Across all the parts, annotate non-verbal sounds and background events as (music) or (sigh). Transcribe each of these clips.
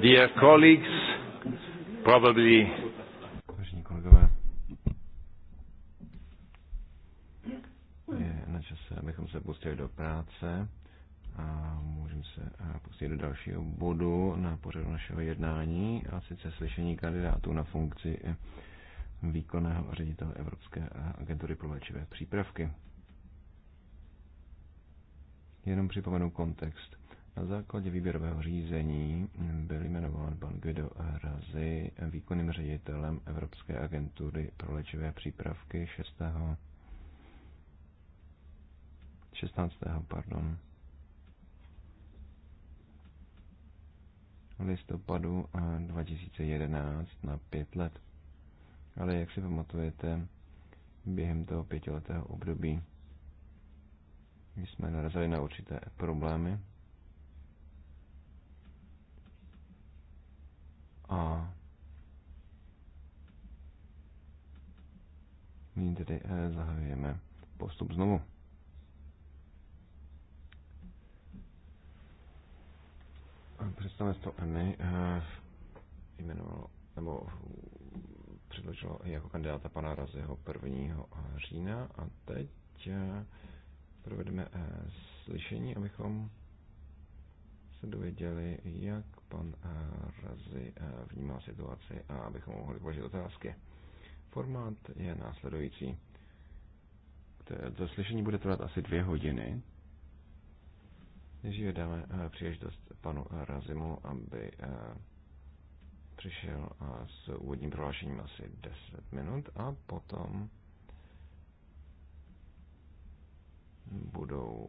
Dear colleagues, probably. je na čase, abychom se pustili do práce a můžeme se pustit do dalšího bodu na pořadu našeho jednání a sice slyšení kandidátů na funkci výkonného ředitele Evropské agentury pro léčivé přípravky. Jenom připomenu kontext. Na základě výběrového řízení byl jmenován pan Guido Razy výkonným ředitelem Evropské agentury pro léčivé přípravky 6. 16. Pardon, listopadu 2011 eh, na pět let. Ale jak si pamatujete, během toho pětiletého období jsme narazili na určité problémy, A nyní tedy eh, zahajujeme postup znovu. Představenstvo EMI eh, jmenovalo nebo předložilo jako kandidáta pana Razeho 1. října a teď eh, provedeme slyšení, abychom se dověděli, jak pan eh, Razy eh, vnímá situaci a abychom mohli položit otázky. Formát je následující. To slyšení bude trvat asi dvě hodiny. než dáme eh, příležitost panu Razimu, aby přišel s úvodním prohlášením asi 10 minut a potom budou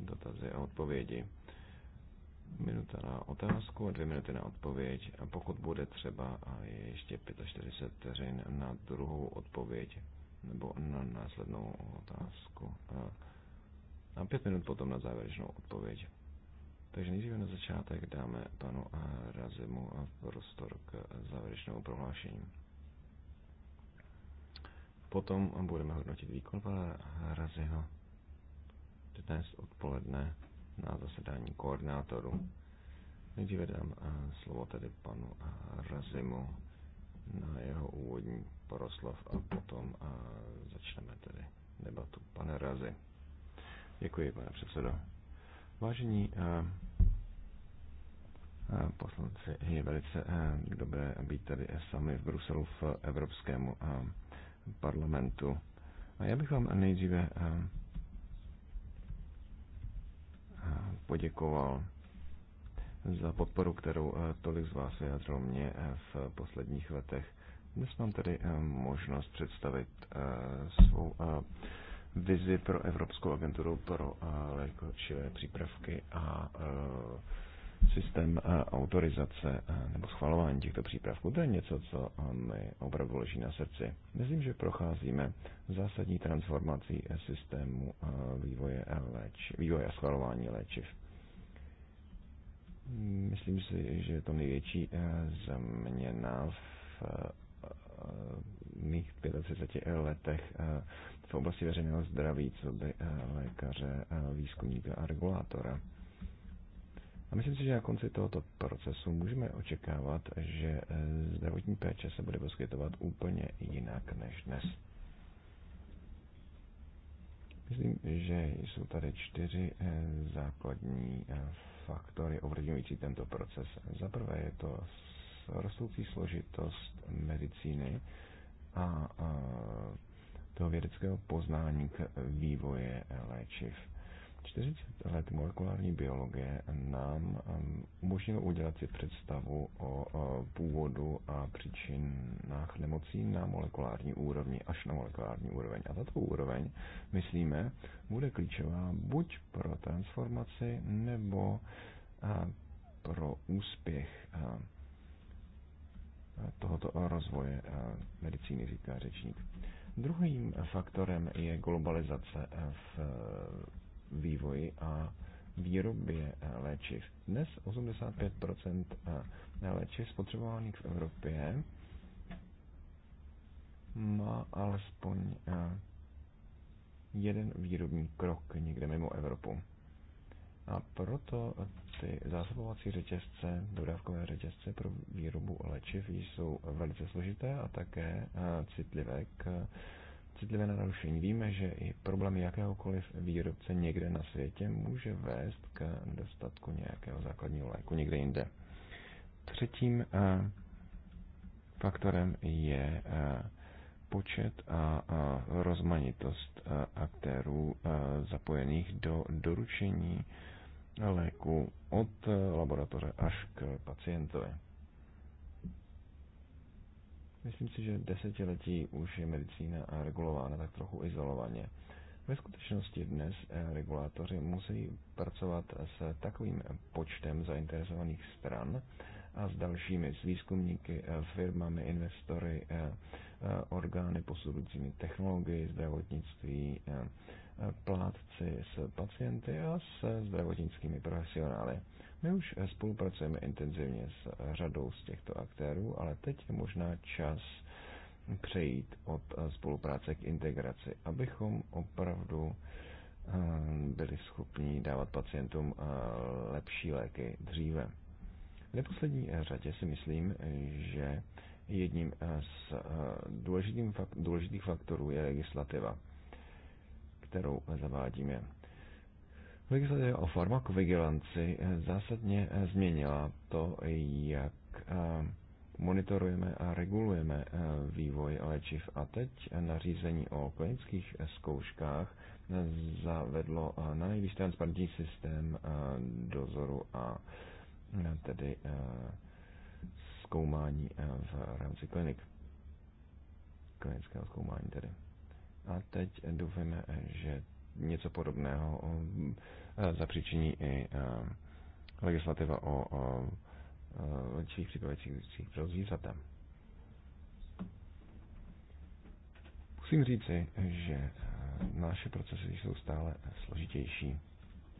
dotazy a odpovědi minuta na otázku a dvě minuty na odpověď. A pokud bude třeba, a je ještě 45 vteřin na druhou odpověď nebo na následnou otázku. A pět minut potom na závěrečnou odpověď. Takže nejdříve na začátek dáme panu Razimu prostor k závěrečnému prohlášení. Potom budeme hodnotit výkon pana Raziho dnes odpoledne na zasedání koordinátorů. Nejdříve dám eh, slovo tedy panu eh, Razimu na jeho úvodní proslov a potom eh, začneme tedy debatu. Pane Razi. Děkuji, pane předsedo. Vážení poslanci, je velice dobré být tady sami v Bruselu v Evropskému parlamentu. A já bych vám nejdříve poděkoval za podporu, kterou eh, tolik z vás vyjádřilo mě eh, v posledních letech. Dnes mám tedy eh, možnost představit svou vizi pro Evropskou agenturu pro léčivé přípravky a systém eh, autorizace eh, nebo schvalování těchto přípravků. To je něco, co eh, mi opravdu leží na srdci. Myslím, že procházíme zásadní transformací systému vývoje, léč, vývoje a schvalování léčiv. Myslím si, že je to největší změna v mých 35 letech v oblasti veřejného zdraví, co by lékaře, výzkumníka a regulátora a myslím si, že na konci tohoto procesu můžeme očekávat, že eh, zdravotní péče se bude poskytovat úplně jinak než dnes. Myslím, že jsou tady čtyři eh, základní eh, faktory ovlivňující tento proces. Za prvé je to rostoucí složitost medicíny a toho vědeckého poznání k vývoje léčiv 40 let molekulární biologie nám um, umožnilo udělat si představu o původu a příčinách nemocí na molekulární úrovni, až na molekulární úroveň. A tato úroveň, myslíme, bude klíčová buď pro transformaci nebo pro úspěch tohoto rozvoje medicíny, říká řečník. Druhým faktorem je globalizace v vývoji a výrobě eh, léčiv. Dnes 85% eh, léčiv spotřebovaných v Evropě má alespoň eh, jeden výrobní krok někde mimo Evropu. A proto ty zásobovací řetězce, dodávkové řetězce pro výrobu léčiv jsou velice složité a také citlivé k citlivé na narušení. Víme, že i problém jakéhokoliv výrobce někde na světě může vést k nedostatku nějakého základního léku někde jinde. Třetím eh, faktorem je eh, počet a rozmanitost eh, aktérů zapojených do doručení léku od laboratoře až k pacientovi. Myslím si, že desetiletí už je medicína regulována tak trochu izolovaně. Ve skutečnosti dnes eh, regulátoři musí pracovat s takovým počtem zainteresovaných stran a s dalšími, s výzkumníky, eh, firmami, investory, eh, orgány posudujícími technologii, zdravotnictví, plátci s pacienty a s zdravotnickými profesionály. My už spolupracujeme intenzivně s řadou z těchto aktérů, ale teď je možná čas přejít od spolupráce k integraci, abychom opravdu eh, byli schopni dávat pacientům eh, lepší léky dříve. V neposlední řadě si myslím, že jedním eh, z důležitých faktorů je legislativa, kterou zavádíme. Legislativa eh, o farmakovigilanci eh, zásadně eh, změnila to, jak monitorujeme a regulujeme vývoj léčiv. A teď nařízení o klinických zkouškách zavedlo na nejvíc transparentní systém dozoru a tedy zkoumání v rámci klinik. Klinického zkoumání tedy. A teď doufáme, že něco podobného e, zapříčiní i e, legislativa o, o e, léčivých připravujících pro zvířata. Musím říci, že naše procesy jsou stále složitější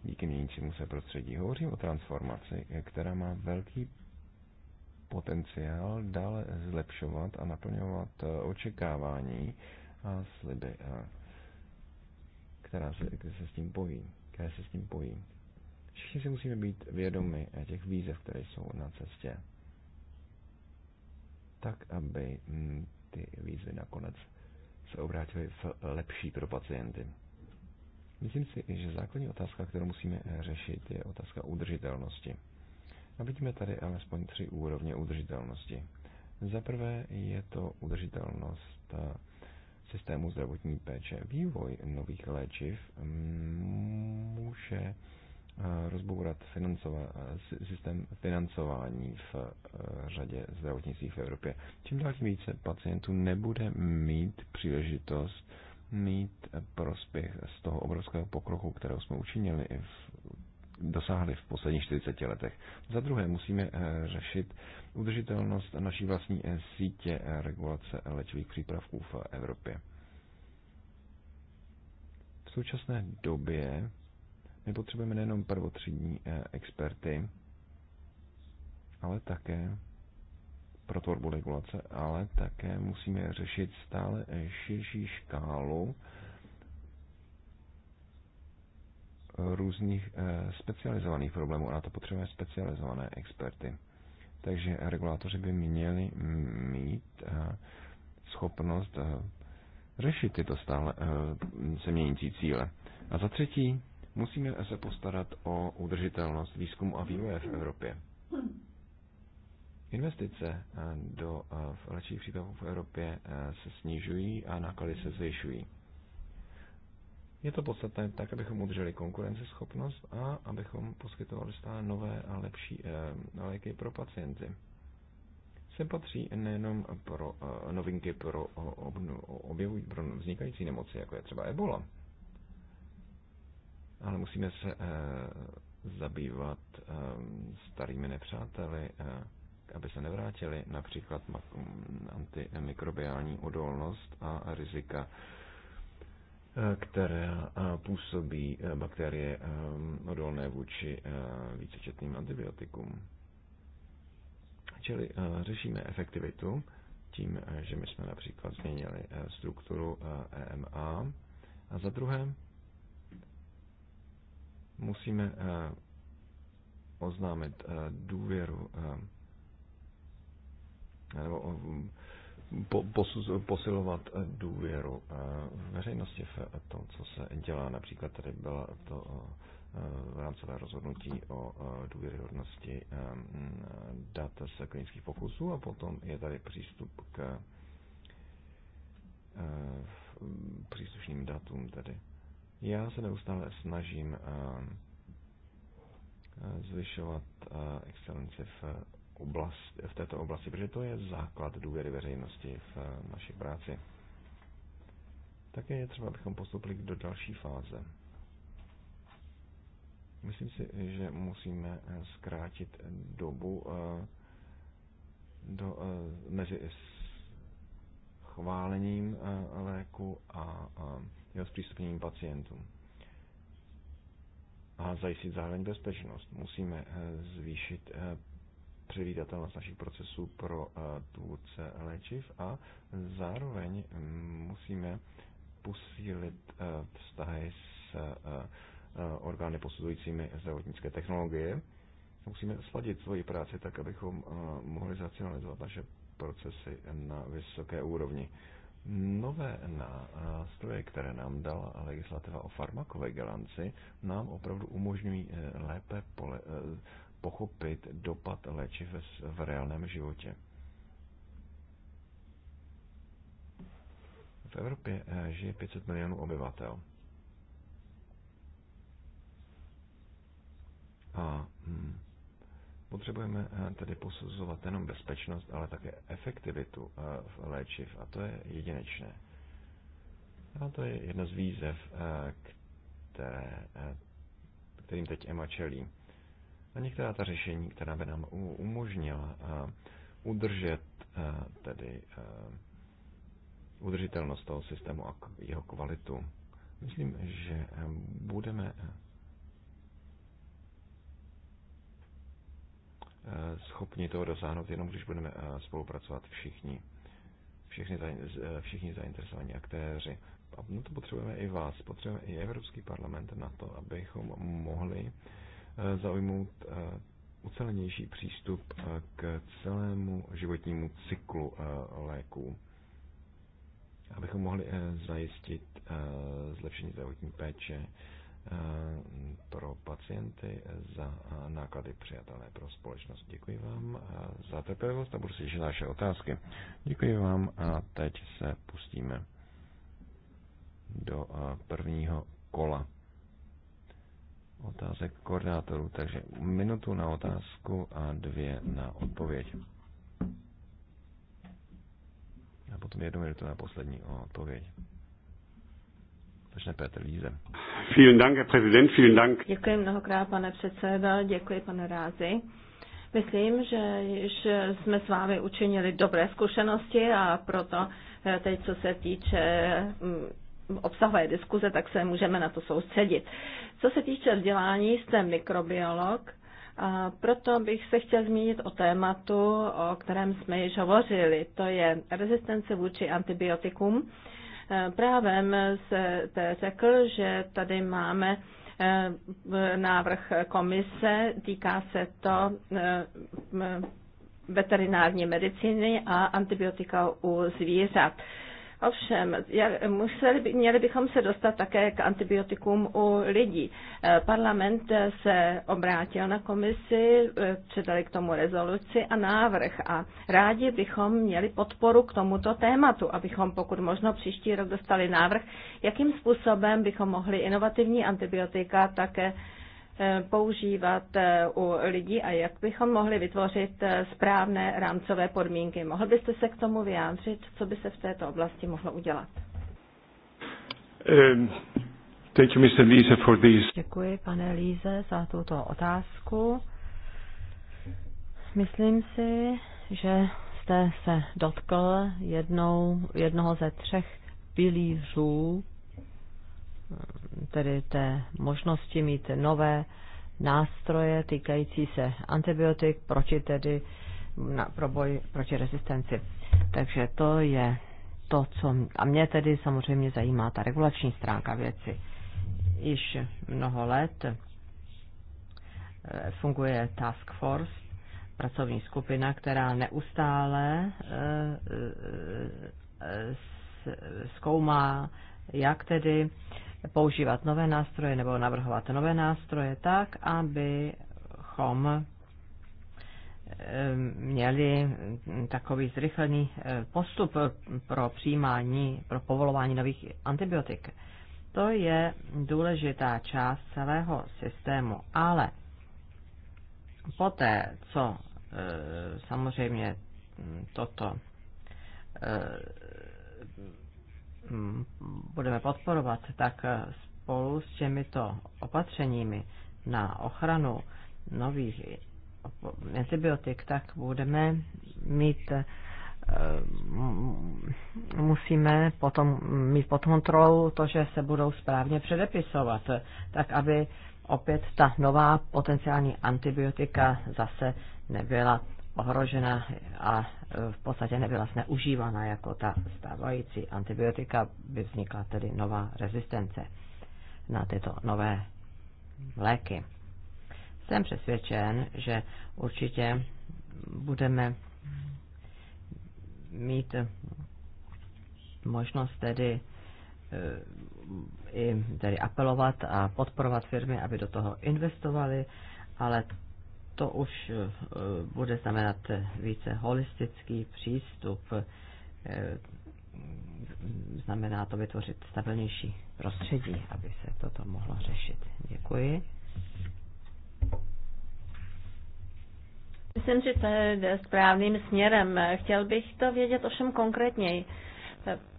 díky měnícímu se prostředí. Hovořím o transformaci, která má velký potenciál dále zlepšovat a naplňovat očekávání a sliby která se, se s tím pojí, které se s tím pojí. Všichni si musíme být vědomi těch výzev, které jsou na cestě, tak, aby mm, ty výzvy nakonec se obrátily v lepší pro pacienty. Myslím si, že základní otázka, kterou musíme řešit, je otázka udržitelnosti. A vidíme tady alespoň tři úrovně udržitelnosti. Za prvé je to udržitelnost eh, systému zdravotní péče. Vývoj nových léčiv mm, může eh, rozbourat financova, systém financování v eh, řadě zdravotnictví v Evropě. Čím dál tím více pacientů nebude mít příležitost mít eh, prospěch z toho obrovského pokroku, kterého jsme učinili i v dosáhli v posledních 40 letech. Za druhé musíme eh, řešit udržitelnost naší vlastní eh, sítě eh, regulace léčivých přípravků v Evropě. V současné době my potřebujeme nejenom prvotřídní experty, ale také pro tvorbu regulace, ale také musíme řešit stále širší škálu různých eh, specializovaných problémů a na to potřebujeme specializované experty. Takže regulátoři by měli mít eh, schopnost eh, řešit tyto stále se měnící cíle. A za třetí, musíme se postarat o udržitelnost výzkumu a vývoje v Evropě. Investice do léčivých přípravů v Evropě se snižují a náklady se zvyšují. Je to podstatné tak, abychom udrželi konkurenceschopnost a abychom poskytovali stále nové a lepší eh, léky pro pacienty. Sem patří nejenom pro eh, novinky pro, objevu, pro vznikající nemoci, jako je třeba ebola, ale musíme se eh, zabývat starými nepřáteli, aby se nevrátili, například antimikrobiální odolnost a rizika která působí e, bakterie e, odolné vůči e, vícečetným antibiotikům. Čili řešíme efektivitu tím, že my jsme například změnili strukturu EMA. A za druhé, musíme oznámit důvěru nebo posilovat důvěru eh, veřejnosti v to, co se dělá. Například tady byla to eh, rámcové rozhodnutí o eh, důvěryhodnosti dat z klinických pokusů a potom je tady přístup k příslušným datům tedy. Já se neustále snažím zvyšovat excelenci v oblast, v této oblasti, protože to je základ důvěry veřejnosti v eh, naší práci. Také je třeba, abychom postupili do další fáze. Myslím si, že musíme eh, zkrátit dobu eh, do, mezi chválením léku a jeho zpřístupněním pacientům. A zajistit zároveň bezpečnost. Musíme zvýšit předvídatelnost našich procesů pro eh, tvůrce léčiv a zároveň musíme posílit eh, vztahy s eh, orgány posudujícími zdravotnické technologie. Musíme sladit svoji práci tak, abychom mohli zracionalizovat naše procesy na vysoké úrovni. Nové nástroje, které nám dala legislativa o garanci, nám opravdu umožňují lépe pole, pochopit dopad léčiv v reálném životě. V Evropě eh, žije 500 milionů obyvatel. A hmm, potřebujeme eh, tedy posuzovat jenom bezpečnost, ale také efektivitu eh, v léčiv. A to je jedinečné. A to je jedna z výzev, které, kterým teď EMA čelí na některá ta řešení, která by nám umožnila eh, udržet eh, tedy eh, udržitelnost toho systému a jeho kvalitu. Myslím, že budeme schopni toho dosáhnout jenom, když budeme spolupracovat všichni. Všichni, všichni zainteresovaní aktéři. A no to potřebujeme i vás, potřebujeme i Evropský parlament na to, abychom mohli uh, Eh, zaujmout eh, ucelenější přístup eh, k celému životnímu cyklu léků, abychom mohli zajistit zlepšení zdravotní péče pro pacienty za náklady přijatelné pro společnost. Děkuji vám za trpělivost a budu si ještě naše otázky. Děkuji vám a teď se pustíme do prvního kola otázek koordinátorů. Takže minutu na otázku a dvě na odpověď. A potom jednu minutu na poslední o odpověď. Začne Petr Líze. Vielen Dank, Herr Präsident, vielen Dank. Děkuji mnohokrát, pane předseda, děkuji, pane Rázi. Myslím, že již jsme s vámi učinili dobré zkušenosti a proto eh, teď, co se týče mm, obsahové diskuze, tak se můžeme na to soustředit. Co se týče vzdělání, jsem mikrobiolog, a proto bych se chtěl zmínit o tématu, o kterém jsme již hovořili. To je rezistence vůči antibiotikum. E, Právem se řekl, že tady máme e, návrh komise, týká se to e, veterinární medicíny a antibiotika u zvířat. Ovšem, museli, měli bychom se dostat také k antibiotikům u lidí. Eh, parlament se obrátil na komisi, eh, předali k tomu rezoluci a návrh a rádi bychom měli podporu k tomuto tématu, abychom pokud možno příští rok dostali návrh, jakým způsobem bychom mohli inovativní antibiotika také Eh, používat eh, u lidí a jak bychom mohli vytvořit eh, správné rámcové podmínky. Mohl byste se k tomu vyjádřit, co by se v této oblasti mohlo udělat? Um, thank you, Mr. Lise, for this. Děkuji, pane Líze, za tuto otázku. Myslím si, že jste se dotkl jednou, jednoho ze třech pilířů tedy té možnosti mít nové nástroje týkající se antibiotik proti tedy na, pro boj proti rezistenci. Takže to je to, co... A mě tedy samozřejmě zajímá ta regulační stránka věci. Již mnoho let eh, funguje Task Force, pracovní skupina, která neustále eh, eh, zkoumá, jak tedy používat nové nástroje nebo navrhovat nové nástroje tak, abychom eh, měli takový zrychlený eh, postup pro přijímání, pro povolování nových antibiotik. To je důležitá část celého systému, ale poté, co eh, samozřejmě toto Mm, budeme podporovat, tak eh, spolu s těmito opatřeními na ochranu nových antibiotik, tak budeme mít eh, mm, musíme potom mít pod kontrolou to, že se budou správně předepisovat, tak aby opět ta nová potenciální antibiotika zase nebyla ohrožena a e, v podstatě nebyla zneužívána jako ta stávající antibiotika, by vznikla tedy nová rezistence na tyto nové léky. Jsem přesvědčen, že určitě budeme mít možnost tedy e, i tedy apelovat a podporovat firmy, aby do toho investovali, ale to už eh, bude znamenat více holistický přístup. Eh, znamená to vytvořit stabilnější prostředí, aby se toto mohlo řešit. Děkuji. Myslím, že to je správným směrem. Chtěl bych to vědět ovšem konkrétněji.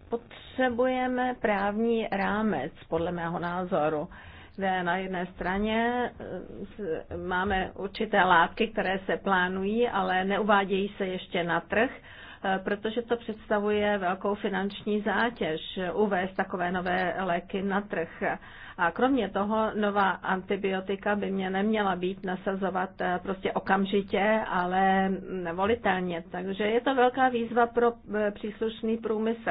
Potřebujeme právní rámec, podle mého názoru kde na jedné straně eh, máme určité látky, které se plánují, ale neuvádějí se ještě na trh, eh, protože to představuje velkou finanční zátěž uvést takové nové léky na trh. A kromě toho nová antibiotika by mě neměla být nasazovat eh, prostě okamžitě, ale volitelně. Takže je to velká výzva pro příslušný průmysl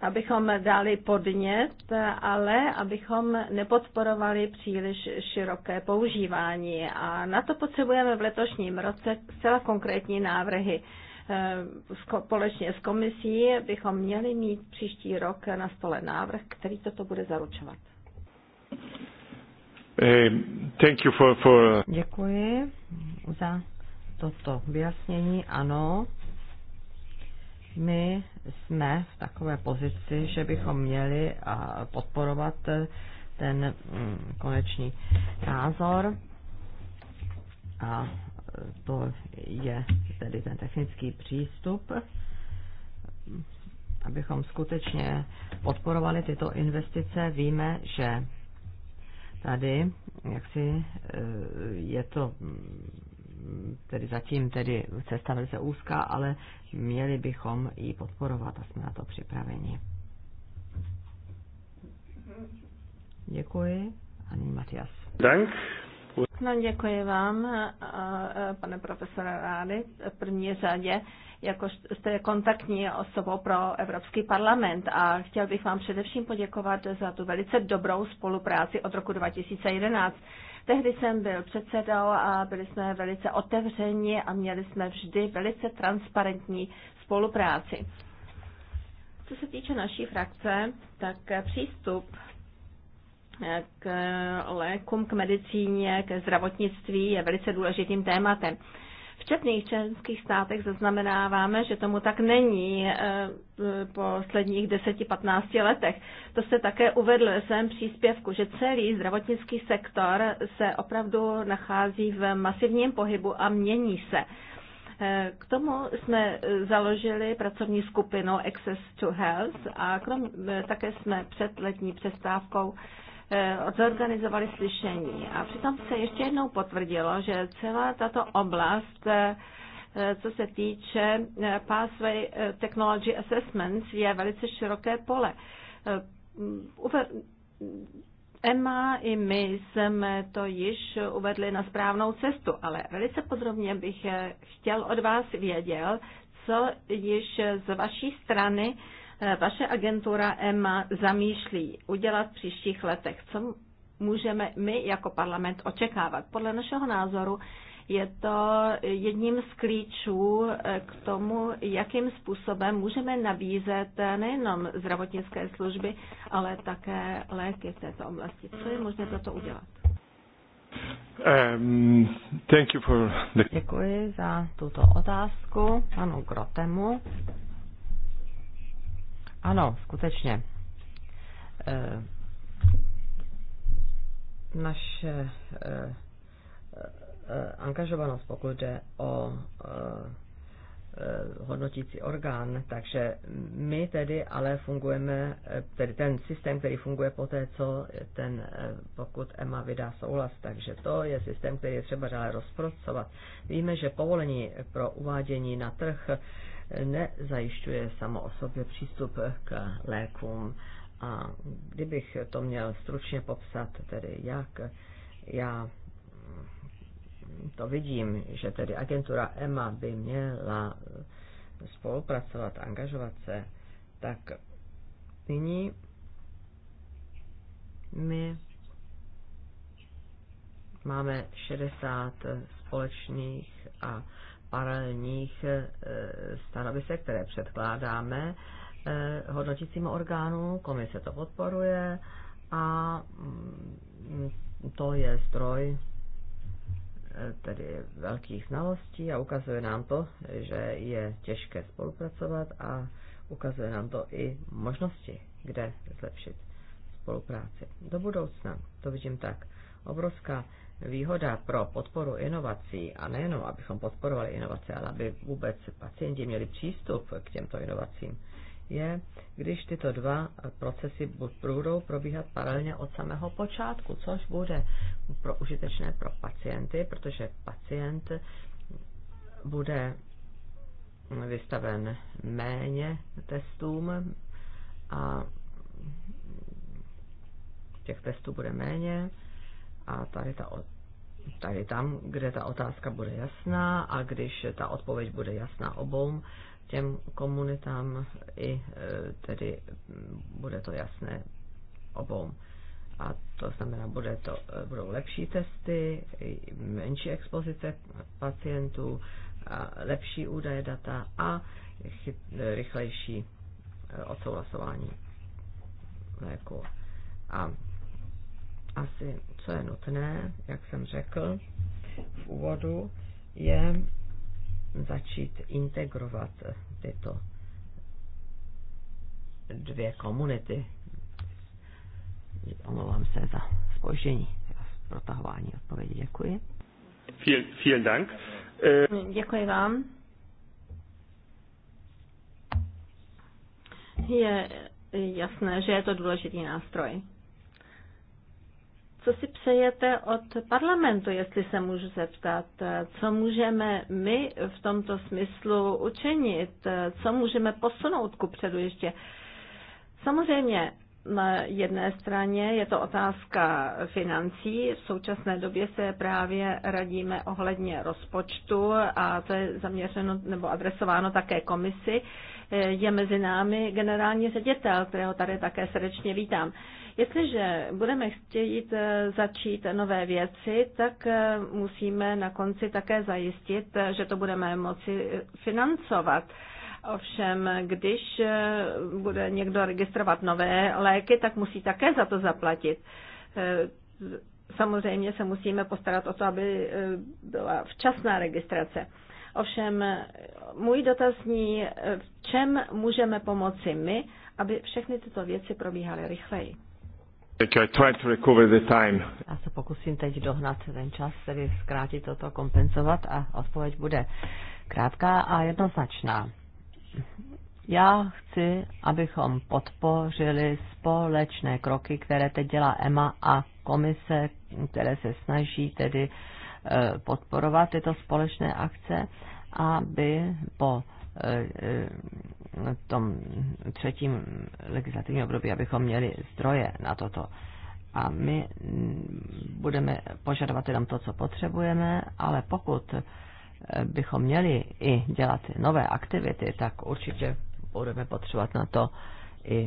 abychom dali podnět, ale abychom nepodporovali příliš široké používání. A na to potřebujeme v letošním roce zcela konkrétní návrhy. Eh, společně s komisí bychom měli mít příští rok na stole návrh, který toto bude zaručovat. Eh, thank you for, for... Děkuji za toto vyjasnění. Ano, my jsme v takové pozici, že bychom měli podporovat e, ten mm, konečný názor a e, to je tedy ten technický přístup, abychom skutečně podporovali tyto investice. Víme, že tady jaksi e, je to mm, tedy zatím tedy cesta velice úzká, ale měli bychom ji podporovat a jsme na to připraveni. Děkuji. Ani Matias. Dank. No, děkuji vám, pane profesore Rády. V první řadě jako jste kontaktní osobou pro Evropský parlament a chtěl bych vám především poděkovat za tu velice dobrou spolupráci od roku 2011. Tehdy jsem byl předsedou a byli jsme velice otevření a měli jsme vždy velice transparentní spolupráci. Co se týče naší frakce, tak přístup eh, k lékům, k medicíně, k zdravotnictví je velice důležitým tématem četných členských státech zaznamenáváme, že tomu tak není po eh, posledních 10-15 letech. To se také uvedl ve svém příspěvku, že celý zdravotnický sektor se opravdu nachází v masivním pohybu a mění se. Eh, k tomu jsme eh, založili pracovní skupinu Access to Health a krom, také jsme před letní přestávkou Eh, zorganizovali slyšení. A přitom se ještě jednou potvrdilo, že celá tato oblast eh, eh, co se týče Pathway Technology Assessments, je velice široké pole. Emma i my jsme to již uvedli na správnou cestu, ale velice podrobně bych chtěl od vás vědět, co již z vaší strany Eh, vaše agentura EMA zamýšlí udělat v příštích letech? Co můžeme my jako parlament očekávat? Podle našeho názoru je to jedním z klíčů eh, k tomu, jakým způsobem můžeme nabízet eh, nejenom zdravotnické služby, ale také léky v této oblasti. Co je možné toto udělat? Um, thank you for the... Děkuji za tuto otázku panu Grotemu. Ano, skutečně. Eh, naše eh, eh, angažovanost, pokud jde o hodnotící orgán, takže my tedy ale fungujeme, tedy ten systém, který funguje po té, co ten, pokud EMA vydá souhlas, takže to je systém, který je třeba dále rozpracovat. Víme, že povolení pro uvádění na trh nezajišťuje samo o sobě přístup k lékům. A kdybych to měl stručně popsat, tedy jak já to vidím, že tedy agentura EMA by měla spolupracovat, angažovat se, tak nyní my máme 60 společných a paralelních eh, stanovisek, které předkládáme eh, hodnotícímu orgánu. Komise to podporuje a mm, to je zdroj eh, tedy velkých znalostí a ukazuje nám to, že je těžké spolupracovat a ukazuje nám to i možnosti, kde zlepšit spolupráci. Do budoucna to vidím tak. Obrovská výhoda pro podporu inovací, a nejenom abychom podporovali inovace, ale aby vůbec pacienti měli přístup k těmto inovacím, je, když tyto dva procesy budou probíhat paralelně od samého počátku, což bude pro užitečné pro pacienty, protože pacient bude vystaven méně testům a těch testů bude méně a tady, ta, tady tam, kde ta otázka bude jasná a když ta odpověď bude jasná obou těm komunitám, i e, tedy bude to jasné obou. A to znamená, bude to, e, budou lepší testy, menší expozice pacientů, a lepší údaje data a chyt, e, rychlejší odsouhlasování léku. A asi, co je nutné, jak jsem řekl v úvodu, je začít integrovat tyto dvě komunity. Omlouvám se za spoždění, a protahování odpovědi. Děkuji. Vielen, vielen Dank. Eh, děkuji vám. Je jasné, že je to důležitý nástroj co si přejete od parlamentu, jestli se můžu zeptat, co můžeme my v tomto smyslu učinit, co můžeme posunout ku předu ještě. Samozřejmě na jedné straně je to otázka financí. V současné době se právě radíme ohledně rozpočtu a to je zaměřeno nebo adresováno také komisi. Je mezi námi generální ředitel, kterého tady také srdečně vítám. Jestliže budeme chtít eh, začít nové věci, tak eh, musíme na konci také zajistit, eh, že to budeme moci financovat. Ovšem, když bude někdo registrovat nové léky, tak musí také za to zaplatit. Samozřejmě se musíme postarat o to, aby byla včasná registrace. Ovšem, můj dotaz zní, v čem můžeme pomoci my, aby všechny tyto věci probíhaly rychleji. I try to recover the time. Já se pokusím teď dohnat ten čas, tedy zkrátit toto, kompenzovat a odpověď bude krátká a jednoznačná. Já chci, abychom podpořili společné kroky, které teď dělá EMA a komise, které se snaží tedy eh, podporovat tyto společné akce, aby po eh, eh, tom třetím legislativním období, abychom měli zdroje na toto. A my budeme požadovat jenom to, co potřebujeme, ale pokud eh, bychom měli i dělat nové aktivity, tak určitě budeme potřebovat na to i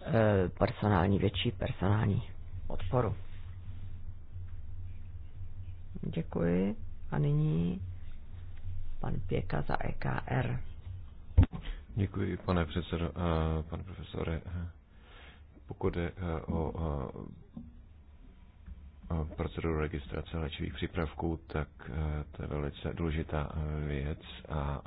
eh, personální, větší personální podporu. Děkuji. A nyní pan Pěka za EKR. Děkuji, pane předsedo, eh, pane profesore. Pokud je eh, eh, o proceduru registrace léčivých přípravků, tak to je velice důležitá věc a,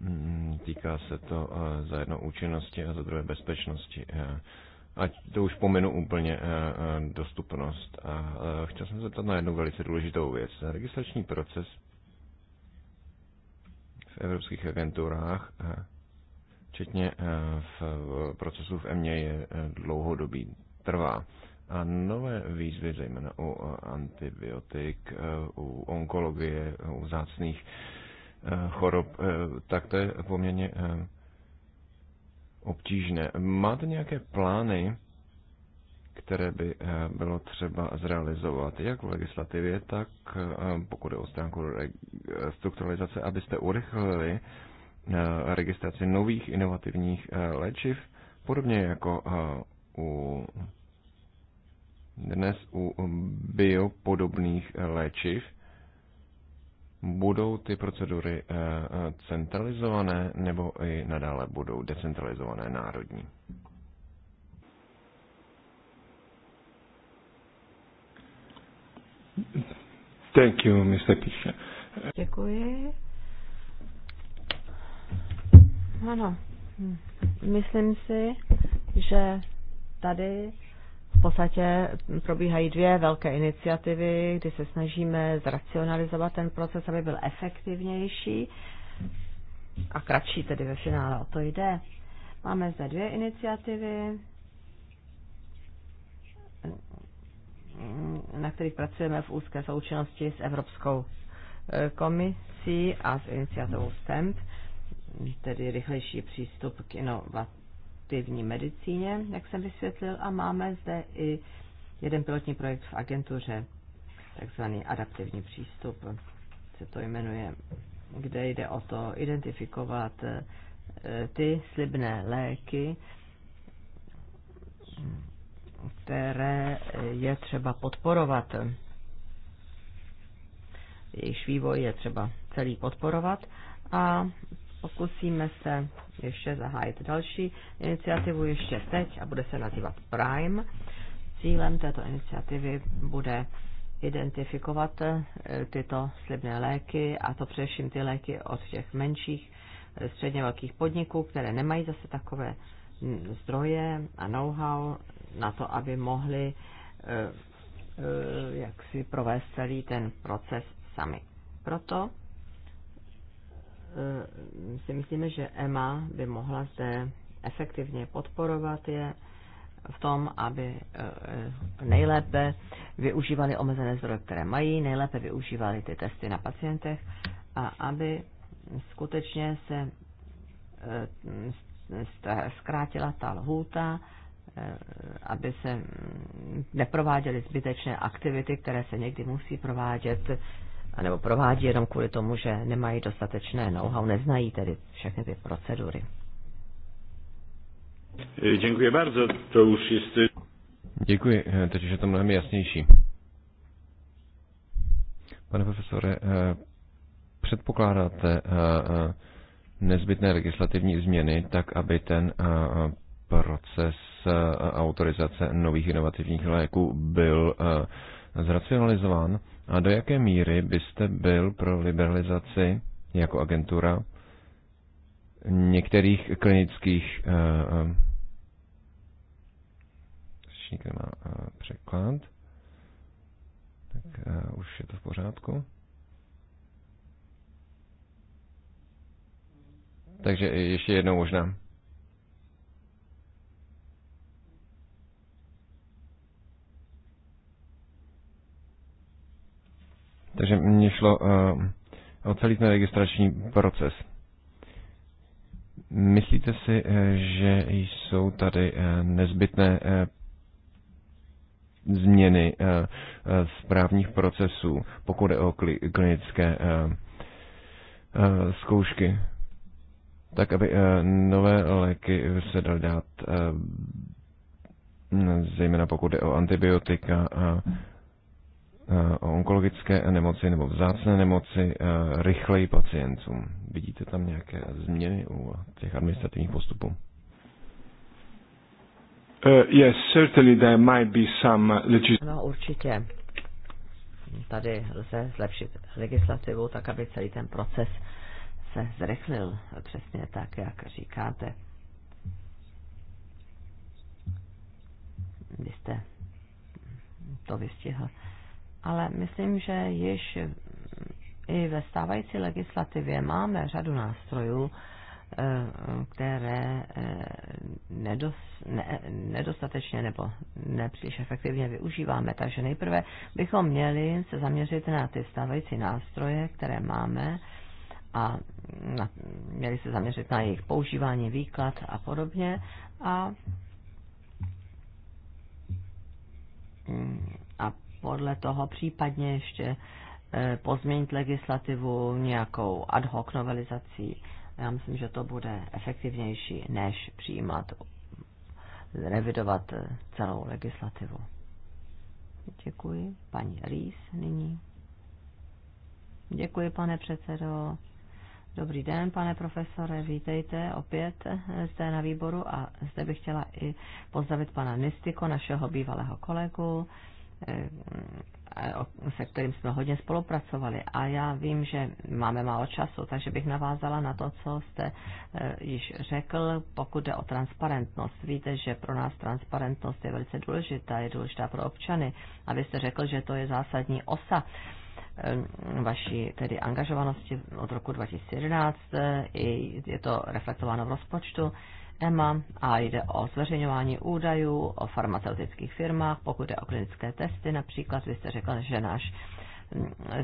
mm, týká se to za jedno účinnosti a za druhé bezpečnosti. Ať to už pominu úplně dostupnost. A chtěl jsem se zeptat na jednu velice důležitou věc. Registrační proces evropských agenturách, eh, včetně eh, v procesu v EMě, je eh, dlouhodobý, trvá. A nové výzvy, zejména u antibiotik, u onkologie, u zácných chorob, tak to je poměrně obtížné. Máte nějaké plány, které by eh, bylo třeba zrealizovat jak v legislativě, tak eh, pokud je o stránku strukturalizace, abyste urychlili eh, registraci nových inovativních léčiv, podobně jako u dnes u biopodobných léčiv, budou ty procedury centralizované nebo i nadále budou decentralizované národní? Thank you, Mr. Fischer. Děkuji. Ano, myslím si, že tady v podstatě probíhají dvě velké iniciativy, kdy se snažíme zracionalizovat ten proces, aby byl efektivnější a kratší tedy ve finále. O to jde. Máme zde dvě iniciativy, Mm, na kterých pracujeme v úzké součinnosti s Evropskou e, komisí a s iniciativou STEMP, tedy rychlejší přístup k inovativní medicíně, jak jsem vysvětlil, a máme zde i jeden pilotní projekt v agentuře, takzvaný adaptivní přístup, se to jmenuje, kde jde o to identifikovat e, ty slibné léky, které je třeba podporovat. Jejich vývoj je třeba celý podporovat a pokusíme se ještě zahájit další iniciativu ještě teď a bude se nazývat Prime. Cílem této iniciativy bude identifikovat eh, tyto slibné léky a to především ty léky od těch menších eh, středně velkých podniků, které nemají zase takové Mm, zdroje a know-how na to, aby mohli eh, eh, jak si provést celý ten proces sami. Proto eh, si myslíme, že EMA by mohla zde efektivně podporovat je v tom, aby nejlépe využívali omezené zdroje, které mají, nejlépe využívali ty testy na pacientech a aby skutečně se zkrátila ta lhůta, eh, aby se neprováděly zbytečné aktivity, které se někdy musí provádět, anebo provádí jenom kvůli tomu, že nemají dostatečné know-how, neznají tedy všechny ty procedury. Děkuji bardzo, to už jste. Děkuji, eh, teď už je to mnohem jasnější. Pane profesore, eh, předpokládáte nezbytné legislativní změny, tak aby ten eh, proces eh, autorizace nových inovativních léků byl eh, zracionalizován? A do jaké míry byste byl pro liberalizaci jako agentura některých klinických řečník nemá překlad. Tak už je to v pořádku. Takže ještě jednou možná. Takže mně šlo uh, o celý ten registrační proces. Myslíte si, eh, že jsou tady eh, nezbytné změny správních procesů, pokud je o klinické zkoušky? tak aby eh, nové léky se daly dát, eh, zejména pokud jde o antibiotika a eh, o onkologické nemoci nebo vzácné nemoci rychleji pacientům. Vidíte tam nějaké změny u těch administrativních postupů? Uh, yes, certainly there might be some no, určitě. Tady lze zlepšit legislativu, tak aby celý ten proces se zrychlil, přesně tak, jak říkáte. Vy jste to vystihl. Ale myslím, že již i ve stávající legislativě máme řadu nástrojů, eh, které eh, nedostatečně nebo nepříliš efektivně využíváme. Takže nejprve bychom měli se zaměřit na ty stávající nástroje, které máme, a na, měli se zaměřit na jejich používání, výklad a podobně. A, a podle toho případně ještě e, pozměnit legislativu nějakou ad hoc novelizací. Já myslím, že to bude efektivnější, než přijímat, revidovat e, celou legislativu. Děkuji. Paní Rýs nyní. Děkuji, pane předsedo. Dobrý den, pane profesore, vítejte opět zde na výboru a zde bych chtěla i pozdravit pana Nistiko, našeho bývalého kolegu, eh, se kterým jsme hodně spolupracovali. A já vím, že máme málo času, takže bych navázala na to, co jste eh, již řekl, pokud jde o transparentnost. Víte, že pro nás transparentnost je velice důležitá, je důležitá pro občany. A vy jste řekl, že to je zásadní osa vaší tedy angažovanosti od roku 2011. E, I je to reflektováno v rozpočtu EMA a jde o zveřejňování údajů o farmaceutických firmách, pokud je o klinické testy. Například vy jste řekl, že náš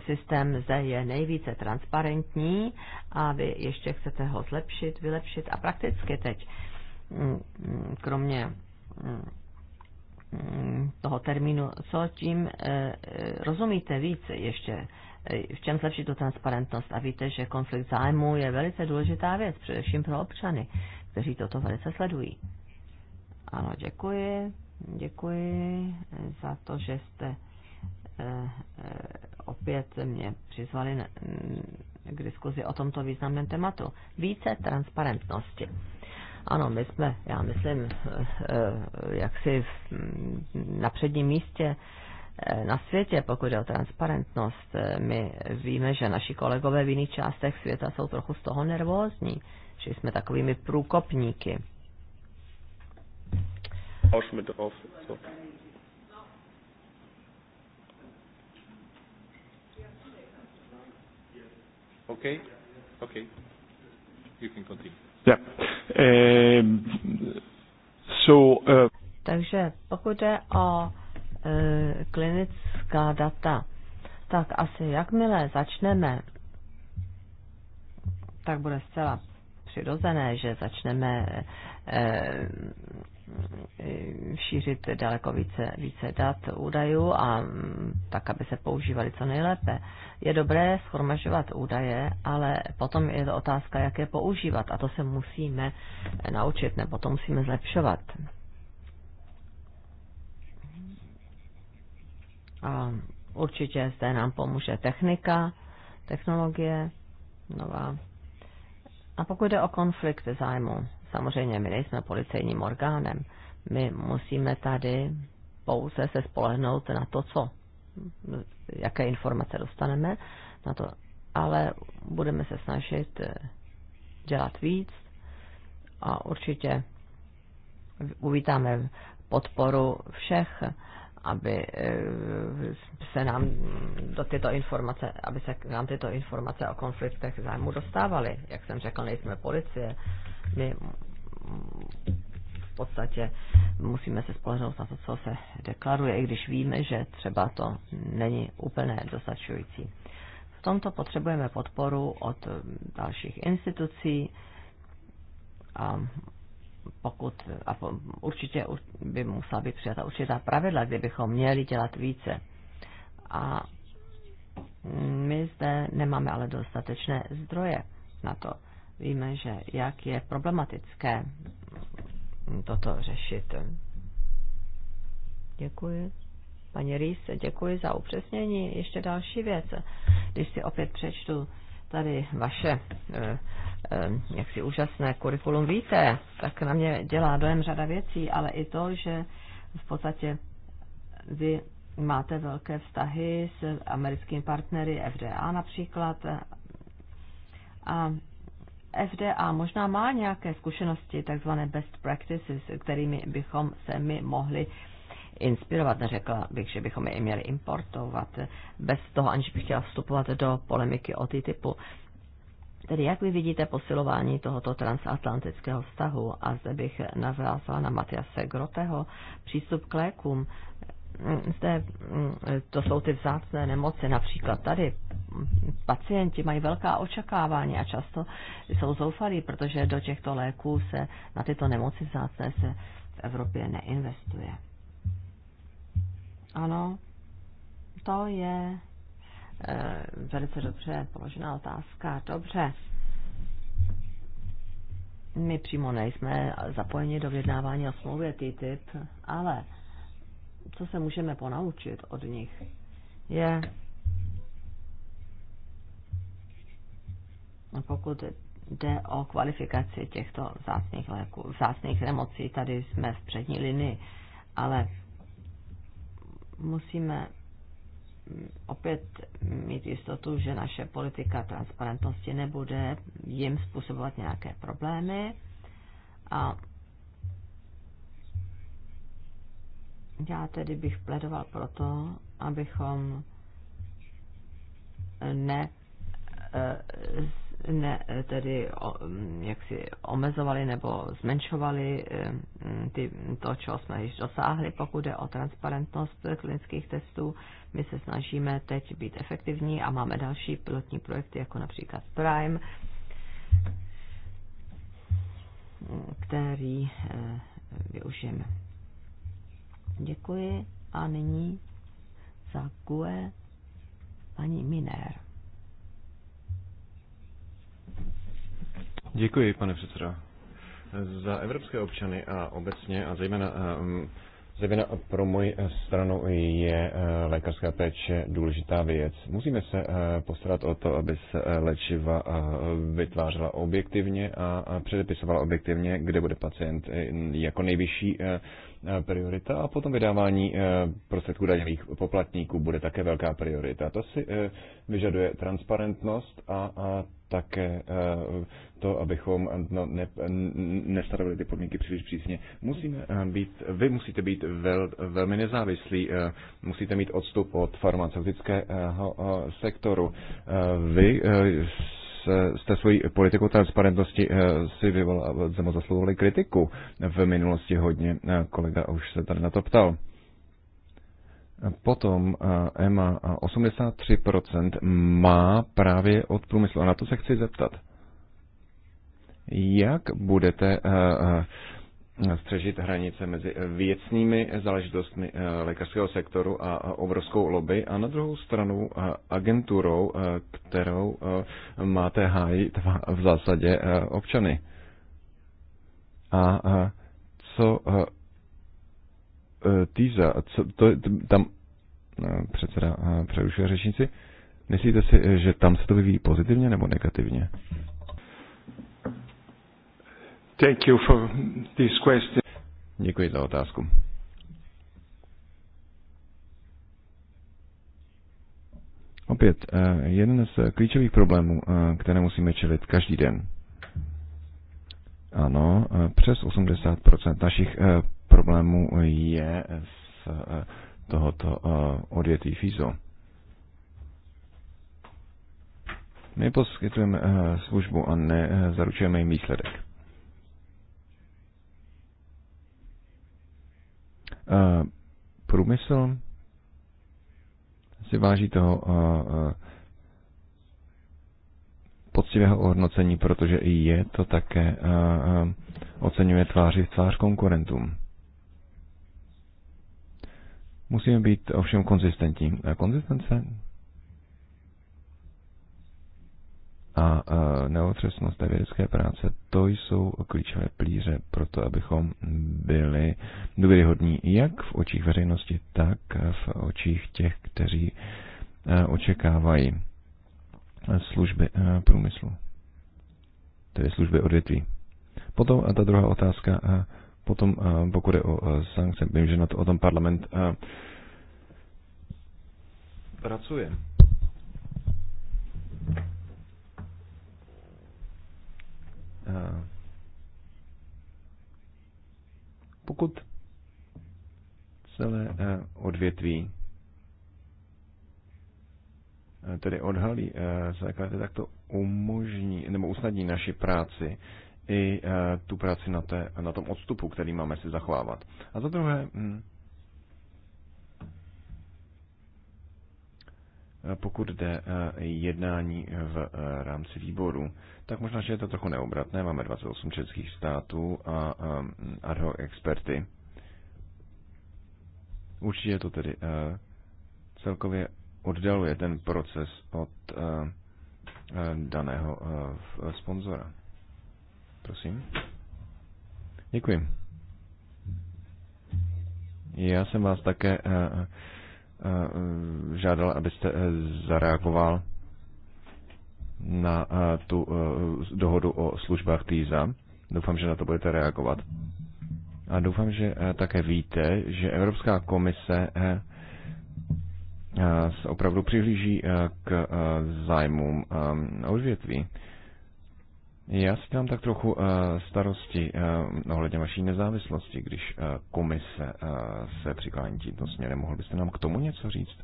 systém zde je nejvíce transparentní a vy ještě chcete ho zlepšit, vylepšit a prakticky teď kromě Mm, toho termínu, co tím eh, eh, rozumíte více. ještě, eh, v čem zlepší tu transparentnost. A víte, že konflikt zájmu je velice důležitá věc, především pro občany, kteří toto velice sledují. Ano, děkuji. Děkuji za to, že jste opět mě přizvali mm, k diskuzi o tomto významném tématu. Více transparentnosti. Ano, my jsme, já myslím, eh, eh, jaksi mm, na předním místě eh, na světě, pokud jde o transparentnost. My víme, že naši kolegové v jiných částech světa jsou trochu z toho nervózní, že jsme takovými průkopníky. Okay? Okay. You can continue. Yeah. Um, so, uh... Takže pokud jde o e, klinická data, tak asi jakmile začneme, tak bude zcela přirozené, že začneme e, Eh, šířit daleko více, více dat, údajů a tak, aby se používali co nejlépe. Je dobré schromažovat údaje, ale potom je to otázka, jak je používat a to se musíme naučit nebo to musíme zlepšovat. A určitě zde nám pomůže technika, technologie nová. A pokud jde o konflikt zájmu, Samozřejmě my nejsme policejním orgánem. My musíme tady pouze se spolehnout na to, co, jaké informace dostaneme, na to, ale budeme se snažit eh, dělat víc a určitě uvítáme podporu všech, aby eh, se nám do tyto informace, aby se nám tyto informace o konfliktech zájmu dostávaly. Jak jsem řekl, nejsme policie, my v podstatě musíme se spolehnout na to, co se deklaruje, i když víme, že třeba to není úplně dostačující. V tomto potřebujeme podporu od dalších institucí a pokud, a určitě by musela být přijata určitá pravidla, kdybychom měli dělat více. A my zde nemáme ale dostatečné zdroje na to. Víme, že jak je problematické toto řešit. Děkuji. Paní Rýs, děkuji za upřesnění. Ještě další věc. Když si opět přečtu tady vaše eh, eh, jak si úžasné kurikulum víte, tak na mě dělá dojem řada věcí, ale i to, že v podstatě vy máte velké vztahy s americkými partnery FDA například a FDA možná má nějaké zkušenosti, takzvané best practices, kterými bychom se my mohli inspirovat. Neřekla bych, že bychom je měli importovat bez toho, aniž bych chtěla vstupovat do polemiky o ty typu. Tedy jak vy vidíte posilování tohoto transatlantického vztahu? A zde bych navázala na Matiase Groteho přístup k lékům zde mm, to jsou ty vzácné nemoci, například tady pacienti mají velká očekávání a často jsou zoufalí, protože do těchto léků se na tyto nemoci vzácné se v Evropě neinvestuje. Ano, to je e, velice dobře položená otázka. Dobře. My přímo nejsme zapojeni do vyjednávání o smlouvě TTIP, ale co se můžeme ponaučit od nich, je, pokud jde o kvalifikaci těchto vzácných léků, vzácných nemocí, tady jsme v přední linii, ale musíme opět mít jistotu, že naše politika transparentnosti nebude jim způsobovat nějaké problémy a Já tedy bych pledoval proto, abychom ne, eh, ne tedy mm, jak si omezovali nebo zmenšovali eh, ty, to, čeho jsme již dosáhli, pokud je o transparentnost klinických testů. My se snažíme teď být efektivní a máme další pilotní projekty, jako například Prime, který eh, využijeme. Děkuji a nyní za GUE paní Minér. Děkuji, pane předseda. Za evropské občany a obecně a zejména um, Zejména pro moji eh, stranu je eh, lékařská péče důležitá věc. Musíme se eh, postarat o to, aby se léčiva vytvářela objektivně a předepisovala objektivně, kde bude pacient jako nejvyšší priorita a potom vydávání prostředků daňových poplatníků bude také velká priorita. To si vyžaduje transparentnost a také eh, to, abychom no, ne, nestarovali ty podmínky příliš přísně. Musíme eh, být, vy musíte být vel, velmi nezávislí, eh, musíte mít odstup od farmaceutického sektoru. Vy jste svojí politiku transparentnosti si vyvolali, zasluhovali kritiku v minulosti hodně. Kolega už se tady na to ptal. Potom EMA eh, 83% má právě od průmyslu. A na to se chci zeptat. Jak budete eh, eh, střežit hranice mezi věcnými záležitostmi lékařského sektoru a obrovskou lobby a na druhou stranu agenturou, kterou máte hájit v zásadě občany. A co Týza, co, to, tam eh, předseda eh, přerušuje řečnici, myslíte si, že tam se to vyvíjí pozitivně nebo negativně? Thank you for this question. Děkuji za otázku. Opět, eh, jeden z klíčových problémů, které musíme čelit každý den. Ano, přes 80% našich problémů je z eh, tohoto eh, odvětví FISO. My poskytujeme eh, službu a nezaručujeme jim výsledek. Průmysl si váží toho poctivého ohodnocení, protože i je to také oceňuje tváři v tvář konkurentům. Musíme být ovšem konzistentní. Eh, konzistence a eh, neotřesnost té vědecké práce, to jsou klíčové plíře pro to, abychom byli důvěryhodní jak v očích veřejnosti, tak v očích těch, kteří eh, očekávají služby průmyslu, tedy služby odvětví. Potom a ta druhá otázka, potom, eh, pokud je o eh, sankce, vím, že na to o tom parlament eh, pracuje. Pokud celé odvětví tedy odhalí základy, tak to umožní nebo usnadní naši práci i eh, tu práci na, té, na tom odstupu, který máme si zachovávat. A za druhé, hm, pokud jde eh, jednání v eh, rámci výboru, tak možná, že je to trochu neobratné. Máme 28 českých států a ad hoc experty. Určitě to tedy celkově oddaluje ten proces od daného sponzora. Prosím. Děkuji. Já jsem vás také eh, eh, eh, žádal, abyste zareagoval na tu dohodu o službách TISA. Doufám, že na to budete reagovat. A doufám, že také víte, že Evropská komise opravdu přihlíží k zájmům odvětví. Já si dám tak trochu eh, starosti eh, ohledně vaší nezávislosti, když eh, komise se přiklání tímto směrem. Mohl byste nám k tomu něco říct?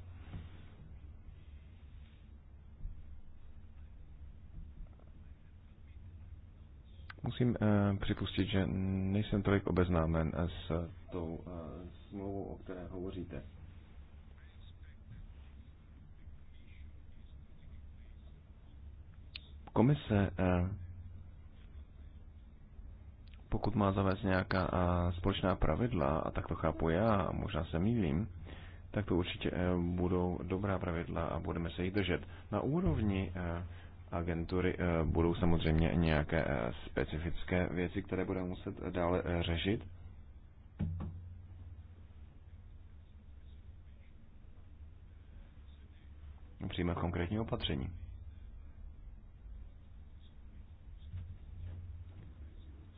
Musím připustit, že nejsem tolik obeznámen s tou smlouvou, o které hovoříte. Komise pokud má zavést nějaká společná pravidla, a tak to chápu já, možná se mýlím, tak to určitě e, budou dobrá pravidla a budeme se jich držet. Na úrovni e, agentury e, budou samozřejmě nějaké specifické věci, které budeme muset dále řešit. Přijme konkrétní opatření.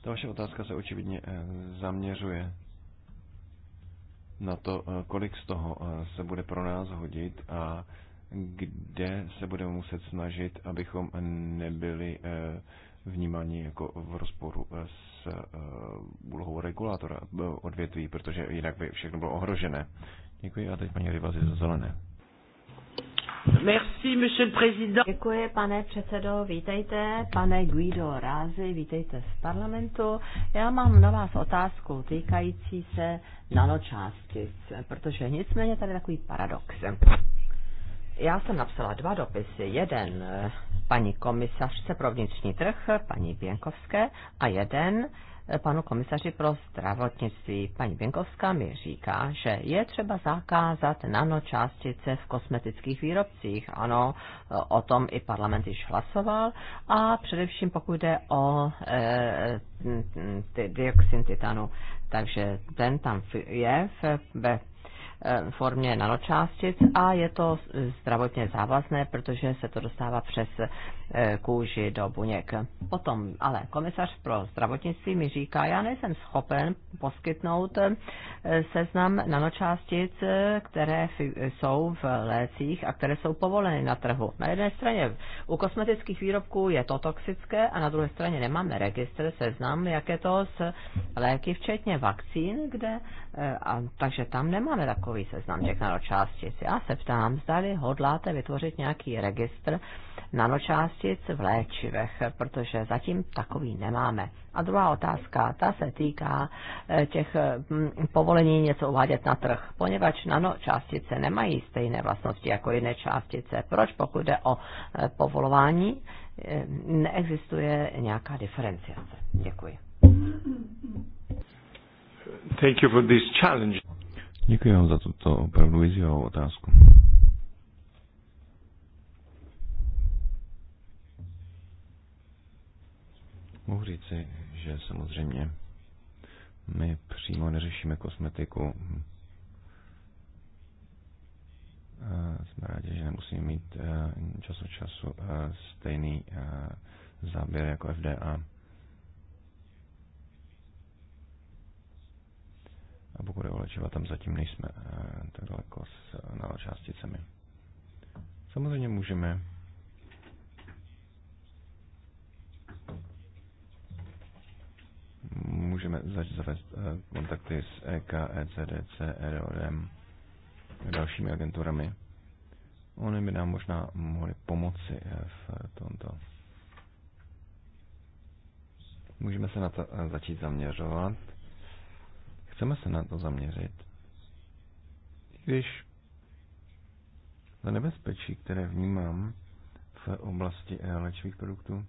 Ta vaše otázka se očividně eh, zaměřuje na to, eh, kolik z toho eh, se bude pro nás hodit a kde se budeme muset snažit, abychom nebyli vnímáni jako v rozporu s úlohou regulátora odvětví, protože jinak by všechno bylo ohrožené. Děkuji a teď paní Rivazi za zelené. Merci, monsieur le président. Děkuji, pane předsedo. Vítejte, pane Guido Rázy, vítejte z parlamentu. Já mám na vás otázku týkající se nanočástic, protože nicméně tady je takový paradox. Já jsem napsala dva dopisy. Jeden eh, paní komisařce pro vnitřní trh, paní Běnkovské, a jeden panu komisaři pro zdravotnictví. Paní Běnkovská mi říká, že je třeba zakázat nanočástice v kosmetických výrobcích. Ano, o tom i parlament již hlasoval. A především pokud jde o e, dioxin titanu, takže ten tam je ve Eh, formě nanočástic a je to zdravotně závazné, protože se to dostává přes eh, kůži do buněk. Potom ale komisař pro zdravotnictví mi říká, já nejsem schopen poskytnout eh, seznam nanočástic, které jsou v lécích a které jsou povoleny na trhu. Na jedné straně u kosmetických výrobků je to toxické a na druhé straně nemáme registr, seznam, jak je to s léky, včetně vakcín, kde, a, takže tam nemáme takové takový seznam těch nanočástic. Já se ptám, zdali hodláte vytvořit nějaký registr nanočástic v léčivech, protože zatím takový nemáme. A druhá otázka, ta se týká eh, těch hm, povolení něco uvádět na trh, poněvadž nanočástice nemají stejné vlastnosti jako jiné částice. Proč, pokud jde o eh, povolování, eh, neexistuje nějaká diferenciace? Děkuji. Thank you for this challenge. Děkuji vám za tuto opravdu vyzývavou otázku. Mohu říci, že samozřejmě my přímo neřešíme kosmetiku. Jsme rádi, že nemusíme mít eh, čas od času eh, stejný eh, záběr jako FDA. A pokud je o léčiva, tam zatím nejsme eh, tak daleko s eh, nanočásticemi. Samozřejmě můžeme můžeme začít zavést eh, kontakty s EK, ECDC, ROM a dalšími agenturami. Oni by nám možná mohli pomoci v tomto. Můžeme se na to začít zaměřovat chceme se na to zaměřit, když za nebezpečí, které vnímám v oblasti eh, léčivých produktů,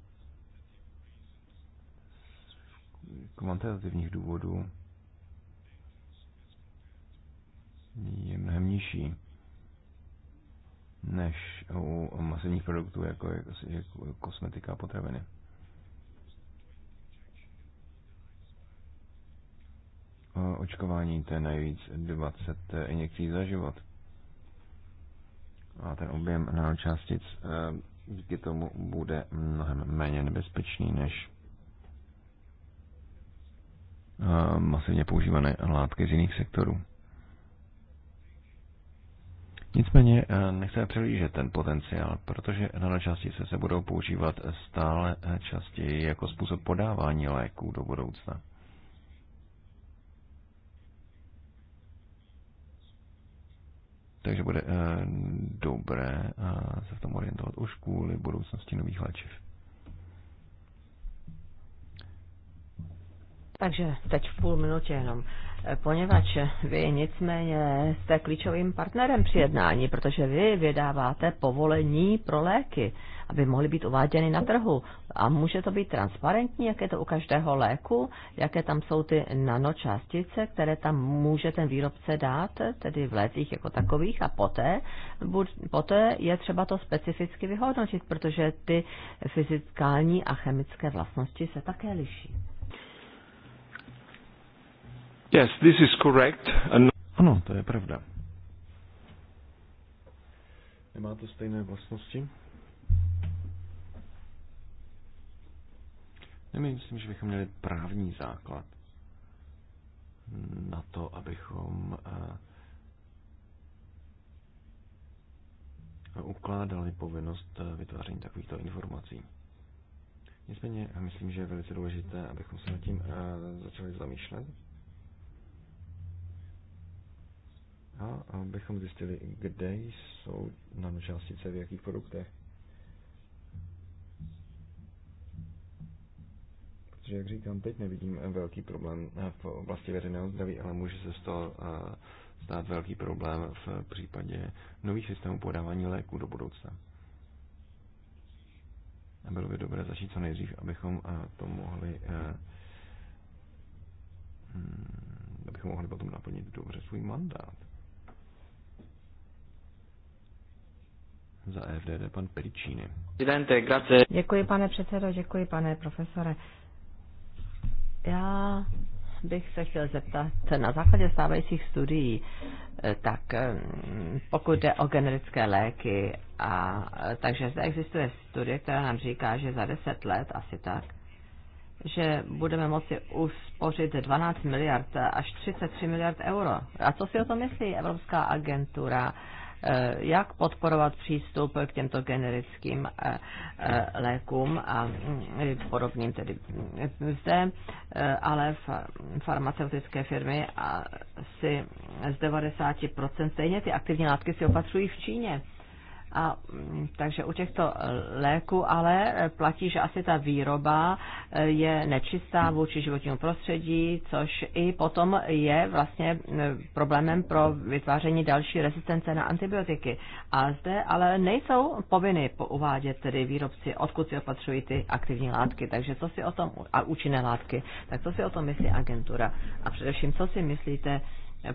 z kvantitativních důvodů je mnohem nižší než u masivních produktů, jako je jako kosmetika a potraviny. očkování, to je nejvíc 20 eh, injekcí za život. A ten objem nanočástic eh, díky tomu bude mnohem méně nebezpečný než eh, masivně používané látky z jiných sektorů. Nicméně nechceme přelížet ten potenciál, protože nanočástice se budou používat stále častěji jako způsob podávání léků do budoucna. Takže bude eh, dobré eh, se v tom orientovat už kvůli budoucnosti nových léčiv. Takže teď v půl minutě jenom poněvadž vy nicméně jste klíčovým partnerem při jednání, protože vy vydáváte povolení pro léky, aby mohly být uváděny na trhu. A může to být transparentní, jak je to u každého léku, jaké tam jsou ty nanočástice, které tam může ten výrobce dát, tedy v lécích jako takových, a poté, buď, poté je třeba to specificky vyhodnotit, protože ty fyzikální a chemické vlastnosti se také liší. Yes, this is correct. And... Ano, to je pravda. Nemá to stejné vlastnosti? Nemyslím, že bychom měli právní základ na to, abychom eh, ukládali povinnost eh, vytváření takovýchto informací. Nicméně myslím, že je velice důležité, abychom se nad tím eh, začali zamýšlet. a abychom zjistili, kde jsou nanočástice v jakých produktech. Protože, jak říkám, teď nevidím velký problém v oblasti veřejného zdraví, ale může se z toho eh, stát velký problém v případě nových systémů podávání léků do budoucna. A bylo by dobré začít co nejdřív, abychom eh, to mohli eh, hm, abychom mohli potom naplnit dobře svůj mandát. za e FDD pan Pericíny. Děkuji, pane předsedo, děkuji, pane profesore. Já bych se chtěl zeptat, na základě stávajících studií, eh, tak eh, pokud jde o generické léky, a, eh, takže zde existuje studie, která nám říká, že za 10 let asi tak, že budeme moci uspořit 12 miliard až 33 miliard euro. A co si o tom myslí Evropská agentura Eh, jak podporovat přístup k těmto generickým eh, eh, lékům a mm, podobným tedy mm, zde, ale farmaceutické firmy asi z 90% stejně ty aktivní látky si opatřují v Číně. A, mm, takže u těchto e, léků ale e, platí, že asi ta výroba e, je nečistá vůči životnímu prostředí, což i potom je vlastně problémem pro vytváření další rezistence na antibiotiky. A zde ale nejsou povinny uvádět tedy výrobci, odkud si opatřují ty aktivní látky. Takže co si o tom, a účinné látky, tak co si o tom myslí agentura? A především, co si myslíte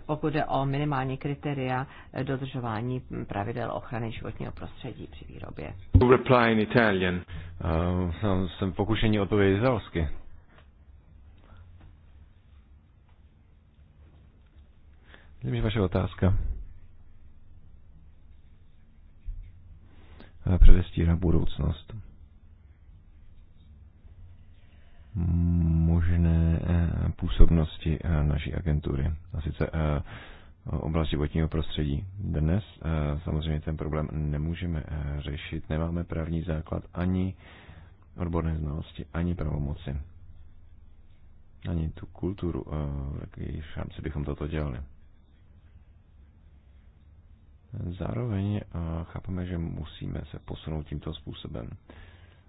pokud jde o minimální kritéria dodržování pravidel ochrany životního prostředí při výrobě. Reply in Italian. Uh, jsem pokušení odpovědět italsky. Myslím, že vaše otázka eh, předestírá budoucnost. možné eh, působnosti eh, naší agentury, a sice eh, oblast životního prostředí. Dnes samozřejmě ten problém nemůžeme řešit, nemáme právní základ ani odborné znalosti, ani pravomoci, ani tu kulturu, v jaké rámci bychom toto dělali. Zároveň chápeme, že musíme se posunout tímto způsobem.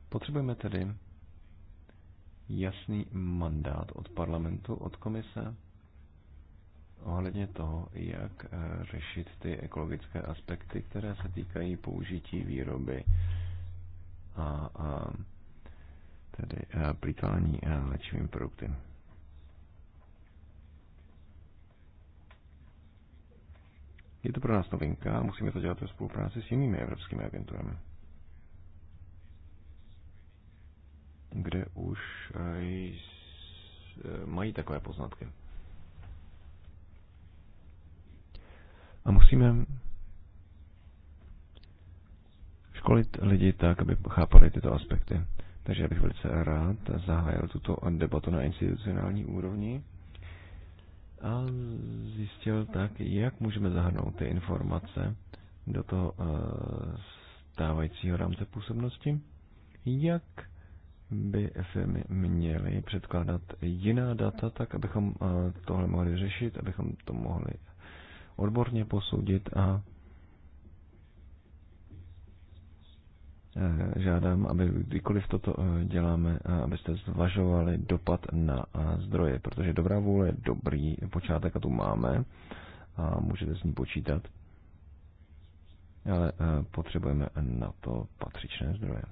Potřebujeme tedy jasný mandát od parlamentu, od komise ohledně toho, jak eh, řešit ty ekologické aspekty, které se týkají použití výroby a, a tedy a eh, plýtvání eh, léčivými produkty. Je to pro nás novinka, musíme to dělat ve spolupráci s jinými evropskými agenturami. kde už eh, eh, mají takové poznatky. A musíme školit lidi tak, aby chápali tyto aspekty. Takže já bych velice rád zahájil tuto debatu na institucionální úrovni a zjistil tak, jak můžeme zahrnout ty informace do toho eh, stávajícího rámce působnosti, jak by firmy měly předkládat jiná data, tak abychom eh, tohle mohli řešit, abychom to mohli odborně posoudit a eh, žádám, aby kdykoliv toto eh, děláme, abyste zvažovali dopad na zdroje, protože dobrá vůle je dobrý počátek a tu máme a můžete s ní počítat, ale potřebujeme na to patřičné zdroje.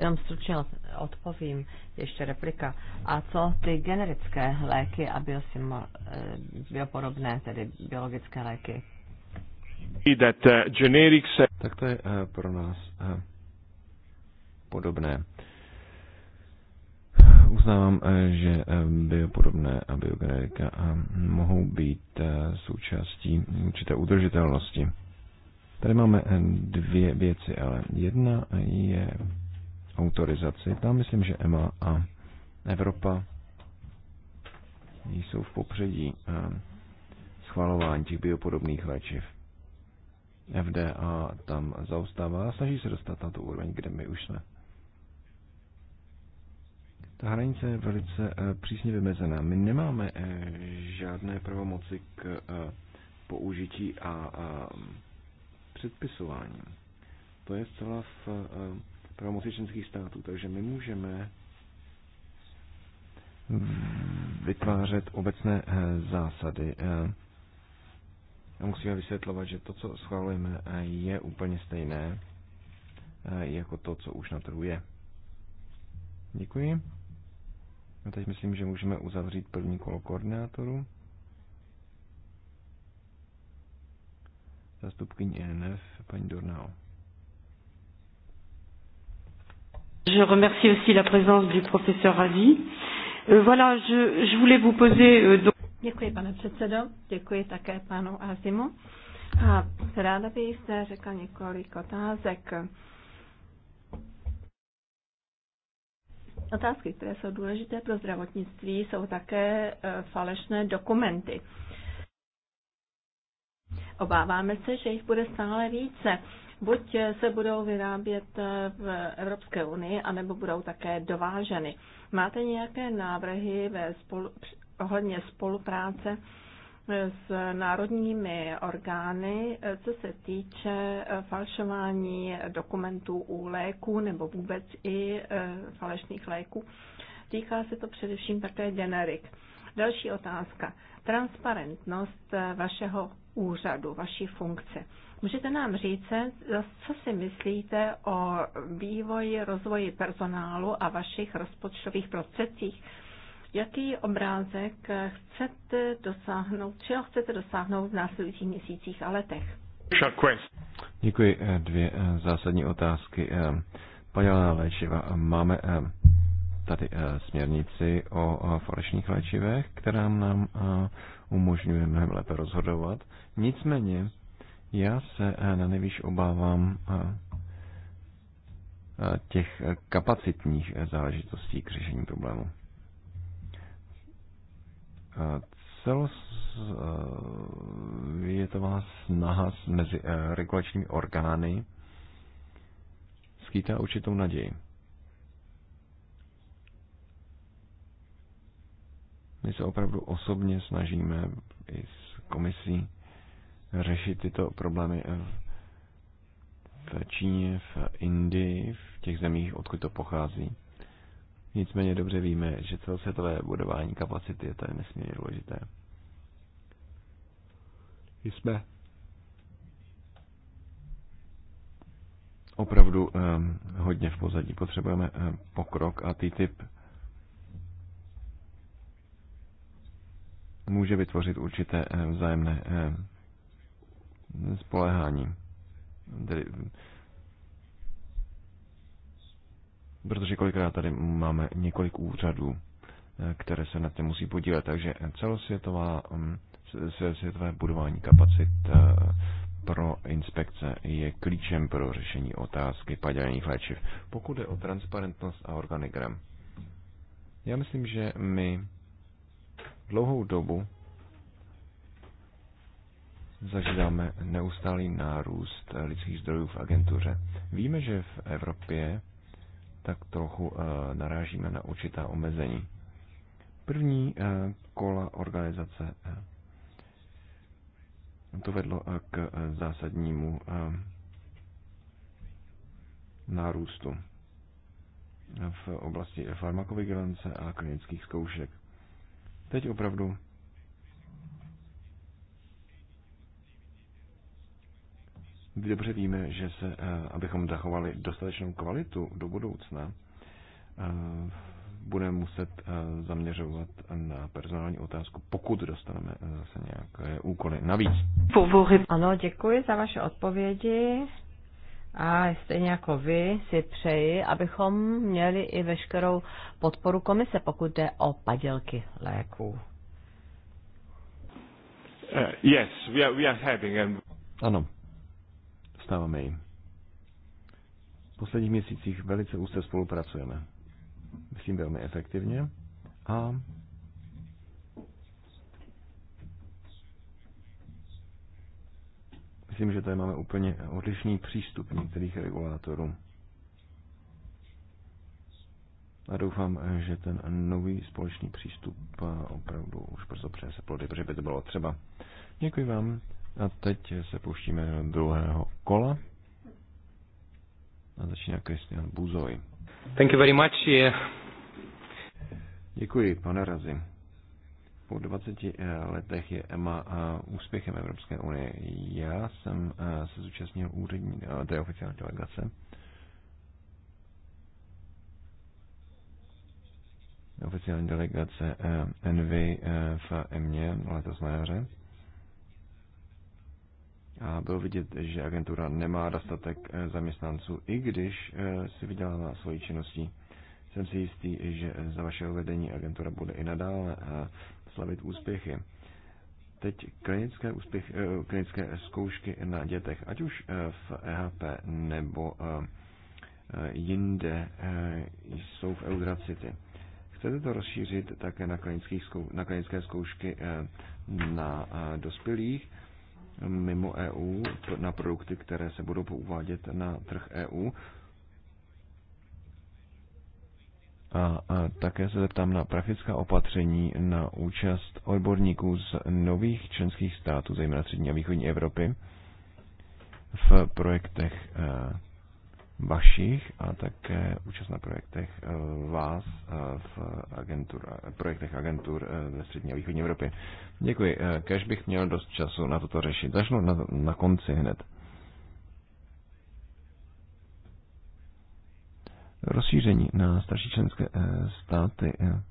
Jenom stručně odpovím, ještě replika. A co ty generické léky a biosim, eh, biopodobné, tedy biologické léky? That, uh, generics... Eh, tak to je uh, pro nás uh, podobné. Uznávám, že biopodobné a biogenerika mohou být součástí určité udržitelnosti. Tady máme dvě věci, ale jedna je autorizaci. Tam myslím, že EMA a Evropa jsou v popředí eh, schvalování těch biopodobných léčiv. FDA tam zaostává a snaží se dostat na tu úroveň, kde my už jsme. Ta hranice je velice eh, přísně vymezená. My nemáme eh, žádné pravomoci k použití a předpisování. To je zcela v pravomoci členských států, takže my můžeme vytvářet obecné eh, zásady eh, a musíme vysvětlovat, že to, co schvalujeme, eh, je úplně stejné jako to, co už na trhu je. Děkuji. A teď myslím, že můžeme uzavřít první kolo koordinátoru. Zastupkyní ENF, paní Dornau. Je remercie aussi la présence du professeur Euh, Voilà, je, je voulais vous poser... Euh, Donc... Děkuji, pane předsedo. Děkuji také panu Azimu. A ráda bych zde řekla několik otázek. Otázky, které jsou důležité pro zdravotnictví, jsou také eh, falešné dokumenty. Obáváme se, že jich bude stále více buď se budou vyrábět eh, v Evropské unii, anebo budou také dováženy. Máte nějaké návrhy ve spolu, ohledně spolupráce eh, s národními orgány, eh, co se týče falšování dokumentů u léků nebo vůbec i falešných léků? Týká se to především také generik. Další otázka. Transparentnost eh, vašeho úřadu, vaší funkce. Můžete nám říct, eh, co si myslíte o vývoji, rozvoji personálu a vašich rozpočtových prostředcích? Jaký obrázek eh, chcete dosáhnout, čeho chcete dosáhnout v následujících měsících a letech? Děkuji. Dvě zásadní otázky. Paní léčiva. Máme tady eh, směrnici o eh, falešných léčivech, která nám eh, umožňuje mnohem lépe rozhodovat. Nicméně já se na nejvíc obávám těch kapacitních záležitostí k řešení problému. Celosvětová snaha mezi regulačními orgány skýtá určitou naději. My se opravdu osobně snažíme i s komisí řešit tyto problémy v Číně, v Indii, v těch zemích, odkud to pochází. Nicméně dobře víme, že celosvětové budování kapacity je tady nesmírně důležité. Jsme opravdu eh, hodně v pozadí. Potřebujeme eh, pokrok a TTIP může vytvořit určité eh, vzájemné eh, spolehání. Tedy, protože kolikrát tady máme několik úřadů, eh, které se na to musí podílet. Takže celosvětová, celosvětové mm, budování kapacit pro inspekce je klíčem pro řešení otázky padělených léčiv. Pokud je o transparentnost a organigram, já myslím, že my dlouhou dobu zažíváme neustálý nárůst lidských zdrojů v agentuře. Víme, že v Evropě tak trochu eh, narážíme na určitá omezení. První eh, kola organizace eh, to vedlo k zásadnímu nárůstu v oblasti farmakovigilance a klinických zkoušek. Teď opravdu. Dobře víme, že se, eh, abychom zachovali dostatečnou kvalitu do budoucna, eh, budeme muset eh, zaměřovat na personální otázku, pokud dostaneme zase nějaké úkoly navíc. Ano, děkuji za vaše odpovědi. A stejně jako vy si přeji, abychom měli i veškerou podporu komise, pokud jde o padělky léků. Uh, yes, we are, we are having a... Ano, stáváme jim. V posledních měsících velice úzce spolupracujeme. Myslím velmi efektivně a myslím, že tady máme úplně odlišný přístup některých regulátorů. A doufám, že ten nový společný přístup eh, opravdu už brzo přinese plody, protože by to bylo třeba. Děkuji vám. A teď se pouštíme do druhého kola. A začíná Kristian Buzoj. Thank you very much. Eh. Děkuji, pane Razim po 20 eh, letech je EMA eh, úspěchem Evropské unie. Já jsem eh, se zúčastnil úřední, je oficiální delegace. Oficiální delegace Envy v EMě letos na jaře. A bylo vidět, že agentura nemá dostatek zaměstnanců, i když si vydělává svoji činností jsem si jistý, že za vaše vedení agentura bude i nadále slavit úspěchy. Teď klinické, úspěch, eh, klinické zkoušky na dětech, ať už eh, v EHP nebo eh, jinde, jsou v Eudracity. Chcete to rozšířit také na, zkou, na klinické zkoušky na dospělých mimo EU, na produkty, které se budou pouvádět na trh EU. A, a také se zeptám na praktická opatření na účast odborníků z nových členských států, zejména střední a východní Evropy, v projektech e, vašich a také účast na projektech e, vás e, v agentur, projektech agentur ve střední a východní Evropě. Děkuji. Kež bych měl dost času na toto řešit. Začnu na, na konci hned. rozšíření na starší členské eh, státy. Eh.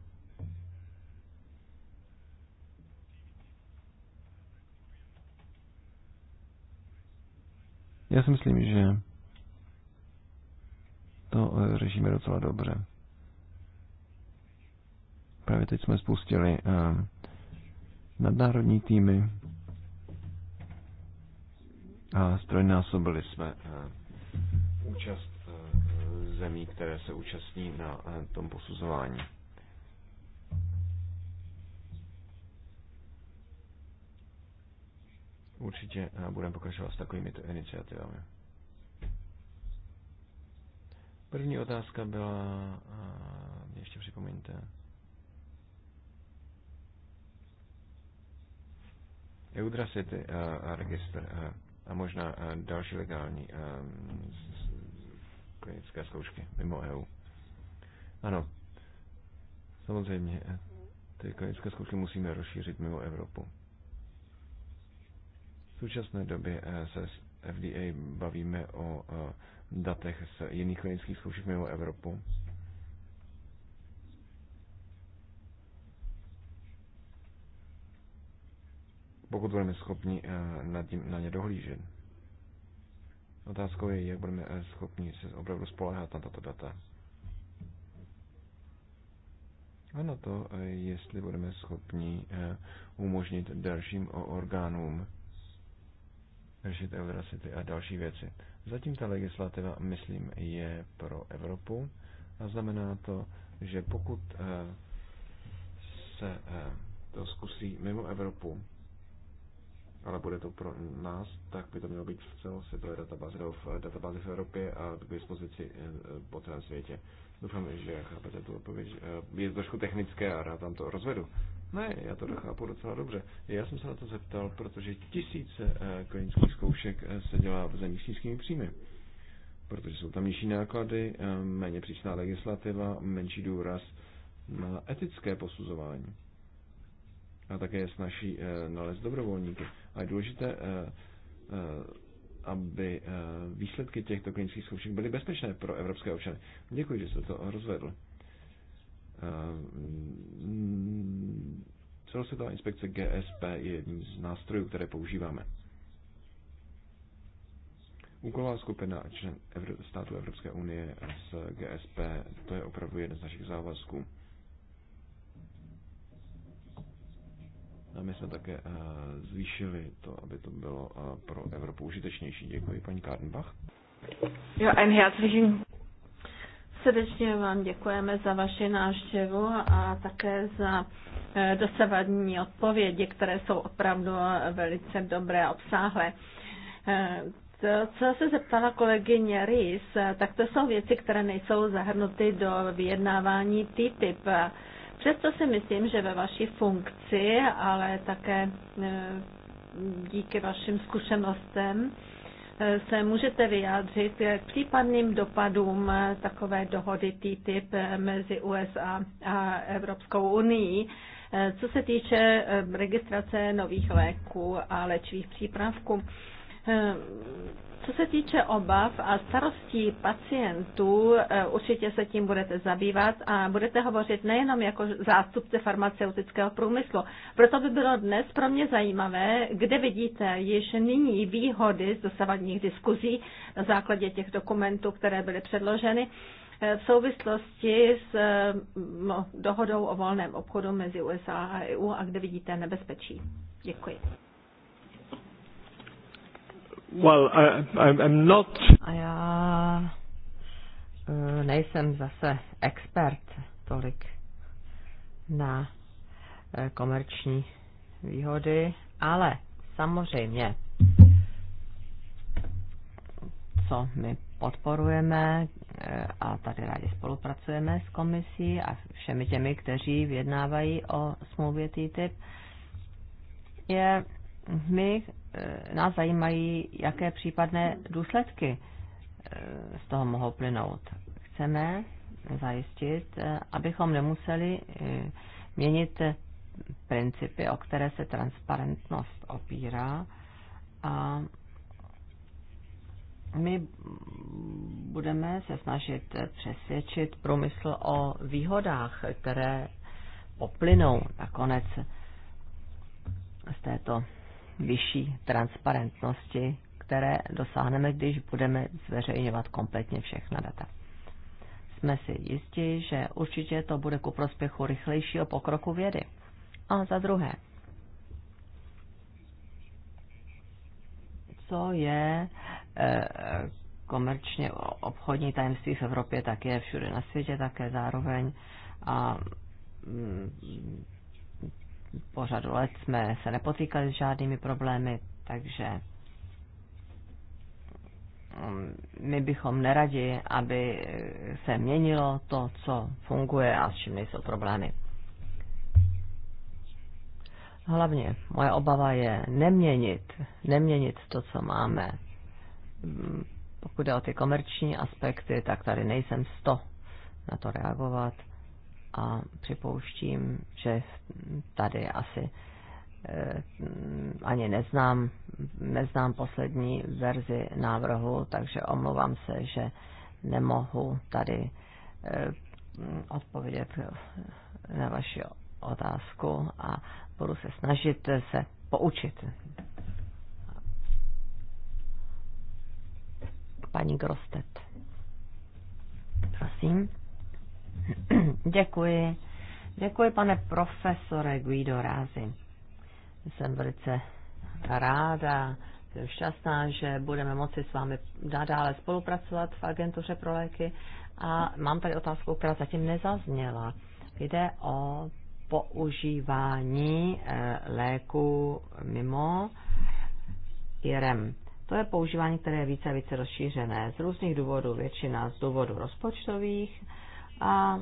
Já si myslím, že to eh, řešíme docela dobře. Právě teď jsme spustili nadnárodní týmy a strojnásobili jsme účast zemí, které se účastní na eh, tom posuzování. Určitě eh, budeme pokračovat s takovými iniciativami. První otázka byla, eh, ještě připomeňte, City a registr a možná další legální klinické zkoušky mimo EU. Ano, samozřejmě, ty klinické zkoušky musíme rozšířit mimo Evropu. V současné době eh, se s FDA bavíme o eh, datech z jiných klinických zkoušek mimo Evropu. Pokud budeme schopni eh, na ně dohlížet. Otázkou je, jak budeme eh, schopni se opravdu spolehat na tato data. A na to, eh, jestli budeme schopni eh, umožnit dalším orgánům řešit Euracity a další věci. Zatím ta legislativa, myslím, je pro Evropu a znamená to, že pokud se to zkusí mimo Evropu, ale bude to pro nás, tak by to mělo být v celosvětové databáze nebo v databázi v Evropě a k dispozici eh, po celém světě. Doufám, že já chápete tu odpověď. Eh, je to trošku technické a rád vám to rozvedu. Ne, já to chápu docela dobře. Já jsem se na to zeptal, protože tisíce eh, klinických zkoušek se dělá v zemích s nízkými příjmy. Protože jsou tam nižší náklady, méně přísná legislativa, menší důraz na etické posuzování. A také je snaží nalézt dobrovolníky. A je důležité, eh, eh, aby eh, výsledky těchto klinických zkoušek byly bezpečné pro evropské občany. Děkuji, že jste to rozvedl. Celosvětová inspekce GSP je jedním z nástrojů, které používáme. Úkolová skupina člen států Evropské unie z GSP, to je opravdu jeden z našich závazků. A my jsme také eh, zvýšili to, aby to bylo eh, pro Evropu užitečnější. Děkuji, paní Kardenbach. Jo, ein herzlichen. Srdečně vám děkujeme za vaši návštěvu a také za eh, dosavadní odpovědi, které jsou opravdu velice dobré a obsáhlé. To, co se zeptala kolegyně Rys, tak to jsou věci, které nejsou zahrnuty do vyjednávání TTIP. Přesto si myslím, že ve vaší funkci, ale také e, díky vašim zkušenostem, e, se můžete vyjádřit k případným dopadům e, takové dohody TTIP mezi USA a Evropskou unii, co se týče registrace nových léků a léčivých přípravků. Co se týče obav a starostí pacientů, eh, určitě se tím budete zabývat a budete hovořit nejenom jako zástupce farmaceutického průmyslu. Proto by bylo dnes pro mě zajímavé, kde vidíte již nyní výhody z dosavadních diskuzí na základě těch dokumentů, které byly předloženy eh, v souvislosti s eh, no, dohodou o volném obchodu mezi USA a EU a kde vidíte nebezpečí. Děkuji. Well, I, I'm, I'm not... A já eh, nejsem zase expert tolik na eh, komerční výhody, ale samozřejmě, co my podporujeme eh, a tady rádi spolupracujeme s komisí a všemi těmi, kteří vyjednávají o smlouvě TTIP, je my, eh, nás zajímají, jaké případné důsledky eh, z toho mohou plynout. Chceme zajistit, eh, abychom nemuseli měnit principy, o které se transparentnost opírá a my budeme se snažit přesvědčit průmysl o výhodách, které poplynou nakonec z této vyšší transparentnosti, které dosáhneme, když budeme zveřejňovat kompletně všechna data. Jsme si jistí, že určitě to bude ku prospěchu rychlejšího pokroku vědy. A za druhé, co je eh, komerčně obchodní tajemství v Evropě, tak je všude na světě také zároveň. A mm, pořadu let jsme se nepotýkali s žádnými problémy, takže mm, my bychom neradi, aby se měnilo to, co funguje a s čím nejsou problémy. Hlavně moje obava je neměnit, neměnit to, co máme. Mm, pokud jde o ty komerční aspekty, tak tady nejsem sto na to reagovat a připouštím, že tady asi eh, ani neznám, neznám poslední verzi návrhu, takže omlouvám se, že nemohu tady eh, odpovědět na vaši otázku a budu se snažit se poučit. Paní Grostet. Prosím. (clears throat) Děkuji. Děkuji, pane profesore Guido Rázi. Jsem velice ráda, jsem šťastná, že budeme moci s vámi nadále spolupracovat v agentuře pro léky. A mám tady otázku, která zatím nezazněla. Jde o používání eh, léku mimo IRM. To je používání, které je více a více rozšířené z různých důvodů, většina z důvodů rozpočtových, a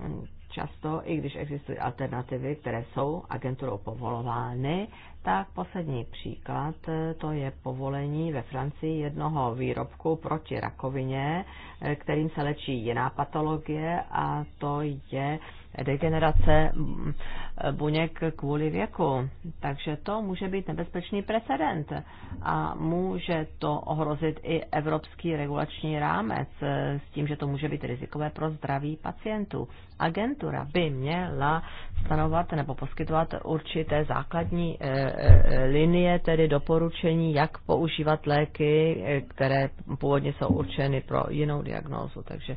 mm, často, i když existují alternativy, které jsou agenturou povolovány, tak poslední příklad, eh, to je povolení ve Francii jednoho výrobku proti rakovině, eh, kterým se léčí jiná patologie a to je degenerace mm, eh, buněk kvůli věku. Takže to může být nebezpečný precedent a může to ohrozit i evropský regulační rámec s tím, že to může být rizikové pro zdraví pacientů. Agentura by měla stanovat nebo poskytovat určité základní Eh, eh, linie, tedy doporučení, jak používat léky, eh, které původně jsou určeny pro jinou diagnózu. Takže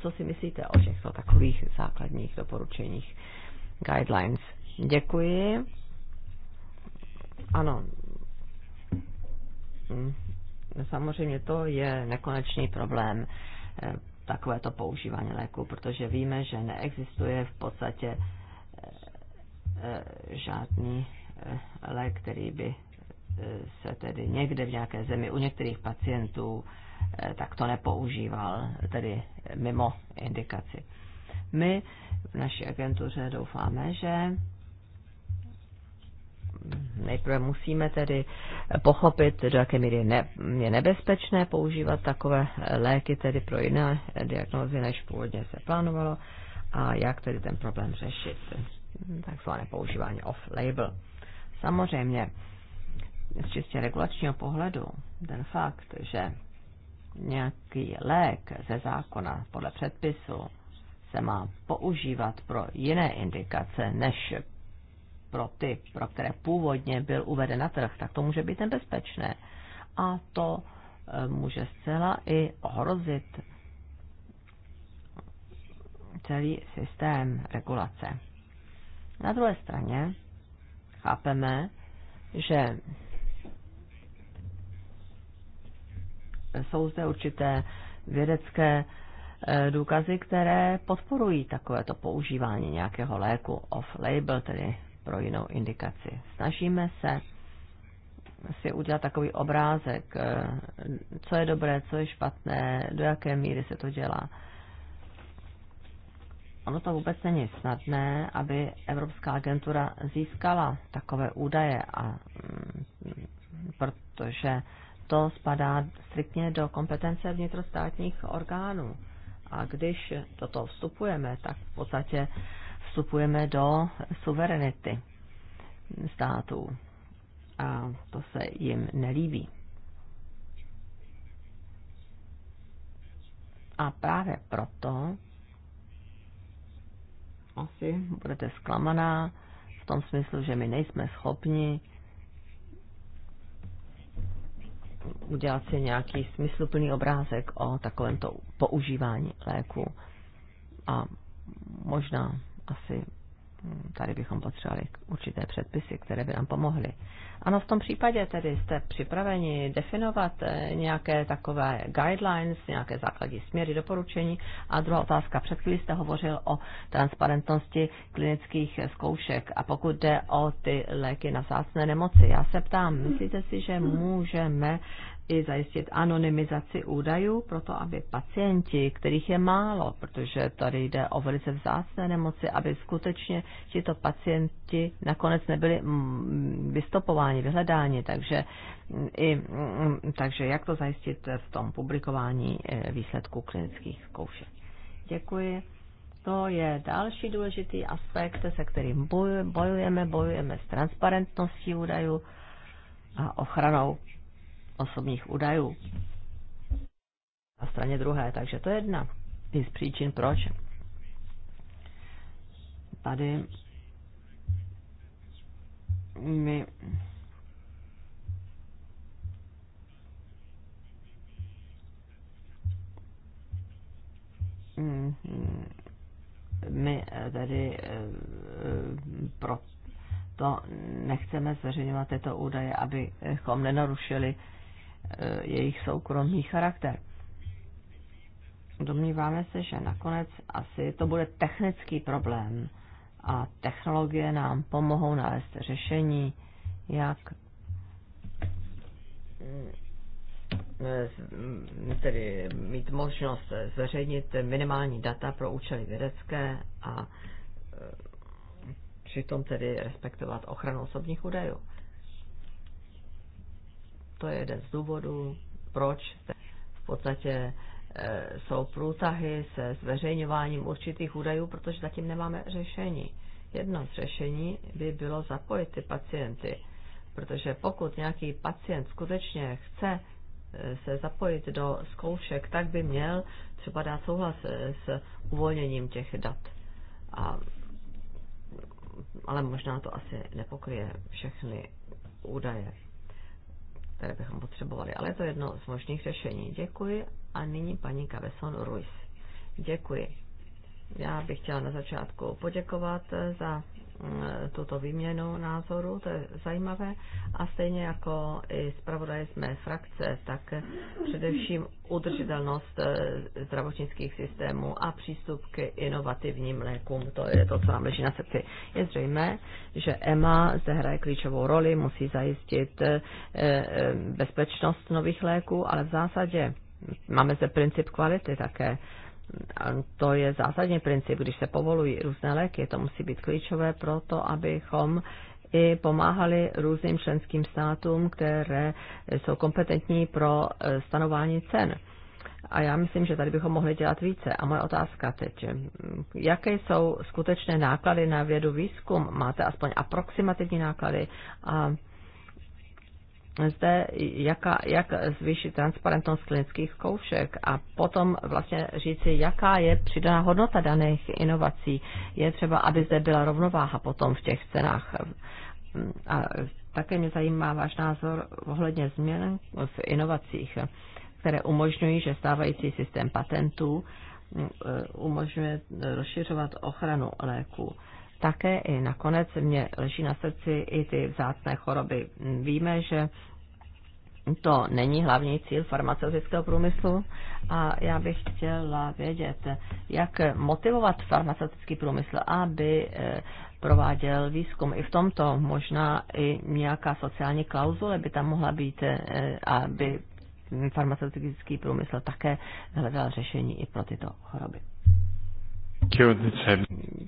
co si myslíte o těchto takových základních doporučeních, guidelines? Děkuji. Ano. Mm, samozřejmě to je nekonečný problém takovéto používání léku, protože víme, že neexistuje v podstatě žádný lék, který by eh, se tedy někde v nějaké zemi u některých pacientů eh, tak to nepoužíval, tedy mimo indikaci. My v naší agentuře doufáme, že nejprve musíme tedy pochopit, do jaké míry ne, je nebezpečné používat takové léky tedy pro jiné diagnózy, než původně se plánovalo, a jak tedy ten problém řešit, takzvané používání off-label. Samozřejmě, z čistě regulačního pohledu, ten fakt, že nějaký lék ze zákona podle předpisu se má používat pro jiné indikace než pro ty, pro které původně byl uveden na trh, tak to může být nebezpečné. A to eh, může zcela i ohrozit celý systém regulace. Na druhé straně chápeme, že jsou zde určité vědecké eh, důkazy, které podporují takovéto používání nějakého léku off-label, tedy pro jinou indikaci. Snažíme se si udělat takový obrázek, eh, co je dobré, co je špatné, do jaké míry se to dělá ono to vůbec není snadné, aby Evropská agentura získala takové údaje, a, mm, protože to spadá striktně do kompetence vnitrostátních orgánů. A když do toho vstupujeme, tak v podstatě vstupujeme do suverenity států. A to se jim nelíbí. A právě proto asi budete zklamaná v tom smyslu, že my nejsme schopni udělat si nějaký smysluplný obrázek o takovémto používání léku. A možná asi Mm, tady bychom potřebovali určité předpisy, které by nám pomohly. Ano, v tom případě tedy jste připraveni definovat eh, nějaké takové guidelines, nějaké základní směry, doporučení. A druhá otázka, před chvílí jste hovořil o transparentnosti klinických zkoušek a pokud jde o ty léky na zácné nemoci. Já se ptám, myslíte si, že můžeme i zajistit anonymizaci údajů, proto aby pacienti, kterých je málo, protože tady jde o velice vzácné nemoci, aby skutečně tito pacienti nakonec nebyli mm, vystopováni, vyhledáni. Takže, mm, i, mm, takže jak to zajistit v tom publikování e, výsledků klinických zkoušek. Děkuji. To je další důležitý aspekt, se kterým bojujeme. Bojujeme s transparentností údajů a ochranou osobních údajů. Na straně druhé, takže to je jedna i z příčin, proč tady my my tady eh, eh, pro to nechceme zveřejňovat tyto údaje, abychom nenarušili Eh, jejich soukromý charakter. Domníváme se, že nakonec asi to bude technický problém a technologie nám pomohou nalézt řešení, jak mm, eh, mm, tedy mít možnost zveřejnit minimální data pro účely vědecké a eh, přitom tedy respektovat ochranu osobních údajů to je jeden z důvodů, proč v podstatě eh, jsou průtahy se zveřejňováním určitých údajů, protože zatím nemáme řešení. Jedno z řešení by bylo zapojit ty pacienty, protože pokud nějaký pacient skutečně chce eh, se zapojit do zkoušek, tak by měl třeba dát souhlas eh, s uvolněním těch dat. A, ale možná to asi nepokryje všechny údaje které bychom potřebovali. Ale je to jedno z možných řešení. Děkuji. A nyní paní Cabeson Ruiz. Děkuji. Já bych chtěla na začátku poděkovat eh, za mm, tuto výměnu názoru, to je zajímavé. A stejně jako i zpravodaj z mé frakce, tak především udržitelnost eh, zdravotnických systémů a přístup k inovativním lékům, to je to, co nám leží na srdci. Je zřejmé, že EMA zde hraje klíčovou roli, musí zajistit eh, bezpečnost nových léků, ale v zásadě máme zde princip kvality také a to je zásadní princip, když se povolují různé léky, to musí být klíčové pro to, abychom i pomáhali různým členským státům, které jsou kompetentní pro eh, stanování cen. A já myslím, že tady bychom mohli dělat více. A moje otázka teď, hm, jaké jsou skutečné náklady na vědu výzkum? Máte aspoň aproximativní náklady? A zde, jaká, jak zvýšit transparentnost klinických zkoušek a potom vlastně říci, jaká je přidaná hodnota daných inovací. Je třeba, aby zde byla rovnováha potom v těch cenách. A také mě zajímá váš názor ohledně změn v inovacích, které umožňují, že stávající systém patentů e, umožňuje rozšiřovat ochranu léku také i nakonec mě leží na srdci i ty vzácné choroby. Víme, že to není hlavní cíl farmaceutického průmyslu a já bych chtěla vědět, jak motivovat farmaceutický průmysl, aby eh, prováděl výzkum. I v tomto možná i nějaká sociální klauzule by tam mohla být, eh, aby farmaceutický průmysl také hledal řešení i pro tyto choroby.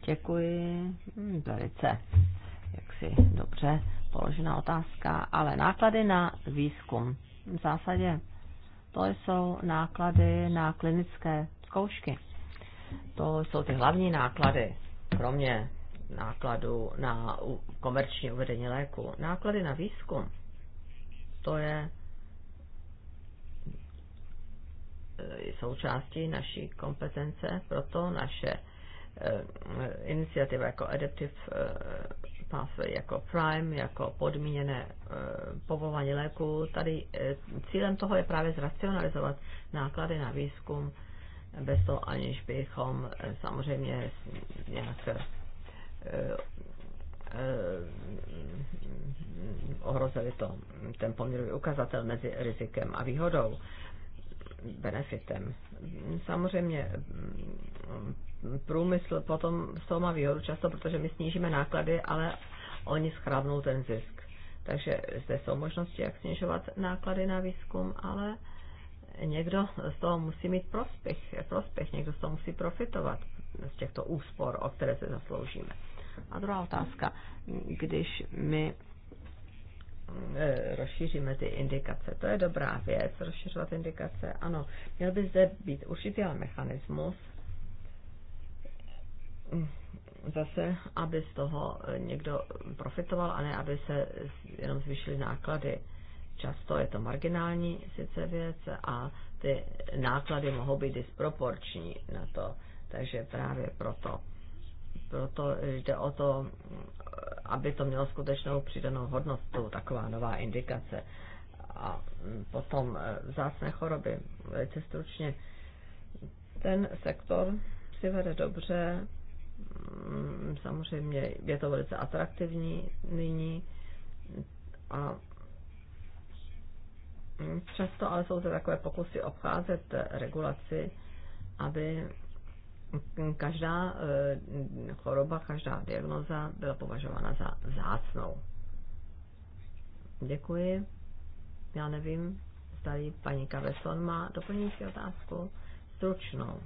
Děkuji. Hmm, velice jaksi dobře položená otázka, ale náklady na výzkum v zásadě to jsou náklady na klinické zkoušky. To jsou ty hlavní náklady, kromě nákladu na komerční uvedení léku. Náklady na výzkum, to je e, součástí naší kompetence, proto naše Eh, iniciativa jako Adaptive eh, Pathway, jako Prime, jako podmíněné eh, povolování léku. Tady cílem toho je právě zracionalizovat náklady na výzkum bez toho, aniž bychom samozřejmě nějak ohrozili to, ten poměrový ukazatel mezi rizikem a výhodou, benefitem. Samozřejmě průmysl potom z toho má výhodu často, protože my snížíme náklady, ale oni schrávnou ten zisk. Takže zde jsou možnosti, jak snižovat náklady na výzkum, ale někdo z toho musí mít prospěch, prospěch někdo z toho musí profitovat z těchto úspor, o které se zasloužíme. A druhá otázka, když my e, rozšíříme ty indikace. To je dobrá věc, rozšiřovat indikace. Ano, měl by zde být určitý mechanismus, zase, aby z toho někdo profitoval a ne, aby se jenom zvýšily náklady. Často je to marginální sice věc a ty náklady mohou být disproporční na to. Takže právě proto, proto jde o to, aby to mělo skutečnou přidanou hodnost, to taková nová indikace. A potom eh, vzácné choroby, velice stručně. Ten sektor si vede dobře, Mm, samozřejmě je to velice atraktivní nyní a mm, často ale jsou to takové pokusy obcházet regulaci, aby každá e, choroba, každá diagnoza byla považována za zácnou. Děkuji. Já nevím, zda paní Kaveson má doplňující otázku stručnou.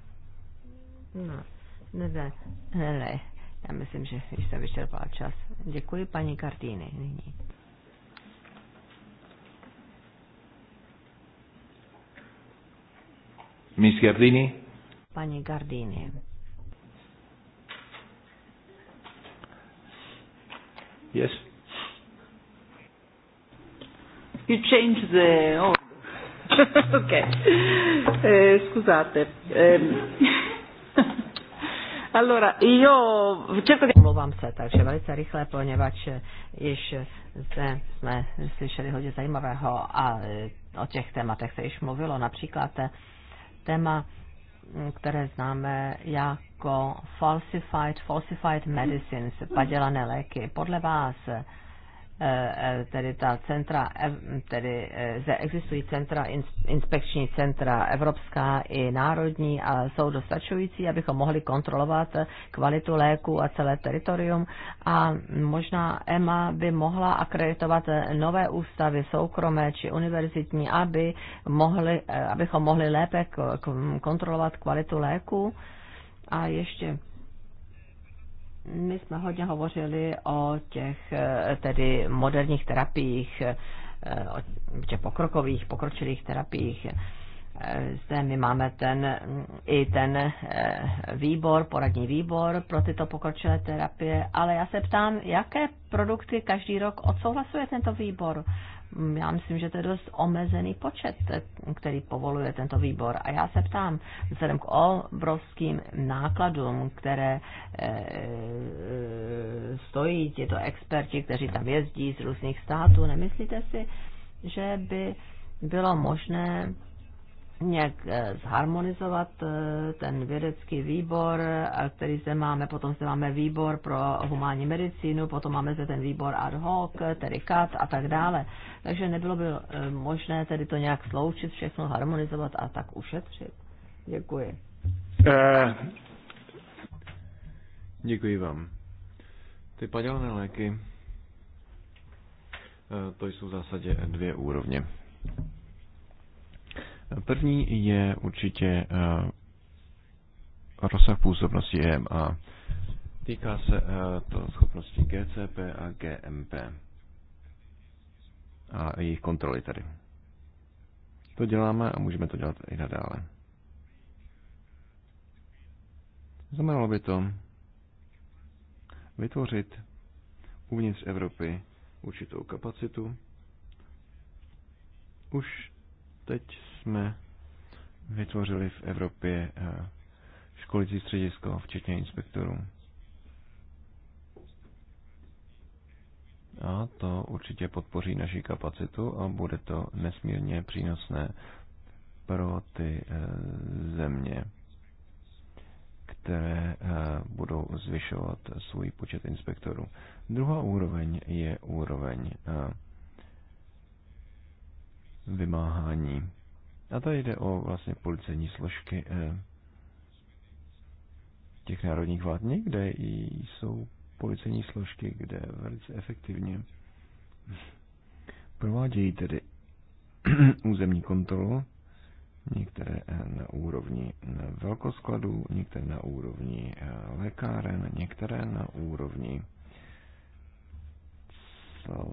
Ne. Ne, ne, ne, ne. Já myslím, že již jsem vyčerpal čas. Děkuji paní Kartýny nyní. Miss Gardini? Paní Gardini. Yes. You change the order. (laughs) okay. Uh, eh, scusate. Um, Allora, io cerco di... Omlouvám se, takže velice rychle, poněvadž již zde jsme slyšeli hodně zajímavého a eh, o těch tématech se již mluvilo. Například téma, mm, které známe jako falsified, falsified medicines, padělané léky. Podle vás, Eh, eh, tedy ta centra, tedy eh, existují centra, inspekční centra evropská i národní a jsou dostačující, abychom mohli kontrolovat kvalitu léku a celé teritorium a možná EMA by mohla akreditovat nové ústavy soukromé či univerzitní, aby mohli, abychom mohli lépe kontrolovat kvalitu léku a ještě my jsme hodně hovořili o těch eh, tedy moderních terapiích, eh, o těch pokrokových, pokročilých terapiích. Eh, zde my máme ten, i ten výbor, poradní výbor pro tyto pokročilé terapie, ale já se ptám, jaké produkty každý rok odsouhlasuje tento výbor? Mm, já myslím, že to je dost omezený počet, eh, který povoluje tento výbor. A já se ptám, vzhledem k obrovským nákladům, které eh, eh, stojí tyto experti, kteří tam jezdí z různých států, nemyslíte si, že by bylo možné nějak eh, zharmonizovat eh, ten vědecký výbor, který zde máme, potom zde máme výbor pro humánní medicínu, potom máme zde ten výbor ad hoc, tedy CAT a tak dále. Takže nebylo by eh, možné tedy to nějak sloučit, všechno harmonizovat a tak ušetřit. Děkuji. Eh, děkuji vám. Ty padělné léky, to jsou v zásadě dvě úrovně. První je určitě eh, rozsah působnosti EMA. Týká se eh, to schopnosti GCP a GMP a jejich kontroly tady. To děláme a můžeme to dělat i nadále. Znamenalo by to vytvořit uvnitř Evropy určitou kapacitu. Už teď jsme vytvořili v Evropě eh, školící středisko, včetně inspektorů. A to určitě podpoří naši kapacitu a bude to nesmírně přínosné pro ty eh, země, které eh, budou zvyšovat svůj počet inspektorů. Druhá úroveň je úroveň vymáhání a tady jde o vlastně policejní složky eh, těch národních vlád. Někde jsou policejní složky, kde velice efektivně provádějí tedy (clears throat) územní kontrolu, některé eh, na úrovni eh, velkoskladu, některé na úrovni lékáren, některé na úrovni cla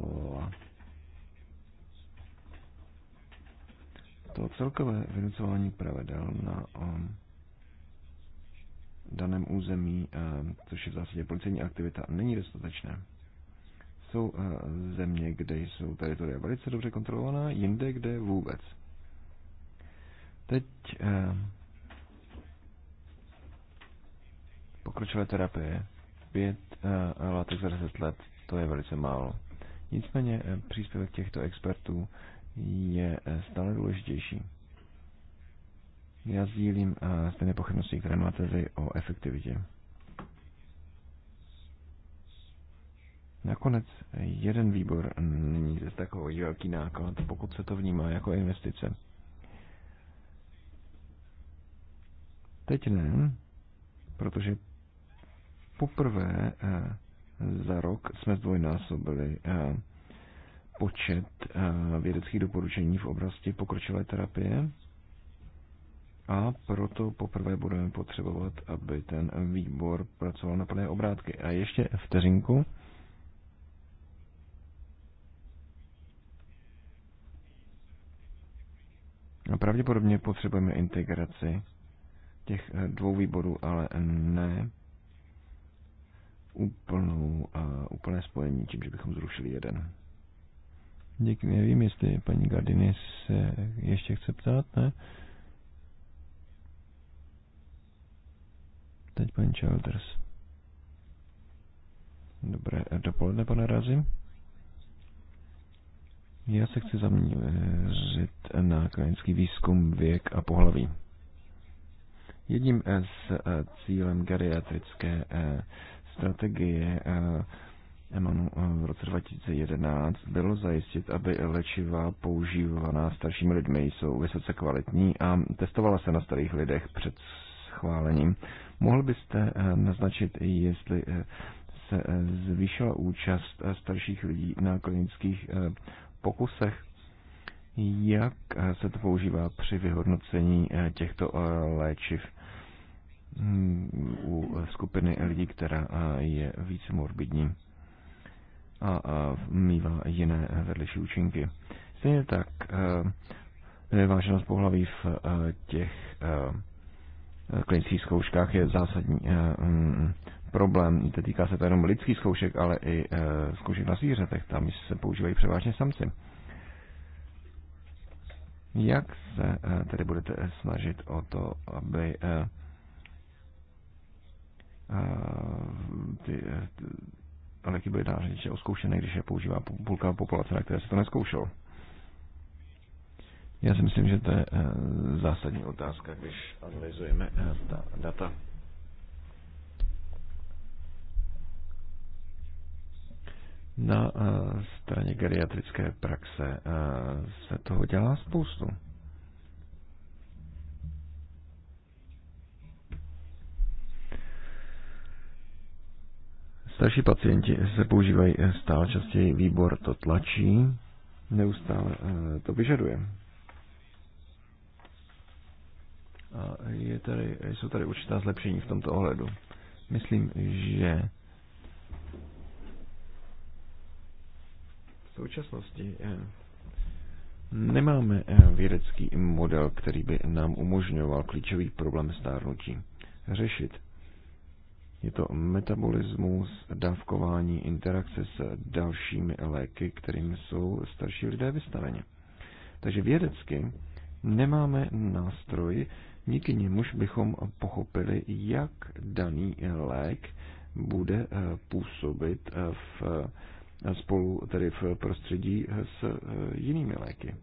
to celkové vynucování pravidel na um, daném území, eh, což je v zásadě policejní aktivita, není dostatečné. Jsou eh, země, kde jsou teritoria velice dobře kontrolovaná, jinde, kde vůbec. Teď eh, pokročilé terapie, pět látek za deset let, to je velice málo. Nicméně příspěvek těchto expertů je eh, stále důležitější. Já sdílím stejné eh, pochybnosti, které máte vy o efektivitě. Nakonec jeden výbor není ze takový velký náklad, pokud se to vnímá jako investice. Teď ne, protože poprvé eh, za rok jsme zdvojnásobili počet eh, vědeckých doporučení v oblasti pokročilé terapie a proto poprvé budeme potřebovat, aby ten výbor pracoval na plné obrátky. A ještě vteřinku. A pravděpodobně potřebujeme integraci těch eh, dvou výborů, ale ne úplnou, eh, úplné spojení tím, že bychom zrušili jeden. Děkuji, nevím, jestli paní Gardiny se ještě chce ptát, ne? Teď paní Childers. Dobré dopoledne, pane Razim. Já se chci zaměřit na klinický výzkum věk a pohlaví. Jedním z eh, cílem geriatrické eh, strategie eh, EMANu eh, v roce 2011 bylo zajistit, aby léčiva používaná staršími lidmi jsou vysoce kvalitní a testovala se na starých lidech před schválením. Mohl byste eh, naznačit, jestli eh, se zvýšila účast starších lidí na klinických pokusech? Jak se to používá při vyhodnocení těchto léčiv? Hm, u skupiny lidí, která je více morbidní a, a mývá jiné vedlejší účinky. Stejně tak vyváženost eh, pohlaví v eh, těch eh, klinických zkouškách je zásadní mm, problém. To týká se to jenom lidských zkoušek, ale i zkoušek na zvířatech. Tam se používají převážně samci. Jak se tedy budete snažit o to, aby ty, léky byly je řeči oskoušené, když je používá půlka populace, na které se to neskoušelo. Já si myslím, že to je eh, zásadní otázka, když analyzujeme eh, ta data. Na eh, straně geriatrické praxe se toho dělá spoustu. Starší pacienti se používají eh, stále častěji, výbor to tlačí, neustále eh, to vyžaduje. A je tady, jsou tady určitá zlepšení v tomto ohledu. Myslím, že v současnosti eh, nemáme vědecký model, který by nám umožňoval klíčový problém stárnutí řešit. Je to metabolismus, dávkování, interakce s dalšími léky, kterými jsou starší lidé vystaveni. Takže vědecky nemáme nástroj, díky němuž bychom pochopili, jak daný lék bude eh, působit eh, v, eh, spolu tedy v prostředí s jinými léky.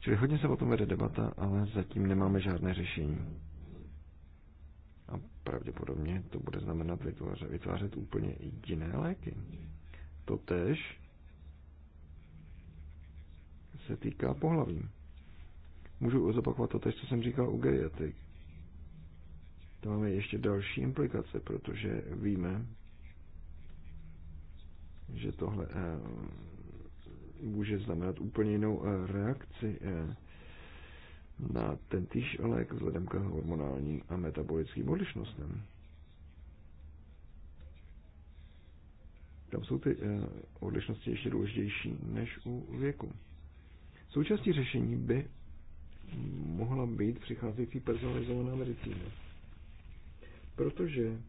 Čili hodně se o tom vede debata, ale zatím nemáme žádné řešení pravděpodobně to bude znamenat vytvářet, vytvářet úplně jiné léky. Totež se týká pohlaví. Můžu zopakovat to tež, co jsem říkal u geriatrik. To máme ještě další implikace, protože víme, že tohle eh, může znamenat úplně jinou eh, reakci eh, na týž lék vzhledem k hormonálním a metabolickým odlišnostem. Tam jsou ty eh, odlišnosti ještě důležitější než u věku. Součástí řešení by mohla být přicházející personalizovaná medicína. Protože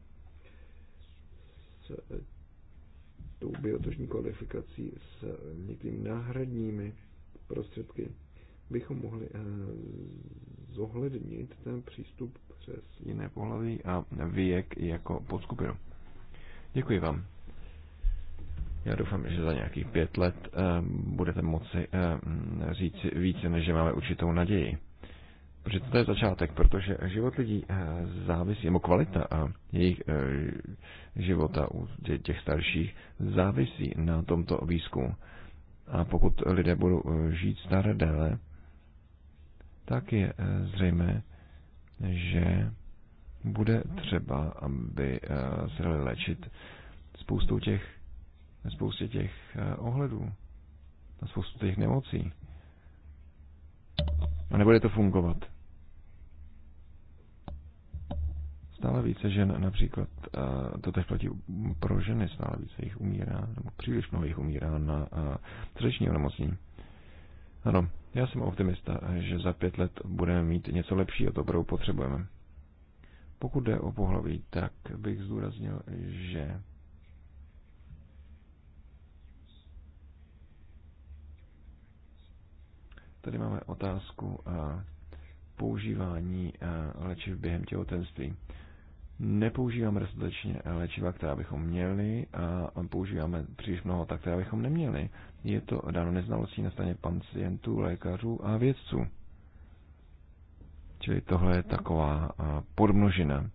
s eh, tou biotožní kvalifikací s některými náhradními prostředky bychom mohli eh, zohlednit ten přístup přes jiné pohlaví a věk jako podskupinu. Děkuji vám. Já doufám, že za nějakých pět let eh, budete moci eh, říct více, než že máme určitou naději. Protože to je začátek, protože život lidí závisí, nebo kvalita a jejich života u těch starších závisí na tomto výzkumu. A pokud lidé budou žít staré déle, tak je eh, zřejmé, že bude třeba, aby eh, se dali léčit spoustu těch, spoustu těch eh, ohledů a spoustu těch nemocí. A nebude to fungovat. Stále více žen například, to teď platí pro ženy, stále více jich umírá, nebo příliš mnoho jich umírá na srdeční onemocnění. Ano, já jsem optimista, že za pět let budeme mít něco lepšího, to budou potřebujeme. Pokud jde o pohlaví, tak bych zdůraznil, že tady máme otázku a používání léčiv během těhotenství nepoužíváme dostatečně léčiva, která bychom měli a používáme příliš mnoho tak, která bychom neměli. Je to dáno neznalostí na straně pacientů, lékařů a vědců. Čili tohle je taková podmnožina,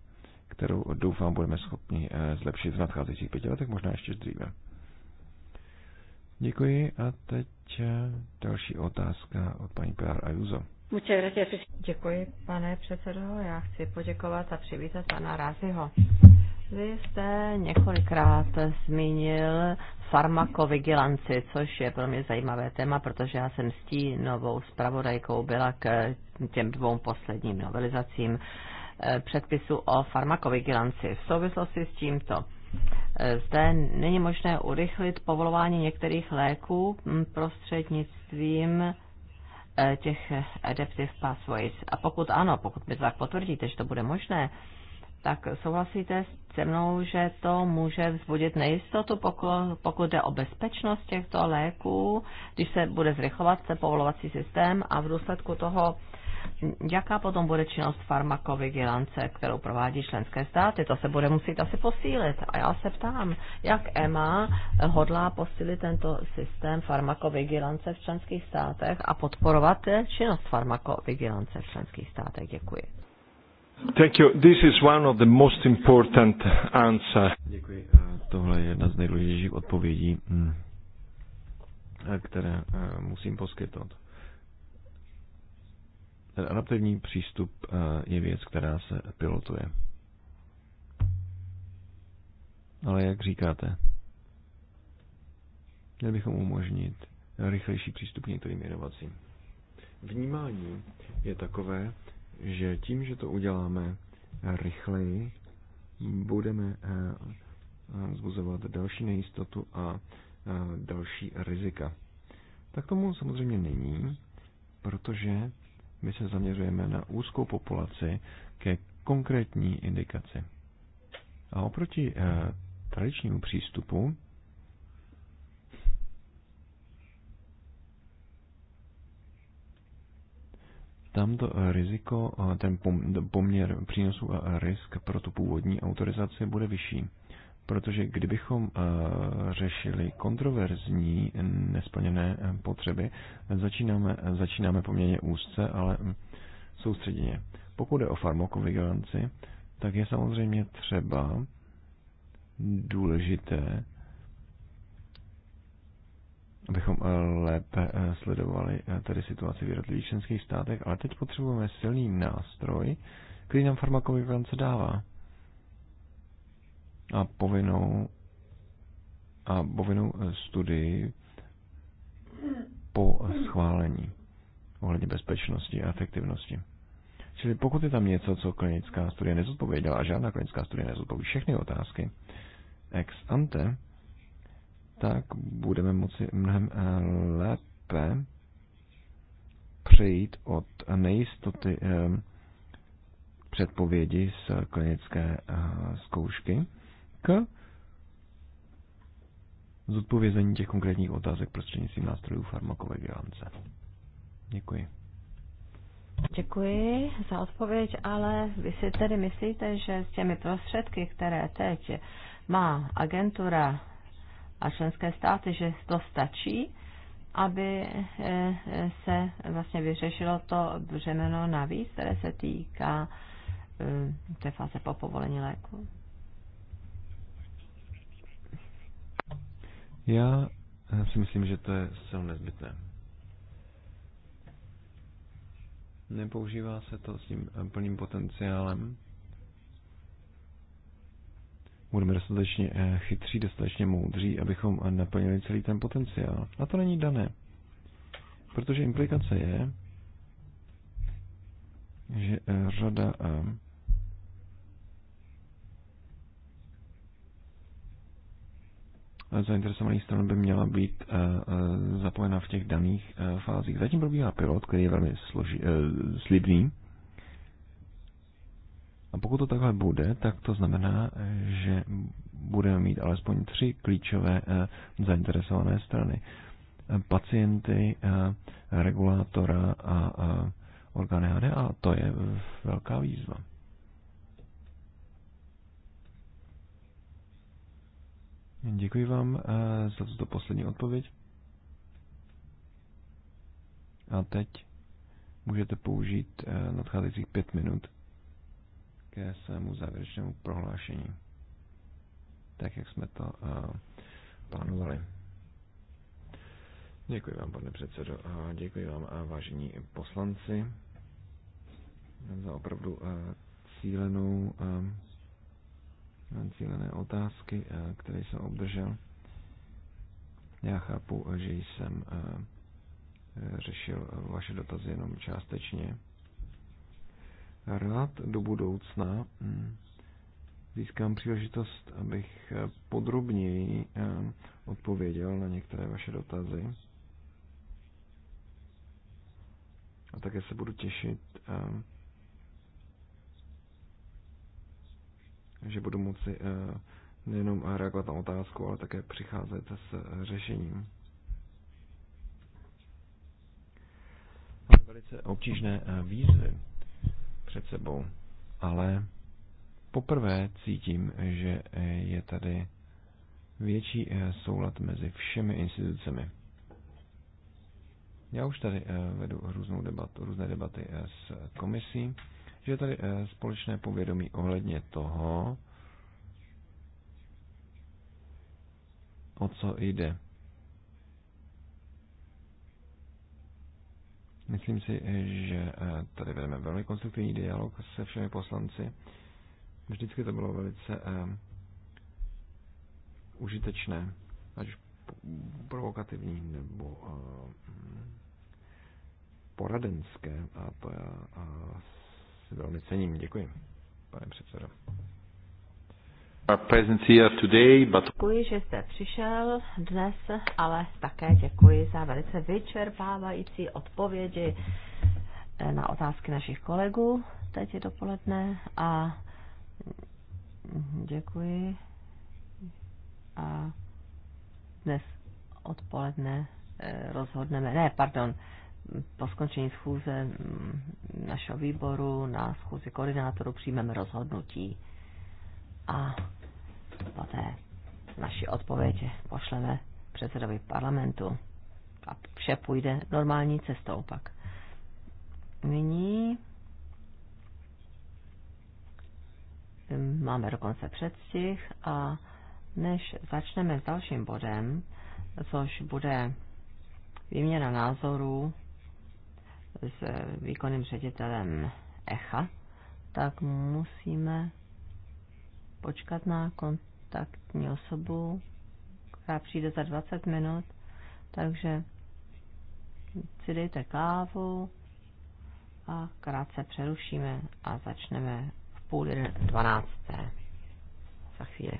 kterou doufám budeme schopni e, zlepšit v nadcházejících pěti letech, možná ještě dříve. Děkuji a teď e, další otázka od paní Pilar Ajuzo. Děkuji, pane předsedo. Já chci poděkovat a přivítat pana Ráziho. Vy jste několikrát zmínil farmakovigilanci, což je pro mě zajímavé téma, protože já jsem s tí novou zpravodajkou byla k těm dvou posledním novelizacím eh, předpisu o farmakovigilanci. V souvislosti s tímto eh, zde není možné urychlit povolování některých léků mm, prostřednictvím Eh, těch adaptive pathways. A pokud ano, pokud mi tak potvrdíte, že to bude možné, tak souhlasíte se mnou, že to může vzbudit nejistotu, pokud jde o bezpečnost těchto léků, když se bude zrychlovat se povolovací systém a v důsledku toho jaká potom bude činnost farmakovigilance, kterou provádí členské státy. To se bude muset asi posílit. A já se ptám, jak EMA hodlá posílit tento systém farmakovigilance v členských státech a podporovat činnost farmakovigilance v členských státech. Děkuji. Thank you. This is one of the most important answer. Děkuji. Tohle je jedna z nejdůležitějších odpovědí, hm, které eh, musím poskytnout. Ten adaptivní přístup eh, je věc, která se pilotuje. Ale jak říkáte, měli bychom umožnit rychlejší přístup k některým inovacím. Vnímání je takové, že tím, že to uděláme rychleji, budeme eh, eh, vzbuzovat další nejistotu a další rizika. Tak tomu samozřejmě není, protože my se zaměřujeme na úzkou populaci ke konkrétní indikaci. A oproti eh, tradičnímu přístupu tam eh, riziko, eh, ten poměr přínosu a risk pro tu původní autorizaci bude vyšší. Protože kdybychom eh, řešili kontroverzní eh, nesplněné eh, potřeby, začínáme, začínáme poměrně úzce, ale hm, soustředěně. Pokud je o farmakovigilanci, tak je samozřejmě třeba důležité, abychom lépe sledovali tedy situaci v jednotlivých členských státech, ale teď potřebujeme silný nástroj, který nám farmakovigilance dává a povinnou a povinnou eh, studii po schválení ohledně bezpečnosti a efektivnosti. Čili pokud je tam něco, co klinická studie nezodpověděla, a žádná klinická studie nezodpoví všechny otázky ex ante, tak budeme moci mnohem eh, lépe přejít od nejistoty eh, předpovědi z klinické zkoušky k zodpovězení těch konkrétních otázek prostřednictvím nástrojů farmakovigilance. Děkuji. Děkuji za odpověď, ale vy si tedy myslíte, že s těmi prostředky, které teď má agentura a členské státy, že to stačí, aby eh, se vlastně vyřešilo to břemeno navíc, které se týká eh, té fáze po povolení léku? Já si myslím, že to je zcela nezbytné. Nepoužívá se to s tím plným potenciálem. Budeme dostatečně eh, chytří, dostatečně moudří, abychom eh, naplnili celý ten potenciál. A to není dané. Protože implikace je, že eh, řada zainteresovaných stran by měla být eh, eh, zapojena v těch daných eh, fázích. Zatím probíhá pilot, který je velmi složi, slibný. A pokud to takhle bude, tak to znamená, že budeme mít alespoň tři klíčové zainteresované strany. Pacienty, regulátora a orgány HD a to je velká výzva. Děkuji vám eh, za tuto poslední odpověď. A teď můžete použít eh, nadcházejících pět minut ke svému závěrečnému prohlášení, tak jak jsme to eh, plánovali. Děkuji vám, pane předsedo, a děkuji vám, a vážení poslanci, za opravdu cílenou cílené otázky, eh, které jsem obdržel. Já chápu, že jsem eh, řešil vaše dotazy jenom částečně. Rád do budoucna hm, získám příležitost, abych eh, podrobněji odpověděl na některé vaše dotazy. A také se budu těšit že budu moci eh, nejenom reagovat na otázku, ale také přicházet s eh, řešením. Máme velice obtížné eh, výzvy před sebou, ale poprvé cítím, že je tady větší soulad mezi všemi institucemi. Já už tady vedu různou debatu, různé debaty s komisí, že je tady eh, společné povědomí ohledně toho, o co jde. Myslím si, že eh, tady vedeme velmi konstruktivní dialog se všemi poslanci. Vždycky to bylo velice uh, užitečné, ať už provokativní nebo uh, poradenské a to já uh, si velmi cením. Děkuji, pane předsedo. Děkuji, že jste přišel dnes, ale také děkuji za velice vyčerpávající odpovědi eh, na otázky našich kolegů teď je dopoledne a děkuji a dnes odpoledne eh, rozhodneme, ne, pardon, po skončení schůze mm, našeho výboru na schůzi koordinátoru přijmeme rozhodnutí a poté naši odpověď pošleme předsedovi parlamentu a vše půjde normální cestou pak. Nyní máme dokonce předstih a než začneme s dalším bodem, což bude výměna názorů s výkonným ředitelem ECHA, tak musíme počkat na kontaktní osobu, která přijde za 20 minut, takže si dejte kávu a krátce přerušíme a začneme v půl 12. za chvíli.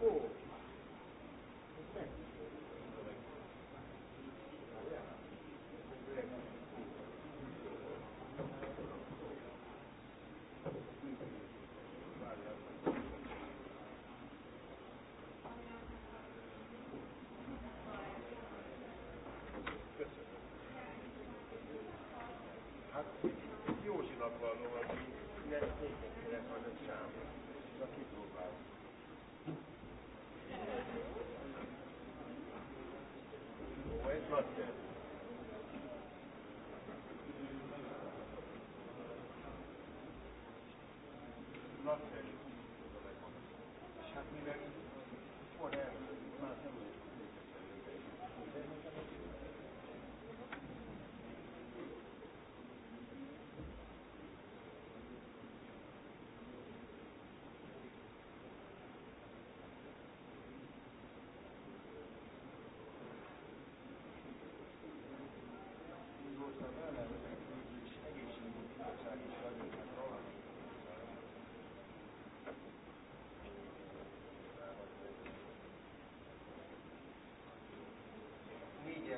Cool. Józsinak való, aki nem van a sám. Na kipróbál. Ó, ez nagy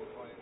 qualifying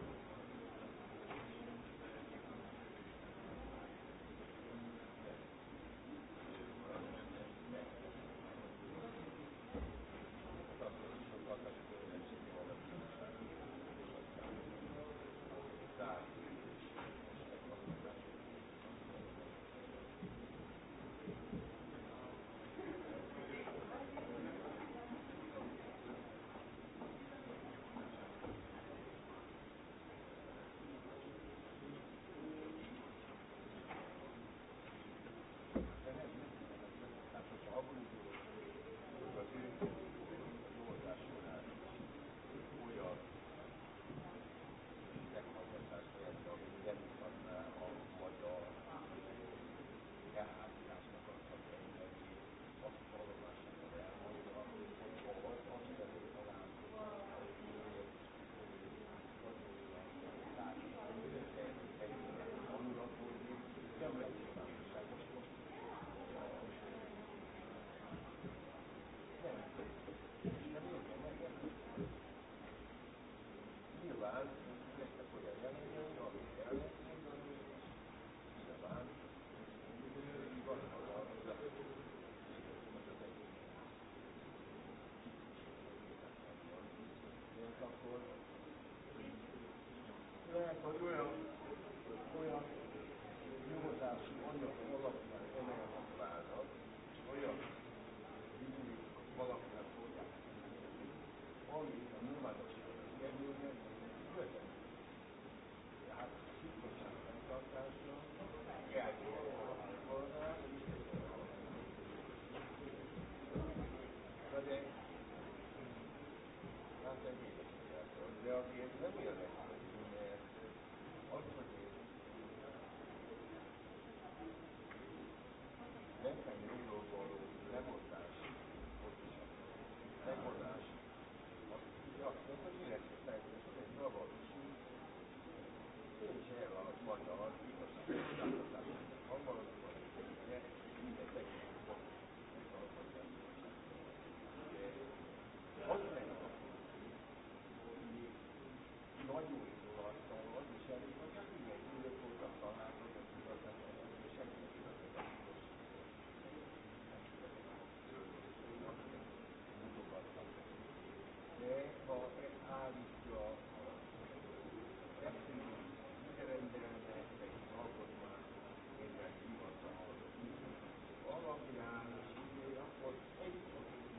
Thank you.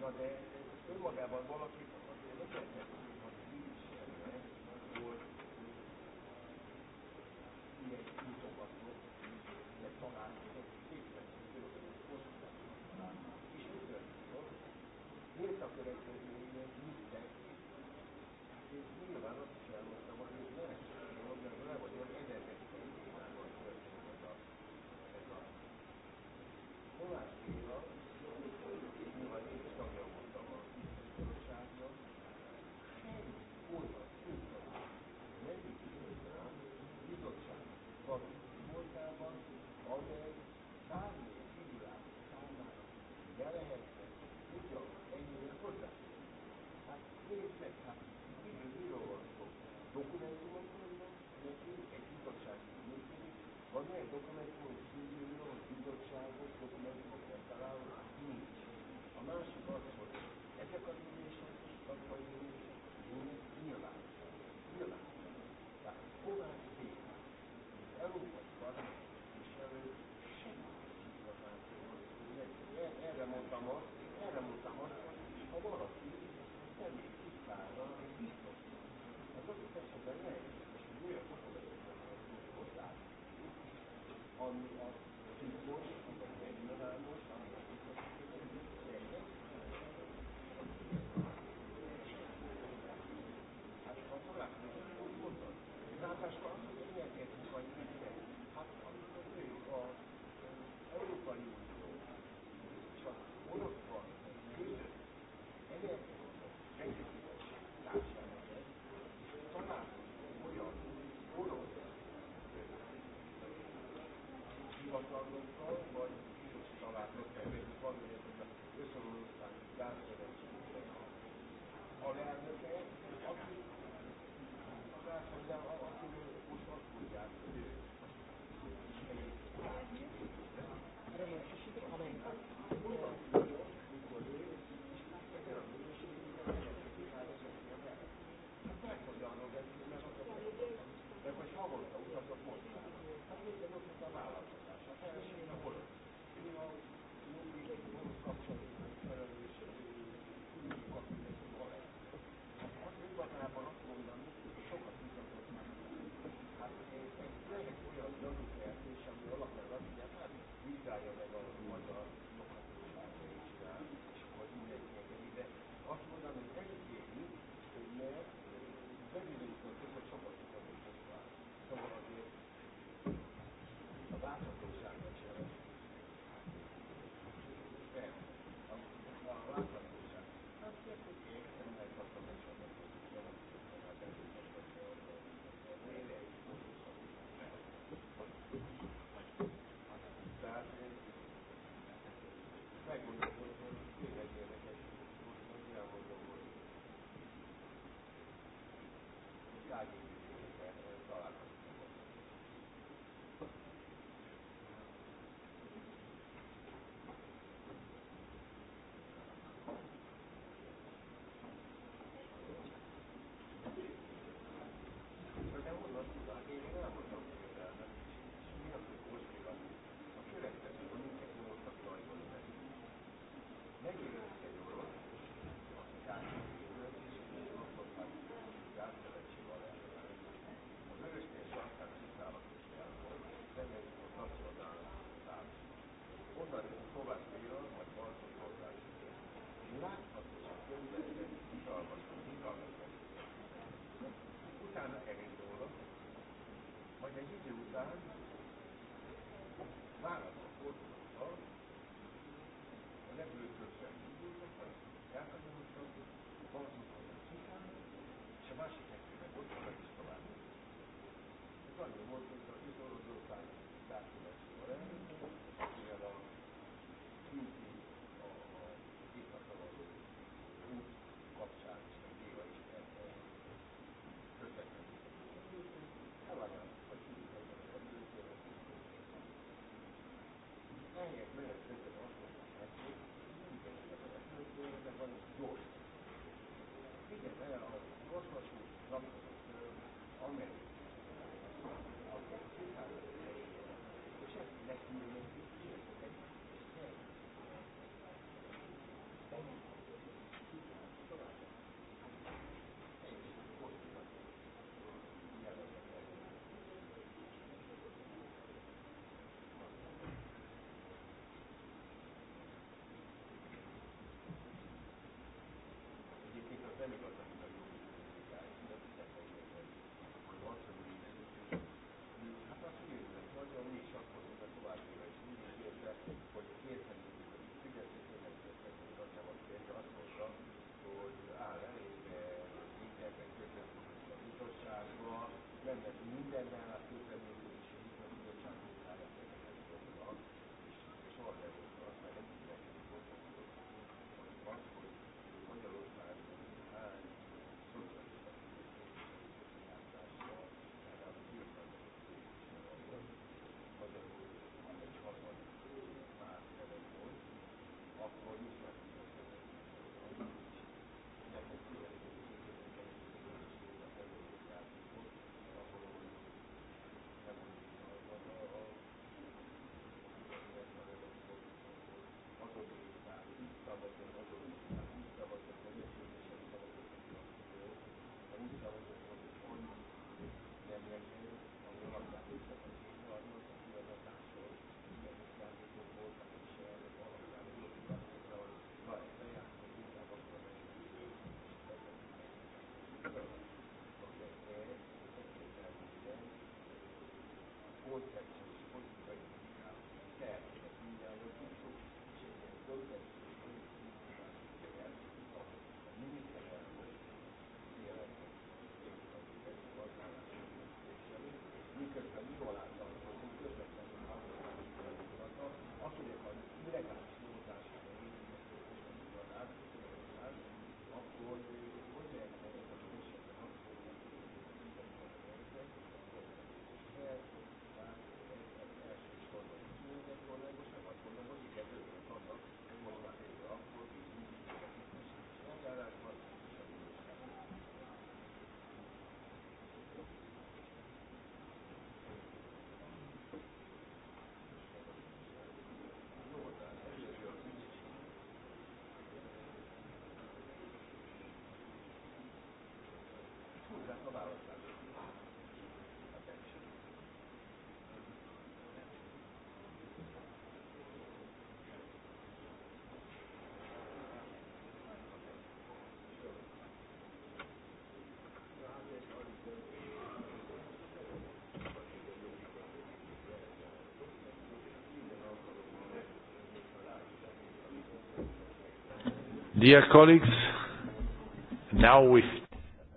Na de önmagában valaki Van olyan dokumentum, hogy kívülről a bizottságot dokumentumokra találunk, nincs. A másik az, hogy ezek az ülések, vagy ülések, nyilván Thank you.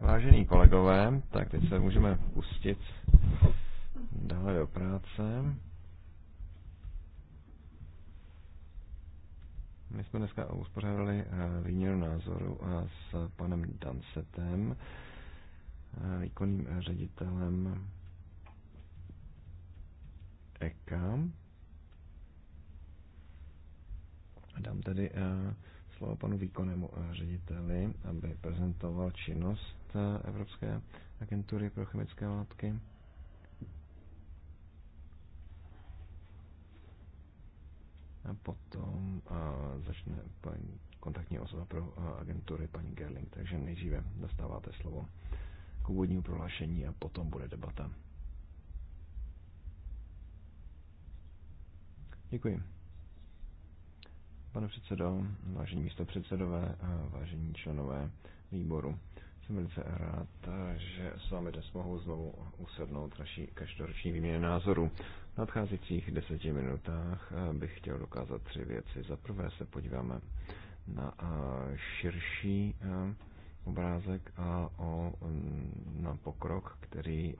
Vážení kolegové, tak teď se můžeme pustit dále do práce. My jsme dneska uspořádali eh, výměnu názoru eh, s panem Dansetem, eh, výkonným ředitelem EKA. Dám tedy uh, slovo panu výkonnému eh, řediteli, aby prezentoval činnost eh, Evropské agentury pro chemické látky. A potom a eh, začne paní kontaktní osoba pro agentury paní Gerling, takže nejdříve dostáváte slovo k úvodnímu prohlášení a potom bude debata. Děkuji. Pane předsedo, vážení místopředsedové, eh, vážení členové výboru, jsem velice rád, že s vámi dnes mohu znovu usednout naší každoroční výměně názorů. V nadcházejících deseti minutách eh, bych chtěl dokázat tři věci. Za prvé se podíváme na eh, širší obrázek a o, mm, na pokrok, který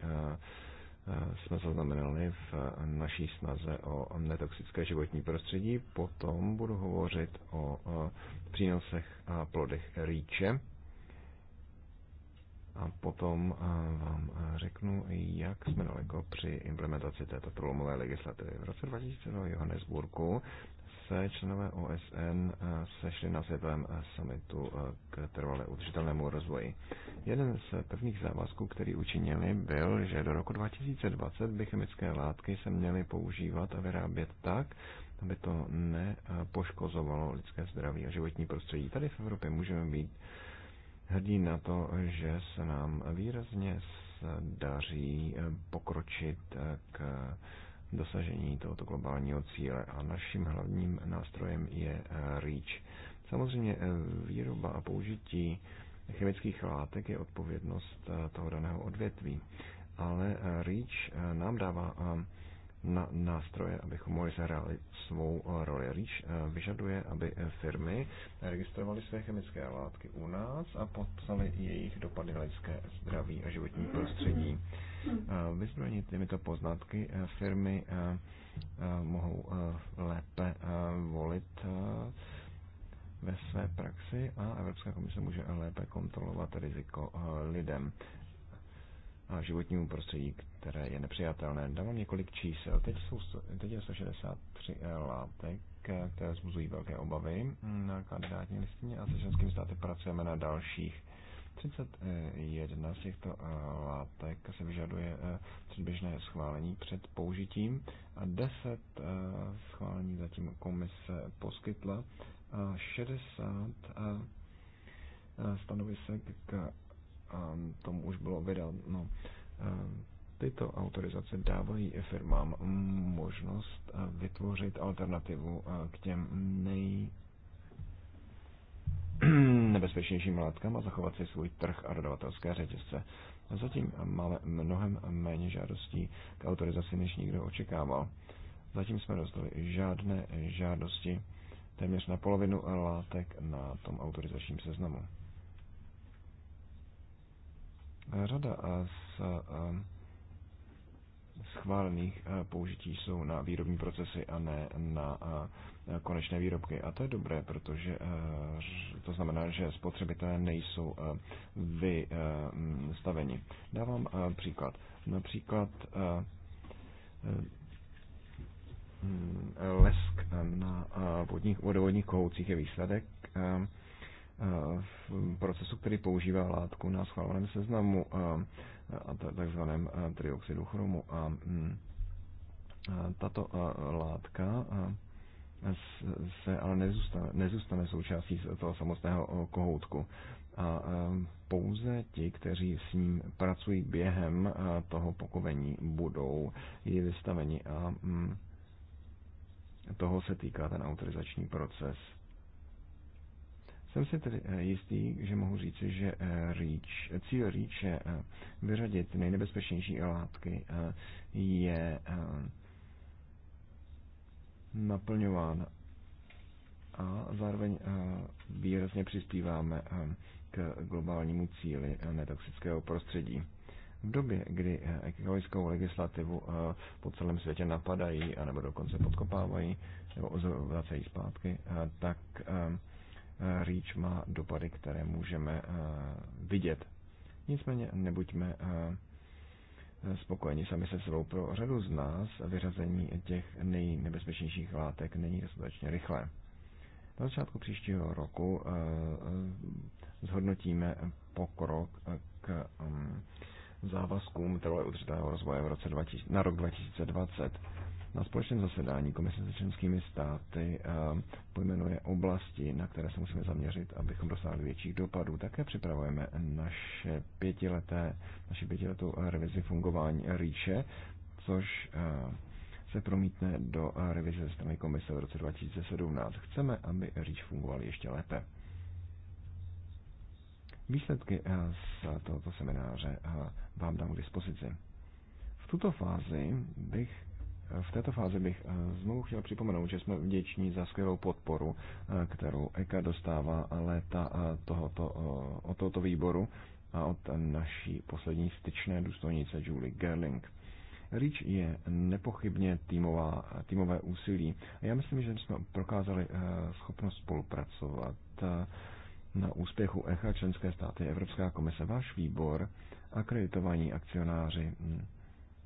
Eh, jsme zaznamenali v eh, naší snaze o netoxické životní prostředí. Potom budu hovořit o eh, přínosech a plodech rýče. A potom vám řeknu, jak jsme daleko při implementaci této průlomové legislativy. V roce 2000 no, v Johannesburgu se členové OSN eh, sešli na zjevém eh, summitu eh, k trvale udržitelnému rozvoji. Jeden z prvních závazků, který učinili, byl, že do roku 2020 by chemické látky se měly používat a vyrábět tak, aby to nepoškozovalo lidské zdraví a životní prostředí. Tady v Evropě můžeme být hrdí na to, že se nám výrazně daří pokročit k dosažení tohoto globálního cíle. A naším hlavním nástrojem je eh, REACH. Samozřejmě eh, výroba a použití chemických látek je odpovědnost eh, toho daného odvětví, ale REACH nám dává na nástroje, abychom mohli zahráli svou roli. REACH vyžaduje, aby firmy registrovaly své chemické látky u nás a podpsaly jejich dopady na lidské zdraví a životní prostředí. Mm-hmm Eh, vyzbrojeni těmito poznatky. Eh, firmy eh, mohou lépe volit ve své praxi a Evropská komise může lépe kontrolovat riziko lidem a životnímu prostředí, které je nepřijatelné. Dávám několik čísel. Teď, jsou, teď je 163 látek, které vzbuzují velké obavy na kandidátní listině a se členskými státy pracujeme na dalších 31 z těchto eh, látek se vyžaduje eh, předběžné schválení před použitím a 10 eh, schválení zatím komise poskytla a 60 stanovisek k tomu už bylo vydáno. Tyto autorizace dávají firmám možnost vytvořit alternativu k těm nej (clears throat) nebezpečnějším látkám a zachovat si svůj trh a dodavatelské řetězce. Zatím máme mnohem méně žádostí k autorizaci, než nikdo očekával. Zatím jsme dostali žádné žádosti, téměř na polovinu látek na tom autorizačním seznamu. Řada z eh, schválených eh, použití jsou na výrobní procesy a ne na eh, Eh, konečné výrobky. A to je dobré, protože eh, to znamená, že spotřebitelé nejsou eh, vystaveni. Mm, Dávám příklad. Například mm, lesk na vodních, vodovodních kohoucích je výsledek v procesu, který používá látku na schváleném seznamu a takzvaném trioxidu chromu. A mm, tato látka se ale nezůstane, nezůstane součástí toho samotného eh, kohoutku. A ehm, pouze ti, kteří s ním pracují během eh, toho pokovení, budou ji vystaveni a mm, toho se týká ten autorizační proces. Jsem si tedy eh, jistý, že mohu říci, že REACH, cíl REACH je vyřadit nejnebezpečnější látky je ehm, naplňován a zároveň eh, výrazně přispíváme eh, k globálnímu cíli netoxického prostředí. V době, kdy ekologickou eh, legislativu po celém světě napadají, anebo dokonce podkopávají, nebo vracejí zpátky, tak REACH má dopady, které můžeme vidět. Nicméně nebuďme spokojeni sami se svou. Pro řadu z nás vyřazení těch nejnebezpečnějších látek není dostatečně rychlé. Na začátku příštího roku eh, eh, zhodnotíme pokrok k mm, závazkům trvalé udržitelného rozvoje v roce 20, na rok 2020 na společném zasedání Komise se členskými státy eh, pojmenuje oblasti, na které se musíme zaměřit, abychom dosáhli větších dopadů. Také připravujeme naše pětileté, naši pětiletou revizi fungování rýše, což eh, se promítne do revize ze strany komise v roce 2017. Chceme, aby rýš fungoval ještě lépe. Výsledky eh, z tohoto semináře vám dám k dispozici. V tuto fázi bych v této fázi bych eh, znovu chtěl připomenout, že jsme vděční za skvělou podporu, eh, kterou EKA dostává léta eh, tohoto, od tohoto výboru a od naší poslední styčné důstojnice Julie Gerling. REACH je nepochybně týmová, týmové úsilí. já myslím, že jsme prokázali schopnost spolupracovat na úspěchu ECHA členské státy Evropská komise, váš výbor, akreditovaní akcionáři hm,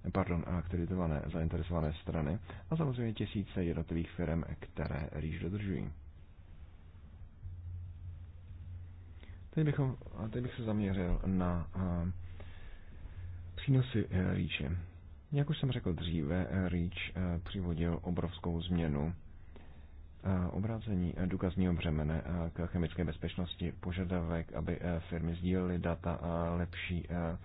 Eh, pardon, aktivizované zainteresované strany a samozřejmě tisíce jednotlivých firm, které rýž dodržují. Teď, bychom, teď bych se zaměřil na a, přínosy eh, REACHy. Jak už jsem řekl dříve, eh, REACH přivodil obrovskou změnu obrácení důkazního břemene k chemické bezpečnosti, požadavek, aby firmy sdílely data a lepší a,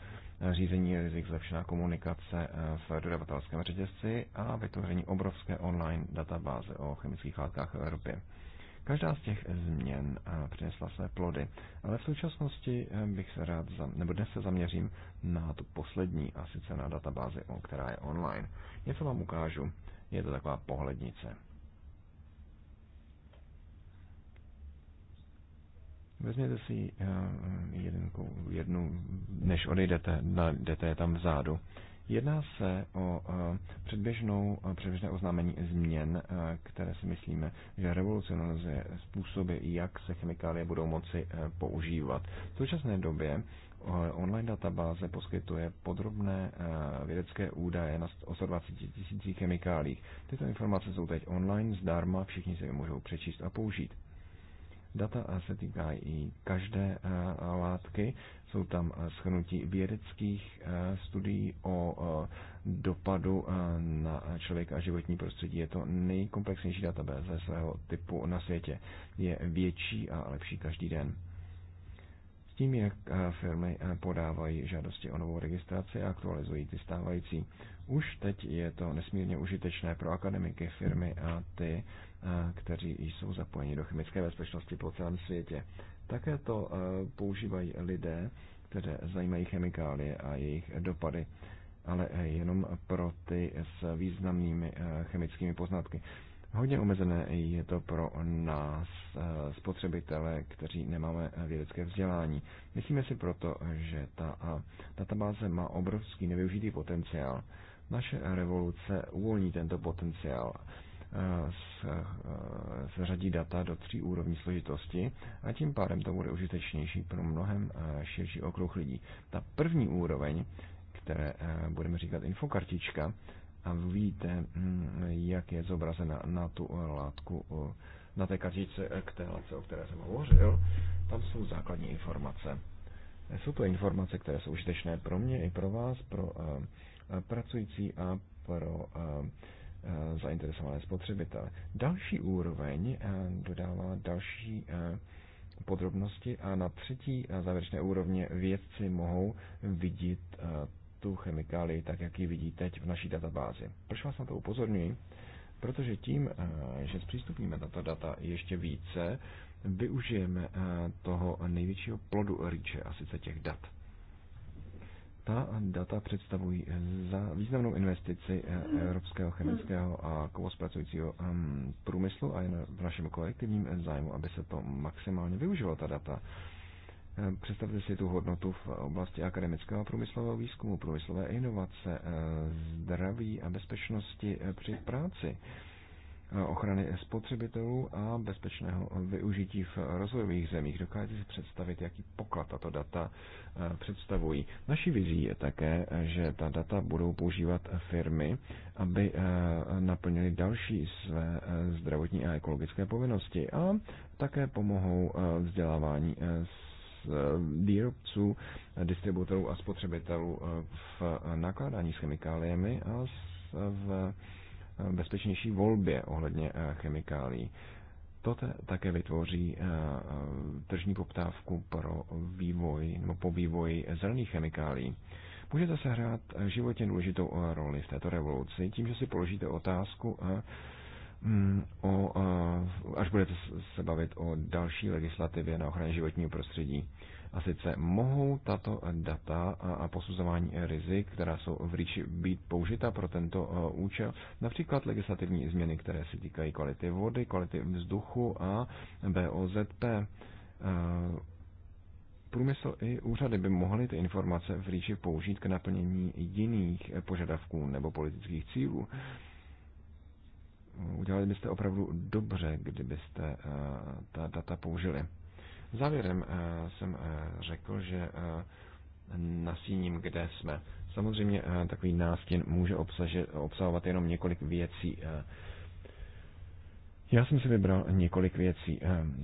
řízení rizik, zlepšená komunikace eh, v dodavatelském řetězci a vytvoření obrovské online databáze o chemických látkách v Evropě. Každá z těch změn eh, přinesla své plody, ale v současnosti eh, bych se rád, za, nebo dnes se zaměřím na tu poslední, a sice na databázi, která je online. Něco vám ukážu, je to taková pohlednice. Vezměte si eh, jednku, jednu, než odejdete, jdete je tam vzadu. Jedná se o eh, předběžnou, eh, předběžné oznámení změn, které si myslíme, že revolucionalizuje způsoby, jak se chemikálie budou moci používat. V současné době online databáze poskytuje podrobné vědecké údaje na 120 tisících chemikálích. Tyto informace jsou teď online, zdarma, všichni si je můžou přečíst a použít. Data se týkají i každé eh, látky. Jsou tam eh, schrnutí vědeckých eh, studií o dopadu na člověka a životní prostředí. Je to nejkomplexnější databáze svého typu na světě. Je větší a lepší každý den. S tím, jak firmy podávají žádosti o novou registraci a aktualizují ty stávající. Už teď je to nesmírně užitečné pro akademiky, firmy a ty, Eh, kteří jsou zapojeni do chemické bezpečnosti po celém světě. Také to eh, používají lidé, které zajímají chemikálie a jejich dopady, ale eh, jenom pro ty s významnými chemickými poznatky. Hodně omezené je to pro nás, spotřebitele, kteří nemáme vědecké vzdělání. Myslíme si proto, že ta databáze má obrovský nevyužitý potenciál. Naše revoluce uvolní tento potenciál zařadí eh, eh, data do tří úrovní složitosti a tím pádem to bude užitečnější pro mnohem eh, širší okruh lidí. Ta první úroveň, které budeme říkat infokartička, a víte, hm, jak je zobrazena na tu látku, na té kartičce k té látce, o které jsem hovořil, tam jsou základní informace. Jsou to informace, které jsou užitečné pro mě i pro vás, pro pracující a pro Eh, zainteresované spotřebitele. Další úroveň eh, dodává další eh, podrobnosti a na třetí závěrečné úrovně vědci mohou vidět tu chemikálii tak, jak ji vidí teď v naší databázi. Proč vás na to upozorňuji? Protože tím, že zpřístupníme tato data ještě více, využijeme toho největšího plodu rýče a sice těch dat. Ta data představují za významnou investici eh, mhm. evropského mhm. chemického a kovospracujícího hm, průmyslu a je v našem kolektivním eh, zájmu, aby se to maximálně využilo, ta data. Eh, představte si tu hodnotu v oblasti akademického a průmyslového výzkumu, průmyslové inovace, zdraví a bezpečnosti při práci. Eh, ochrany spotřebitelů a bezpečného využití v rozvojových zemích. Dokážete si představit, jaký poklad tato data eh, představují. Naší vizí je také, že ta data budou používat firmy, aby eh, naplnili další své zdravotní a ekologické povinnosti a také pomohou vzdělávání výrobců, distributorů a spotřebitelů v nakládání s chemikáliemi a v bezpečnější volbě ohledně eh, chemikálí. To také vytvoří eh, eh, tržní poptávku pro vývoj nebo po vývoji zelených chemikálí. Můžete se hrát životně důležitou roli v této revoluci tím, že si položíte otázku, mm, o, až budete se bavit o další legislativě na ochraně životního prostředí. A sice mohou tato data a posuzování rizik, která jsou v říči, být použita pro tento e, účel, například legislativní změny, které se týkají kvality vody, kvality vzduchu a BOZP. E, průmysl i úřady by mohly ty informace v říči použít k naplnění jiných požadavků nebo politických cílů udělali byste opravdu dobře, kdybyste e, ta data použili. Závěrem eh, jsem eh, řekl, že eh, nasíním, kde jsme. Samozřejmě takový nástěn může obsažet, obsahovat jenom několik věcí. Já jsem si vybral několik věcí.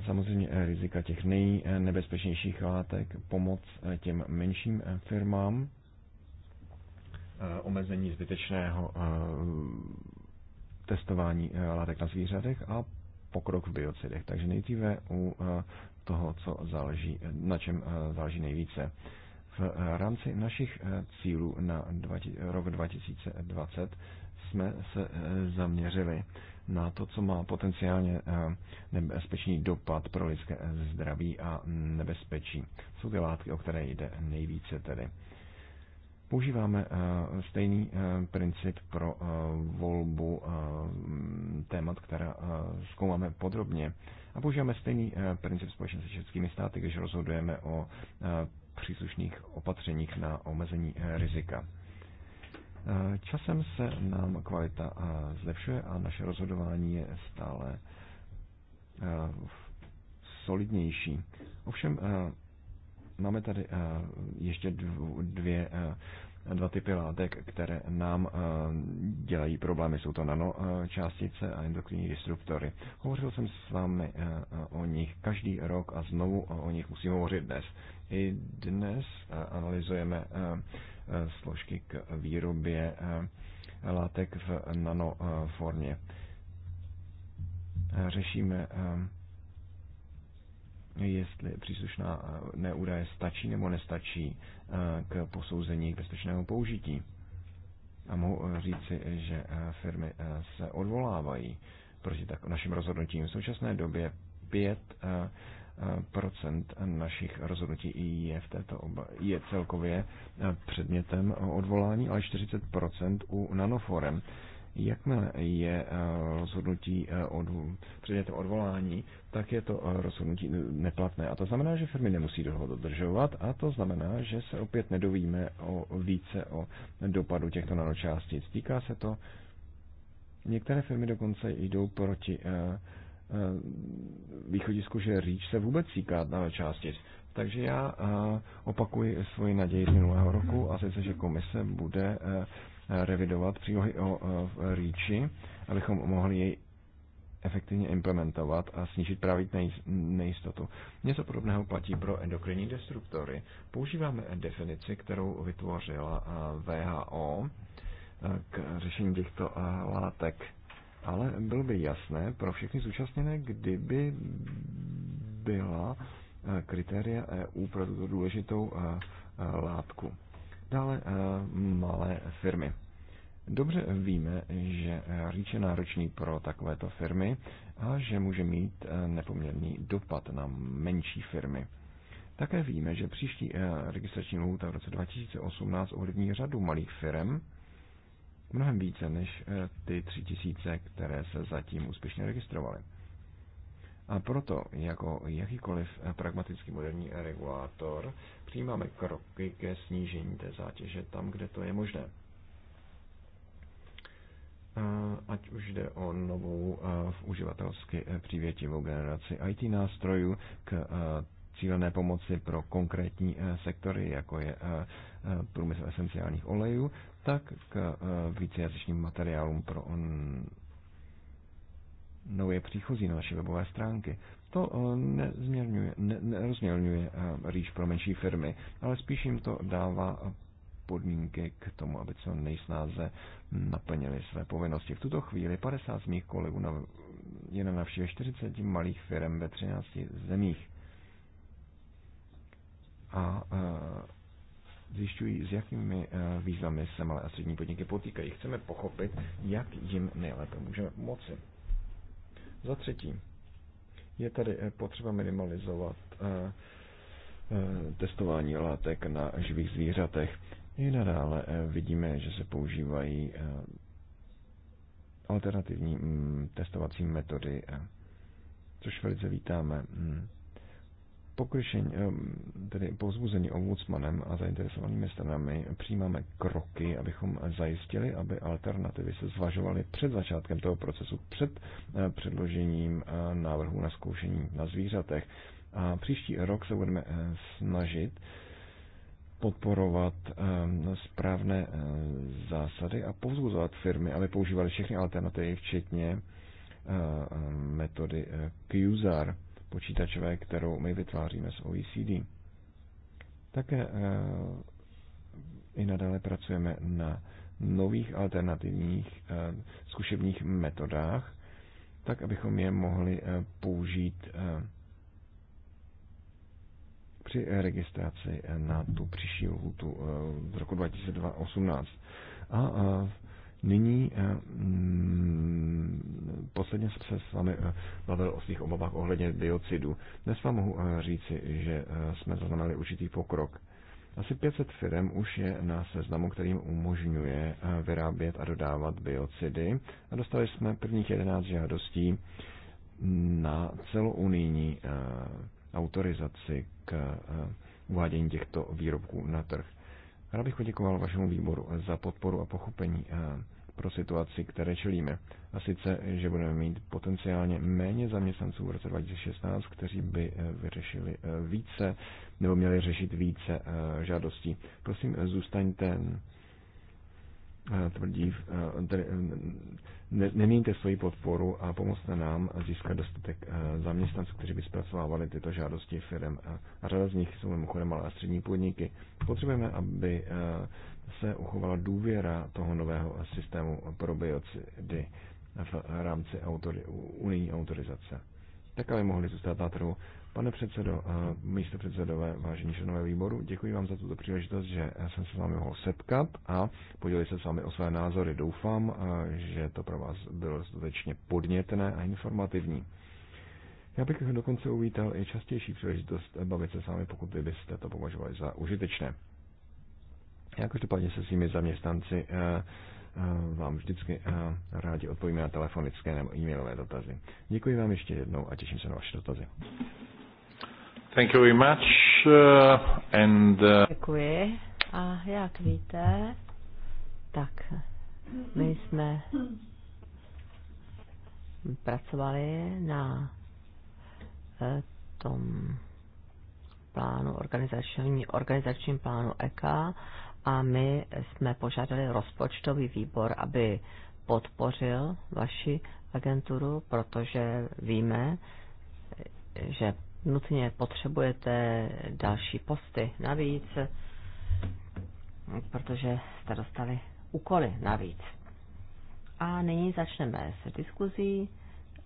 Samozřejmě rizika těch nejnebezpečnějších látek, pomoc těm menším firmám, omezení zbytečného testování látek na zvířatech a pokrok v biocidech. Takže nejdříve u toho, co záleží, na čem eh, záleží nejvíce. V rámci našich eh, cílů na rok 2020 jsme se eh, zaměřili na to, co má potenciálně nebezpečný dopad pro lidské zdraví a nebezpečí. Jsou ty látky, o které jde nejvíce tedy. Používáme stejný princip pro volbu témat, která zkoumáme podrobně. A používáme stejný eh, princip společně se českými státy, když rozhodujeme o eh, příslušných opatřeních na omezení eh, rizika. Časem se nám kvalita zlepšuje a naše rozhodování je stále solidnější. Ovšem máme tady ještě dvě dva typy látek, které nám eh, dělají problémy. Jsou to nanočástice eh, a endokrinní disruptory. Hovořil jsem s vámi eh, o nich každý rok a znovu o nich musím hovořit dnes. I dnes analyzujeme složky k výrobě látek v nanoformě. Řešíme jestli příslušná eh, neúdaje stačí nebo nestačí eh, k posouzení bezpečného použití. A mohu eh, říci, že firmy se odvolávají proti tak našim rozhodnutím. V současné době 5 procent našich rozhodnutí je v této oba, je celkově předmětem odvolání, ale 40 u nanoforem. Jakmile je eh, rozhodnutí eh, od, předmětem odvolání, tak je to eh, rozhodnutí neplatné. A to znamená, že firmy nemusí ho dodržovat a to znamená, že se opět nedovíme o více o dopadu těchto nanočástic. Týká se to, některé firmy dokonce jdou proti východisku, že říč se vůbec týká nanočástic. Takže já opakuji svoji naději z minulého roku a sice, že komise bude revidovat přílohy o REACHi, abychom mohli jej efektivně implementovat a snížit právě nejistotu. Něco podobného platí pro endokrinní destruktory. Používáme definici, kterou vytvořila eh, VHO eh, k řešení těchto eh, látek. Ale bylo by jasné pro všechny zúčastněné, kdyby byla kritéria EU pro tuto důležitou látku. Dále eh, malé firmy. Dobře víme, že eh, REACH je náročný pro takovéto firmy a že může mít eh, nepoměrný dopad na menší firmy. Také víme, že příští registrační lhůta v roce 2018 ovlivní řadu malých firm, mnohem více než ty tři tisíce, které se zatím úspěšně registrovaly. A proto, jako jakýkoliv pragmatický moderní regulátor, přijímáme kroky ke snížení té zátěže tam, kde to je možné. Ať už jde o novou v uživatelsky e, přívětivou generaci IT nástrojů k cílené pomoci pro konkrétní e, sektory, jako je průmysl esenciálních olejů, tak k e, vícejazyčním materiálům pro nově příchozí na naše webové stránky. To eh, nerozmělňuje ne, nerozměrňuje rýž pro menší firmy, ale spíš jim to dává eh, podmínky k tomu, aby co nejsnáze naplnili své povinnosti. V tuto chvíli 50 z mých kolegů na, je na navštěvě 40 malých firm ve 13 zemích. A eh, zjišťují, s jakými výzvami se malé a střední podniky potýkají. Chceme pochopit, jak jim nejlépe můžeme pomoci. Za třetí, je tady eh, potřeba minimalizovat eh, eh, testování látek na živých zvířatech. I nadále vidíme, že se používají alternativní mm, testovací metody, což velice vítáme. Mm pokryšení, tedy povzbuzení ombudsmanem a zainteresovanými stranami přijímáme kroky, abychom zajistili, aby alternativy se zvažovaly před začátkem toho procesu, před eh, předložením eh, návrhu na zkoušení na zvířatech. A příští rok se budeme eh, snažit podporovat správné zásady a povzbuzovat firmy, aby používaly všechny alternativy, včetně metody QZAR počítačové, kterou my vytváříme s OECD. Také eh, i nadále pracujeme na nových alternativních eh, zkušebních metodách, tak abychom je mohli eh, použít při registraci na tu příští lhutu z roku 2018. A Nyní eh, mm, posledně jsem se s vámi eh, bavil o svých obavách ohledně biocidu. Dnes vám mohu eh, říci, že jsme zaznamenali určitý pokrok. Asi 500 firm už je na seznamu, kterým umožňuje vyrábět a dodávat biocidy. A dostali jsme prvních 11 žádostí na celounijní autorizaci k uvádění těchto výrobků na trh. Rád bych poděkoval vašemu výboru za podporu a pochopení eh, pro situaci, které čelíme. A sice, že budeme mít potenciálně méně zaměstnanců v roce 2016, kteří by eh, vyřešili eh, více nebo měli řešit více žádostí. Prosím, zůstaňte Eh, tvrdí, eh, tedy eh, svoji podporu a pomozte nám získat dostatek zaměstnanců, kteří by zpracovávali tyto žádosti firm. A řada z nich jsou mimochodem malé a střední podniky. Potřebujeme, aby se uchovala důvěra toho nového systému probiocidy v rámci autori, unijní autorizace. Tak, aby mohli zůstat na trhu Pane předsedo, eh, místo předsedové, vážení členové výboru, děkuji vám za tuto příležitost, že eh, jsem se s vámi mohl setkat a podělit se s vámi o své názory. Doufám, eh, že to pro vás bylo dostatečně podnětné a informativní. Já bych dokonce uvítal i častější příležitost bavit se s vámi, pokud vy byste to považovali za užitečné. Já každopádně se svými zaměstnanci eh, Eh, vám vždycky eh, rádi odpovíme na telefonické nebo e-mailové dotazy. Děkuji vám ještě jednou a těším se na vaše dotazy. Thank you very much. Eh, and, uh... Děkuji. A jak víte, tak my jsme pracovali na tom plánu organizačním, organizačním plánu EKA a my jsme požádali rozpočtový výbor, aby podpořil vaši agenturu, protože víme, že nutně potřebujete další posty navíc, protože jste dostali úkoly navíc. A nyní začneme s diskuzí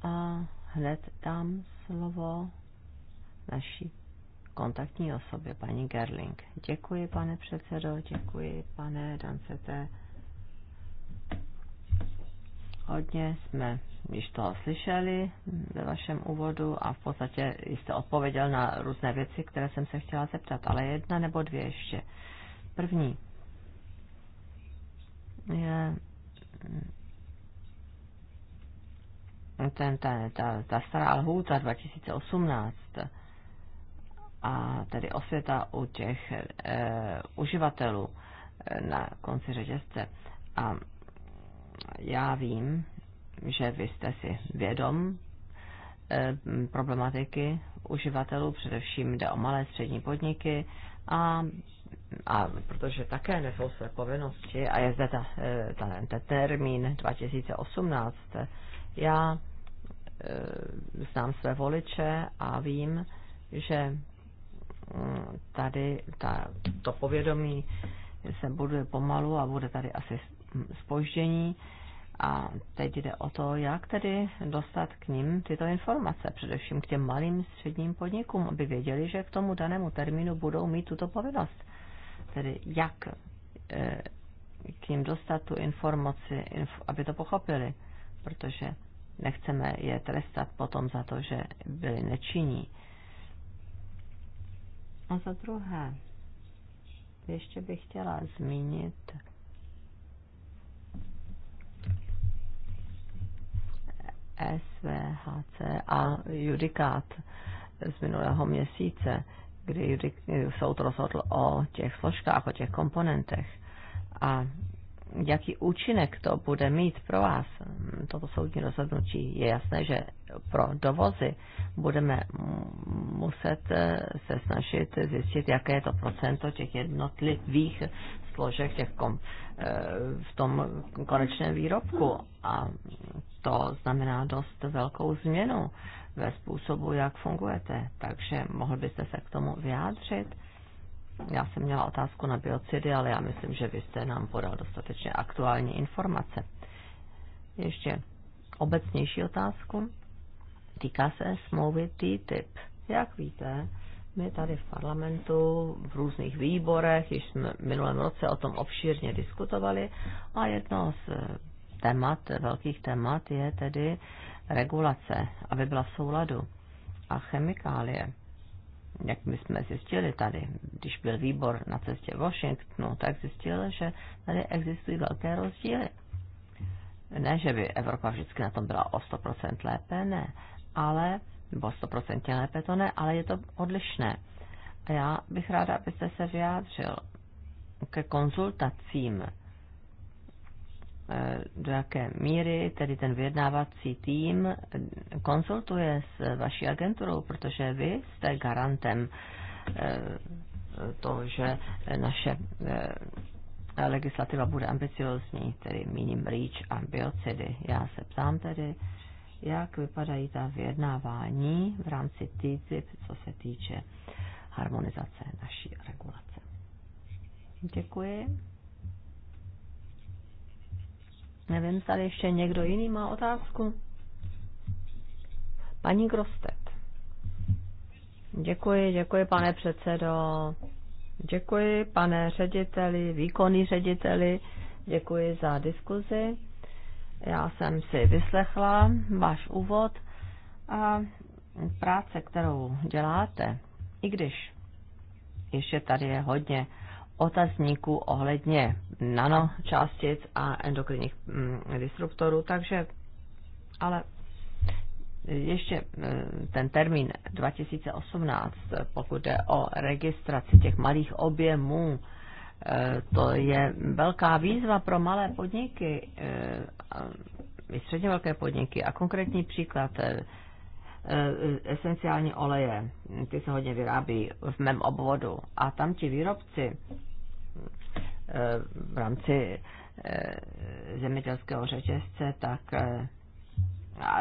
a hned dám slovo naší kontaktní osobě, paní Gerling. Děkuji, pane předsedo, děkuji, pane Dancete. Hodně jsme již toho slyšeli ve vašem úvodu a v podstatě jste odpověděl na různé věci, které jsem se chtěla zeptat, ale jedna nebo dvě ještě. První je mm, ten, ta, ta, ta stará lhůta 2018 a tedy osvěta u těch e, uživatelů eh, na konci řetězce. A já vím, že vy jste si vědom e, problematiky uživatelů, především jde o malé střední podniky a, a protože také nesou své povinnosti a je zde ta, ta, ten termín 2018, já e, znám své voliče a vím, že tady ta, to povědomí se buduje pomalu a bude tady asi spoždění. A teď jde o to, jak tedy dostat k ním tyto informace, především k těm malým středním podnikům, aby věděli, že k tomu danému termínu budou mít tuto povinnost. Tedy jak eh, k ním dostat tu informaci, aby to pochopili, protože nechceme je trestat potom za to, že byli nečinní. A za druhé, ještě bych chtěla zmínit SVHC a judikát z minulého měsíce, kdy soud rozhodl o těch složkách, o těch komponentech. A jaký účinek to bude mít pro vás, toto soudní rozhodnutí. Je jasné, že pro dovozy budeme muset eh, se snažit zjistit, jaké je to procento těch jednotlivých složek těch kom, eh, v tom konečném výrobku. A to znamená dost velkou změnu ve způsobu, jak fungujete. Takže mohl byste se k tomu vyjádřit? Já jsem měla otázku na biocidy, ale já myslím, že vy jste nám podal dostatečně aktuální informace. Ještě obecnější otázku. Týká se smlouvy TTIP. Jak víte, my tady v parlamentu, v různých výborech, již jsme v minulém roce o tom obšírně diskutovali a jedno z témat, velkých témat je tedy regulace, aby byla v souladu. A chemikálie jak my jsme zjistili tady, když byl výbor na cestě Washingtonu, tak zjistil, že tady existují velké rozdíly. Ne, že by Evropa vždycky na tom byla o 100% lépe, ne, ale, nebo 100% lépe to ne, ale je to odlišné. A já bych ráda, abyste se vyjádřil ke konzultacím Eh, do jaké míry tedy ten vyjednávací tým eh, konsultuje s eh, vaší agenturou, protože vy jste garantem to, že naše legislativa bude ambiciozní, tedy míním REACH a biocidy. Já se ptám tedy, jak vypadají ta vyjednávání v rámci TTIP, co se týče harmonizace naší regulace. Děkuji. Nevím, tady ještě někdo jiný má otázku. Paní Grostet. Děkuji, děkuji, pane předsedo. Děkuji, pane řediteli, výkonný řediteli. Děkuji za diskuzi. Já jsem si vyslechla váš úvod a práce, kterou děláte, i když ještě tady je hodně otazníků ohledně nanočástic a endokrinních mm, disruptorů, takže ale ještě mm, ten termín 2018, pokud jde o registraci těch malých objemů, e, to je velká výzva pro malé podniky e, i středně velké podniky. A konkrétní příklad e, Eh, esenciální oleje, ty se hodně vyrábí v mém obvodu a tam ti výrobci eh, v rámci eh, zemědělského řetězce, tak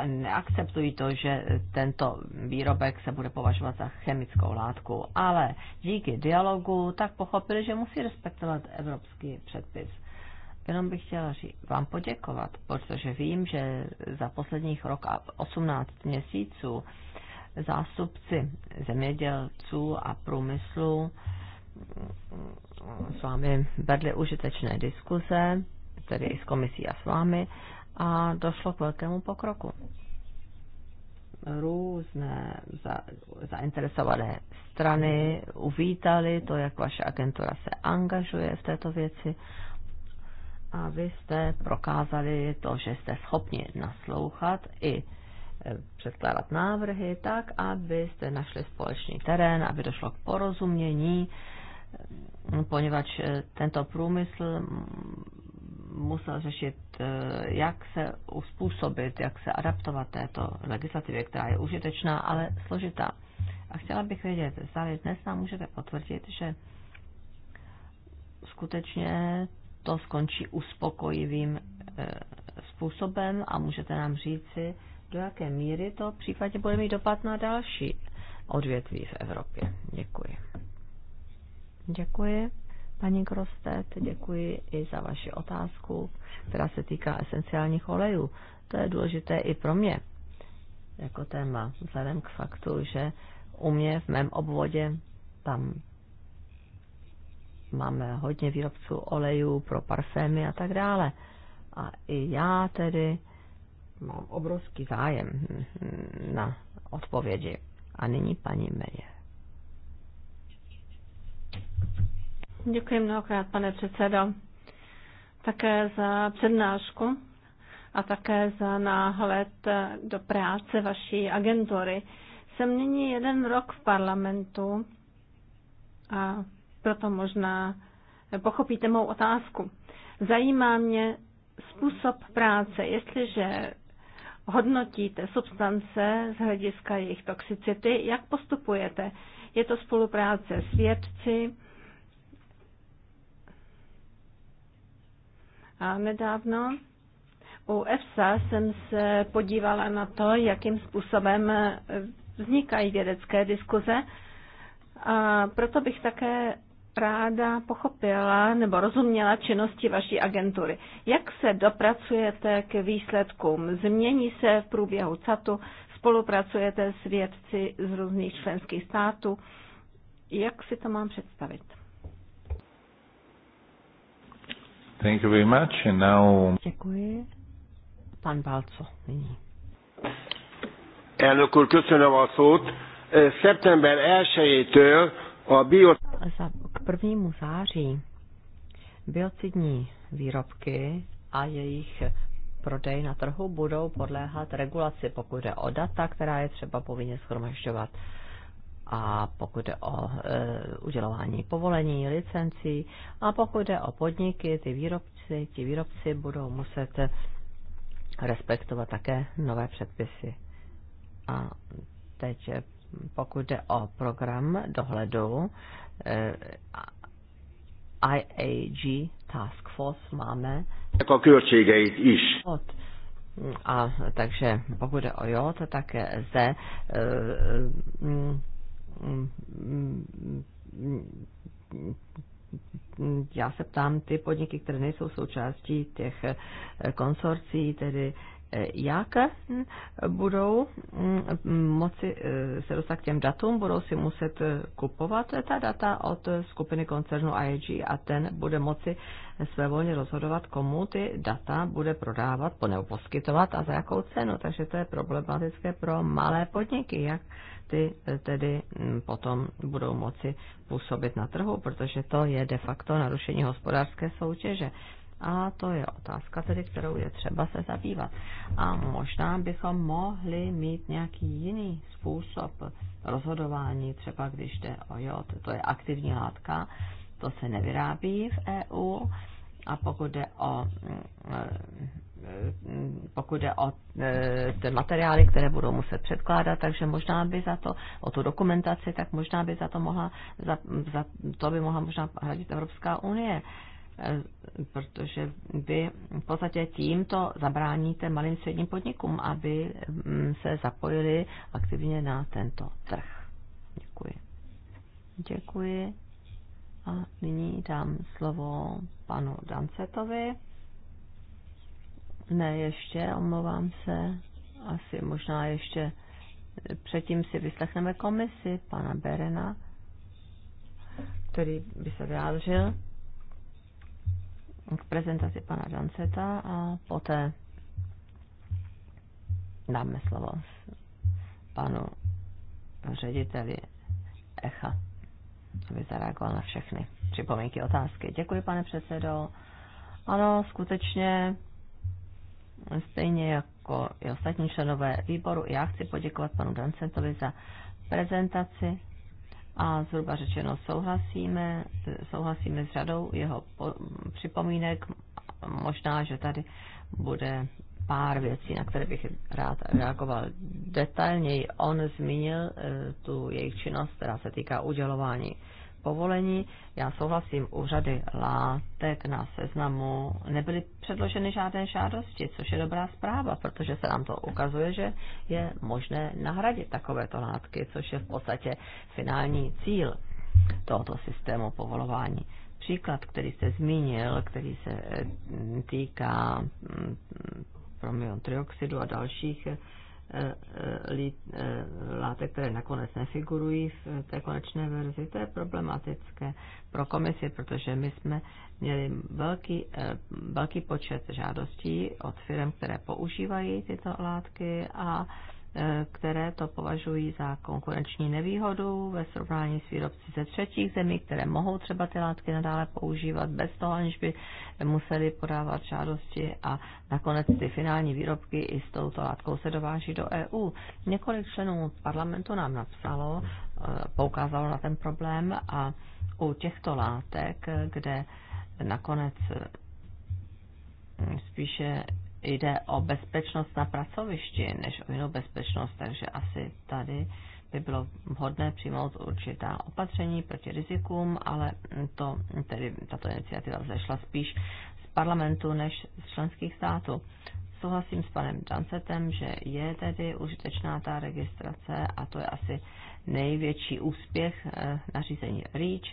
neakceptují to, že tento výrobek se bude považovat za chemickou látku, ale díky dialogu tak pochopili, že musí respektovat evropský předpis. Jenom bych chtěla říct, vám poděkovat, protože vím, že za posledních rok a 18 měsíců zástupci zemědělců a průmyslu s vámi vedli užitečné diskuze, tedy i s komisí a s vámi, a došlo k velkému pokroku. Různé za, zainteresované strany uvítali to, jak vaše agentura se angažuje v této věci a vy jste prokázali to, že jste schopni naslouchat i e, předkládat návrhy tak, abyste našli společný terén, aby došlo k porozumění, e, poněvadž e, tento průmysl musel řešit, jak se uspůsobit, jak se adaptovat této legislativě, která je užitečná, ale složitá. A chtěla bych vědět, zda dnes nám můžete potvrdit, že skutečně to skončí uspokojivým e, způsobem a můžete nám říci, do jaké míry to případně bude mít dopad na další odvětví v Evropě. Děkuji. Děkuji, paní Krostet, děkuji i za vaši otázku, která se týká esenciálních olejů. To je důležité i pro mě jako téma, vzhledem k faktu, že u mě v mém obvodě tam máme hodně výrobců olejů pro parfémy a tak dále. A i já tedy mám obrovský zájem na odpovědi. A nyní paní Meje. Děkuji mnohokrát, pane předsedo. Také za přednášku a také za náhled do práce vaší agentury. Jsem nyní jeden rok v parlamentu a proto možná pochopíte mou otázku. Zajímá mě způsob práce. Jestliže hodnotíte substance z hlediska jejich toxicity, jak postupujete? Je to spolupráce s vědci? A nedávno u EFSA jsem se podívala na to, jakým způsobem vznikají vědecké diskuze. A proto bych také ráda pochopila nebo rozuměla činnosti vaší agentury. Jak se dopracujete k výsledkům? Změní se v průběhu CATu? Spolupracujete s vědci z různých členských států? Jak si to mám představit? Thank you very much. And now... Děkuji. Pan Balco nyní. Elnök úr, köszönöm a szót. Szeptember 1-től k prvnímu září biocidní výrobky a jejich prodej na trhu budou podléhat regulaci, pokud jde o data, která je třeba povinně schromažďovat a pokud jde o e, udělování povolení, licencí a pokud jde o podniky, ty výrobci, ti výrobci budou muset respektovat také nové předpisy. A teď pokud jde o program dohledu eh, IAG Task Force máme. Jako költségeit iš. A takže pokud jde o JOT, tak zde eh, eh, já se ptám, ty podniky, které nejsou součástí těch konsorcí, tedy jak hm, budou hm, moci eh, se dostat k těm datům, budou si muset eh, kupovat ta data od skupiny koncernu I.G. a ten bude moci svévolně rozhodovat, komu ty data bude prodávat nebo poskytovat a za jakou cenu. Takže to je problematické pro malé podniky, jak ty eh, tedy hm, potom budou moci působit na trhu, protože to je de facto narušení hospodářské soutěže. A to je otázka tedy, kterou je třeba se zabývat. A možná bychom mohli mít nějaký jiný způsob rozhodování, třeba když jde o jod, to je aktivní látka, to se nevyrábí v EU a pokud jde o pokud jde o e, ty materiály, které budou muset předkládat, takže možná by za to, o tu dokumentaci, tak možná by za to mohla, za, za to by mohla možná hradit Evropská unie. Eh, protože vy v podstatě tímto zabráníte malým středním podnikům, aby mm, se zapojili aktivně na tento trh. Děkuji. Děkuji. A nyní dám slovo panu Dancetovi. Ne, ještě, omlouvám se. Asi možná ještě předtím si vyslechneme komisi pana Berena, který by se vyjádřil k prezentaci pana Danceta a poté dáme slovo panu řediteli ECHA, aby zareagoval na všechny připomínky, otázky. Děkuji, pane předsedo. Ano, skutečně stejně jako i ostatní členové výboru, já chci poděkovat panu Dancentovi za prezentaci a zhruba řečeno souhlasíme, souhlasíme s řadou jeho připomínek. Možná, že tady bude pár věcí, na které bych rád reagoval detailněji. On zmínil eh, tu jejich činnost, která se týká udělování povolení. Já souhlasím, u řady látek na seznamu nebyly předloženy žádné žádosti, což je dobrá zpráva, protože se nám to ukazuje, že je možné nahradit takovéto látky, což je v podstatě finální cíl tohoto systému povolování. Příklad, který jste zmínil, který se eh, týká bromion mm, mm, trioxidu a dalších eh, Eh, eh, eh, látek, které nakonec nefigurují v té konečné verzi. To je problematické pro komisi, protože my jsme měli velký, velký počet žádostí od firm, které používají tyto látky a Eh, které to považují za konkurenční nevýhodu ve srovnání s výrobci ze třetích zemí, které mohou třeba ty látky nadále používat bez toho, aniž by museli podávat žádosti a nakonec ty finální výrobky i s touto látkou se dováží do EU. Několik členů parlamentu nám napsalo, eh, poukázalo na ten problém a u těchto látek, kde nakonec hm, spíše jde o bezpečnost na pracovišti, než o jinou bezpečnost, takže asi tady by bylo vhodné přijmout určitá opatření proti rizikům, ale to, tedy tato iniciativa vzešla spíš z parlamentu než z členských států. Souhlasím s panem Dancetem, že je tedy užitečná ta registrace a to je asi největší úspěch eh, nařízení REACH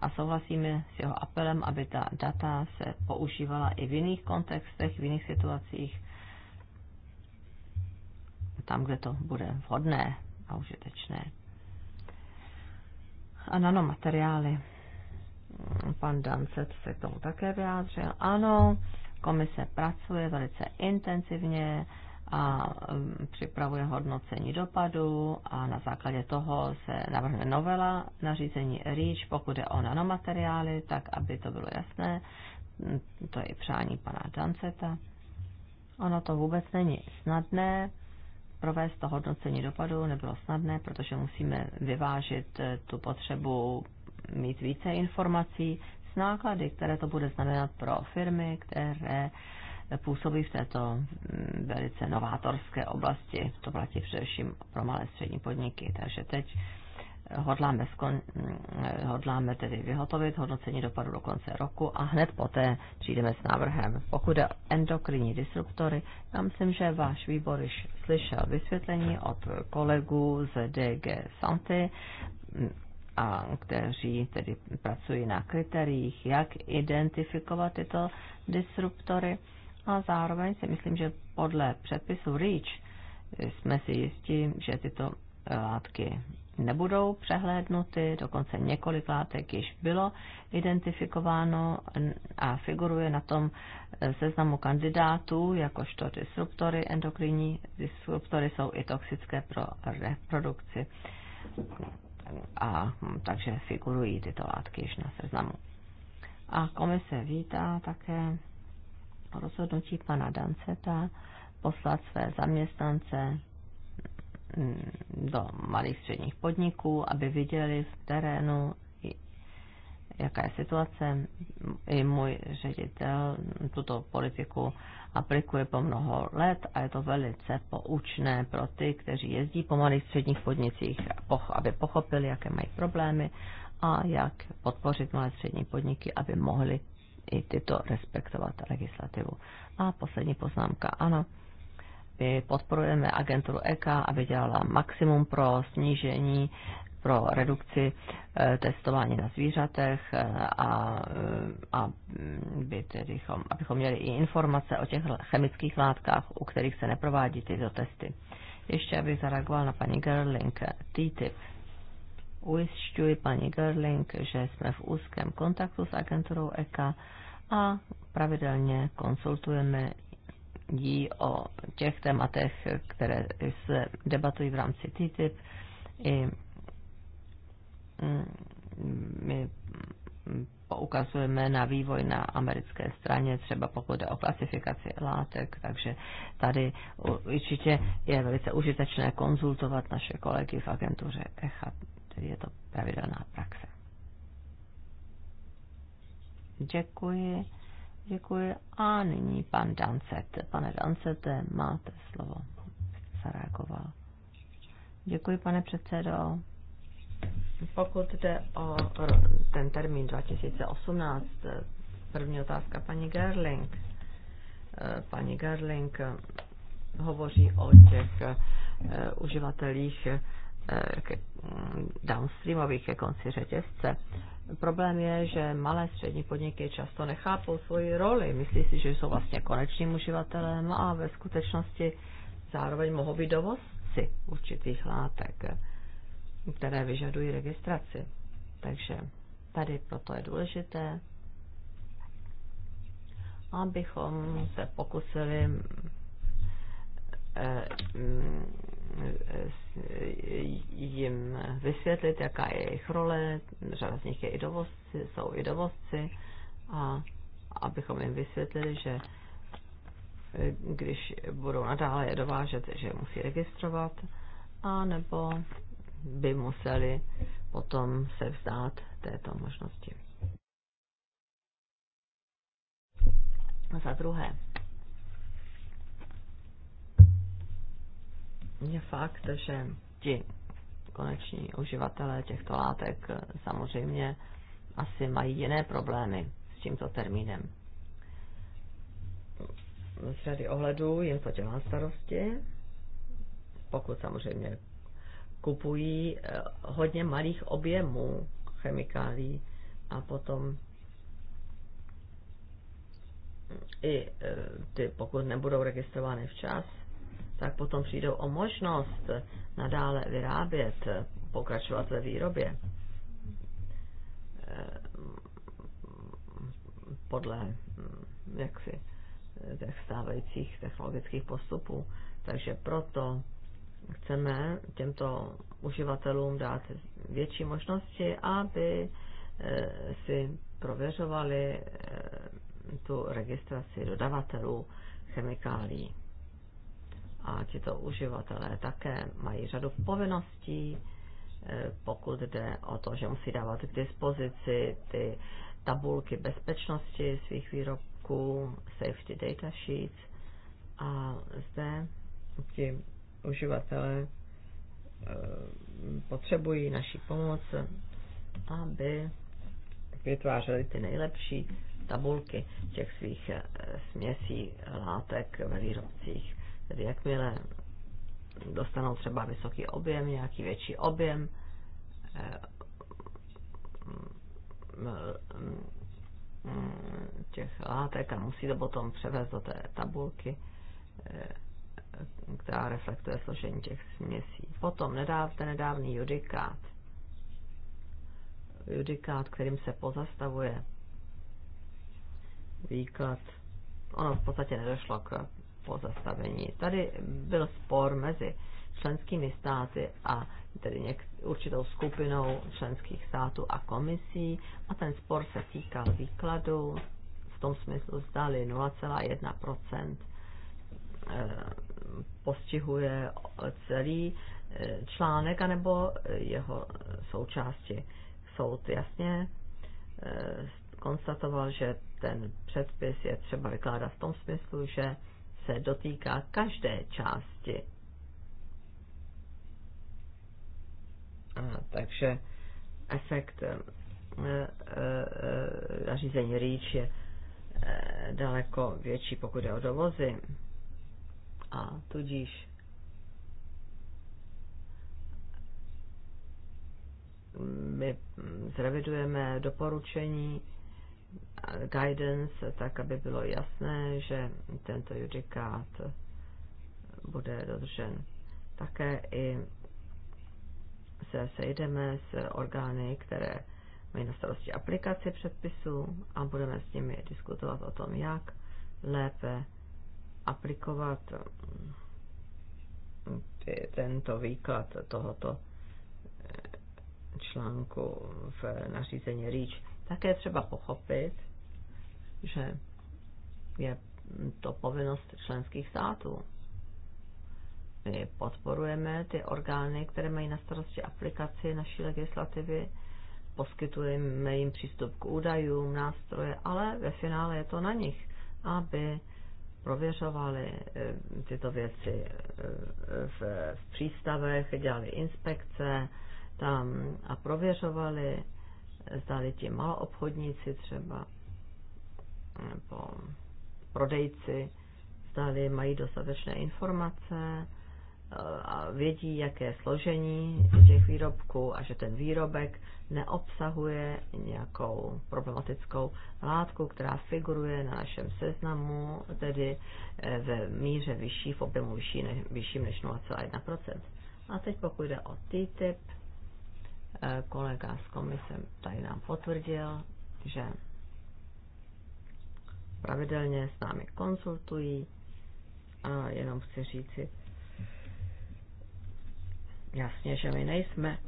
a souhlasíme s jeho apelem, aby ta data se používala i v jiných kontextech, v jiných situacích, tam, kde to bude vhodné a užitečné. A nanomateriály. Pan Dancet se k tomu také vyjádřil. Ano, komise pracuje velice intenzivně a um, připravuje hodnocení dopadu a na základě toho se navrhne novela nařízení REACH, pokud je o nanomateriály, tak aby to bylo jasné. Mm, to je i přání pana Danceta. Ono to vůbec není snadné. Provést to hodnocení dopadu nebylo snadné, protože musíme vyvážit eh, tu potřebu mít více informací s náklady, které to bude znamenat pro firmy, které působí v této mm, velice novátorské oblasti. To platí především pro malé střední podniky. Takže teď eh, hodláme, skon, mm, hodláme tedy vyhotovit hodnocení dopadu do konce roku a hned poté přijdeme s návrhem. Pokud je endokrinní disruptory, já myslím, že váš výbor již slyšel vysvětlení od kolegů z DG Santy, mm, a kteří tedy pracují na kritériích, jak identifikovat tyto disruptory a zároveň si myslím, že podle předpisu REACH jsme si jistí, že tyto látky nebudou přehlédnuty, dokonce několik látek již bylo identifikováno a figuruje na tom seznamu kandidátů, jakožto disruptory endokrinní. Disruptory jsou i toxické pro reprodukci a hm, takže figurují tyto látky již na seznamu. A komise vítá také po rozhodnutí pana Danceta poslat své zaměstnance mm, do malých středních podniků, aby viděli v terénu, jaká je situace. I můj ředitel tuto politiku aplikuje po mnoho let a je to velice poučné pro ty, kteří jezdí po malých středních podnicích, aby pochopili, jaké mají problémy a jak podpořit malé střední podniky, aby mohli i tyto respektovat legislativu. A poslední poznámka, ano. My podporujeme agenturu EKA, aby dělala maximum pro snížení, pro redukci e, testování na zvířatech e, a, e, a by tedy, abychom měli i informace o těch chemických látkách, u kterých se neprovádí tyto testy. Ještě abych zareagoval na paní Gerling. TTIP ujišťuji paní Gerling, že jsme v úzkém kontaktu s agenturou EK a pravidelně konsultujeme jí o těch tématech, které se debatují v rámci TTIP. I mm, my poukazujeme na vývoj na americké straně, třeba pokud jde o klasifikaci látek, takže tady určitě je velice užitečné konzultovat naše kolegy v agentuře ECHA Tedy je to pravidelná praxe. Děkuji. Děkuji. A nyní pan Dancet. Pane Dancete, máte slovo. Zareagoval. Děkuji, pane předsedo. Pokud jde o ten termín 2018, první otázka paní Gerling. Paní Gerling hovoří o těch eh, uživatelích Eh, k mm, downstreamových, ke konci řetězce. Problém je, že malé střední podniky často nechápou svoji roli. Myslí si, že jsou vlastně konečným uživatelem a ve skutečnosti zároveň mohou být dovozci určitých látek, které vyžadují registraci. Takže tady proto je důležité, abychom se pokusili eh, mm, Eh, jim vysvětlit, jaká je jejich role, řada z nich je i dovozci, jsou i dovozci, a abychom jim vysvětlili, že eh, když budou nadále je dovážet, že je musí registrovat, a nebo by museli potom se vzdát této možnosti. Za druhé, je fakt, že ti koneční uživatelé těchto látek eh, samozřejmě asi mají jiné problémy s tímto termínem. Z řady ohledů jim to dělá starosti, pokud samozřejmě kupují eh, hodně malých objemů chemikálí a potom i eh, ty, pokud nebudou registrovány včas, tak potom přijdou o možnost nadále vyrábět, pokračovat ve výrobě eh, podle hm, jaksi těch stávajících technologických postupů. Takže proto chceme těmto uživatelům dát větší možnosti, aby eh, si prověřovali eh, tu registraci dodavatelů chemikálí a tito uživatelé také mají řadu povinností, eh, pokud jde o to, že musí dávat k dispozici ty tabulky bezpečnosti svých výrobků, safety data sheets. A zde ti uživatelé eh, potřebují naši pomoc, aby vytvářeli ty nejlepší tabulky těch svých eh, směsí látek ve výrobcích. Tedy jakmile dostanou třeba vysoký objem, nějaký větší objem, eh, těch látek a musí to potom převést do té tabulky, eh, která reflektuje složení těch směsí. Potom nedáv, ten nedávný judikát, judikát, kterým se pozastavuje výklad, ono v podstatě nedošlo k pozastavení. Tady byl spor mezi členskými státy a tedy něk, určitou skupinou členských států a komisí a ten spor se týkal výkladu v tom smyslu zdali 0,1% eh, postihuje celý eh, článek anebo jeho součásti. Soud jasně eh, konstatoval, že ten předpis je třeba vykládat v tom smyslu, že se dotýká každé části. A, takže efekt eh, eh, nařízení rýč je eh, daleko větší, pokud je o dovozy. A tudíž mm, my mm, zrevidujeme doporučení guidance, tak aby bylo jasné, že tento judikát bude dodržen. Také i se sejdeme s orgány, které mají na starosti aplikaci předpisů a budeme s nimi diskutovat o tom, jak lépe aplikovat tento výklad tohoto eh, článku v nařízení REACH. Také třeba pochopit, že je to povinnost členských států. My podporujeme ty orgány, které mají na starosti aplikaci naší legislativy, poskytujeme jim přístup k údajům, nástroje, ale ve finále je to na nich, aby prověřovali eh, tyto věci eh, v, přístavech, dělali inspekce tam a prověřovali, zdali ti maloobchodníci třeba nebo prodejci, zdali mají dostatečné informace eh, a vědí, jaké je složení těch výrobků a že ten výrobek neobsahuje nějakou problematickou látku, která figuruje na našem seznamu, tedy eh, ve míře vyšší, v objemu vyšší ne, vyšším než 0,1%. A teď pokud jde o TTIP, eh, kolega z komise tady nám potvrdil, že pravidelně s námi konsultují a jenom chci říci jasně, že my nejsme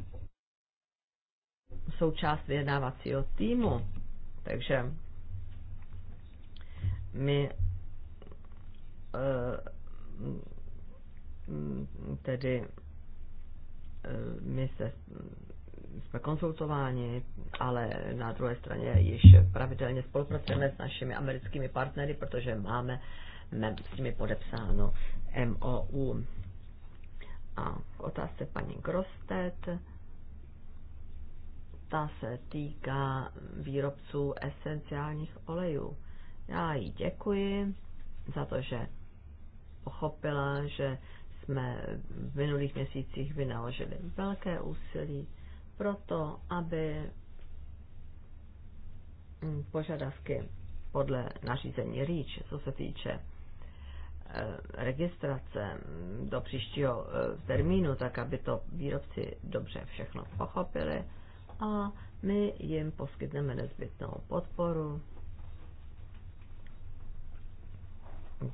součást vyjednávacího týmu, takže my eh, tedy eh, my se jsme konzultováni, ale na druhé straně již pravidelně spolupracujeme s našimi americkými partnery, protože máme s nimi podepsáno MOU. A k otázce paní Grostet, ta se týká výrobců esenciálních olejů. Já jí děkuji za to, že pochopila, že jsme v minulých měsících vynaložili velké úsilí proto, aby mm, požadavky podle nařízení REACH, co se týče eh, registrace mm, do příštího eh, termínu, tak aby to výrobci dobře všechno pochopili a my jim poskytneme nezbytnou podporu.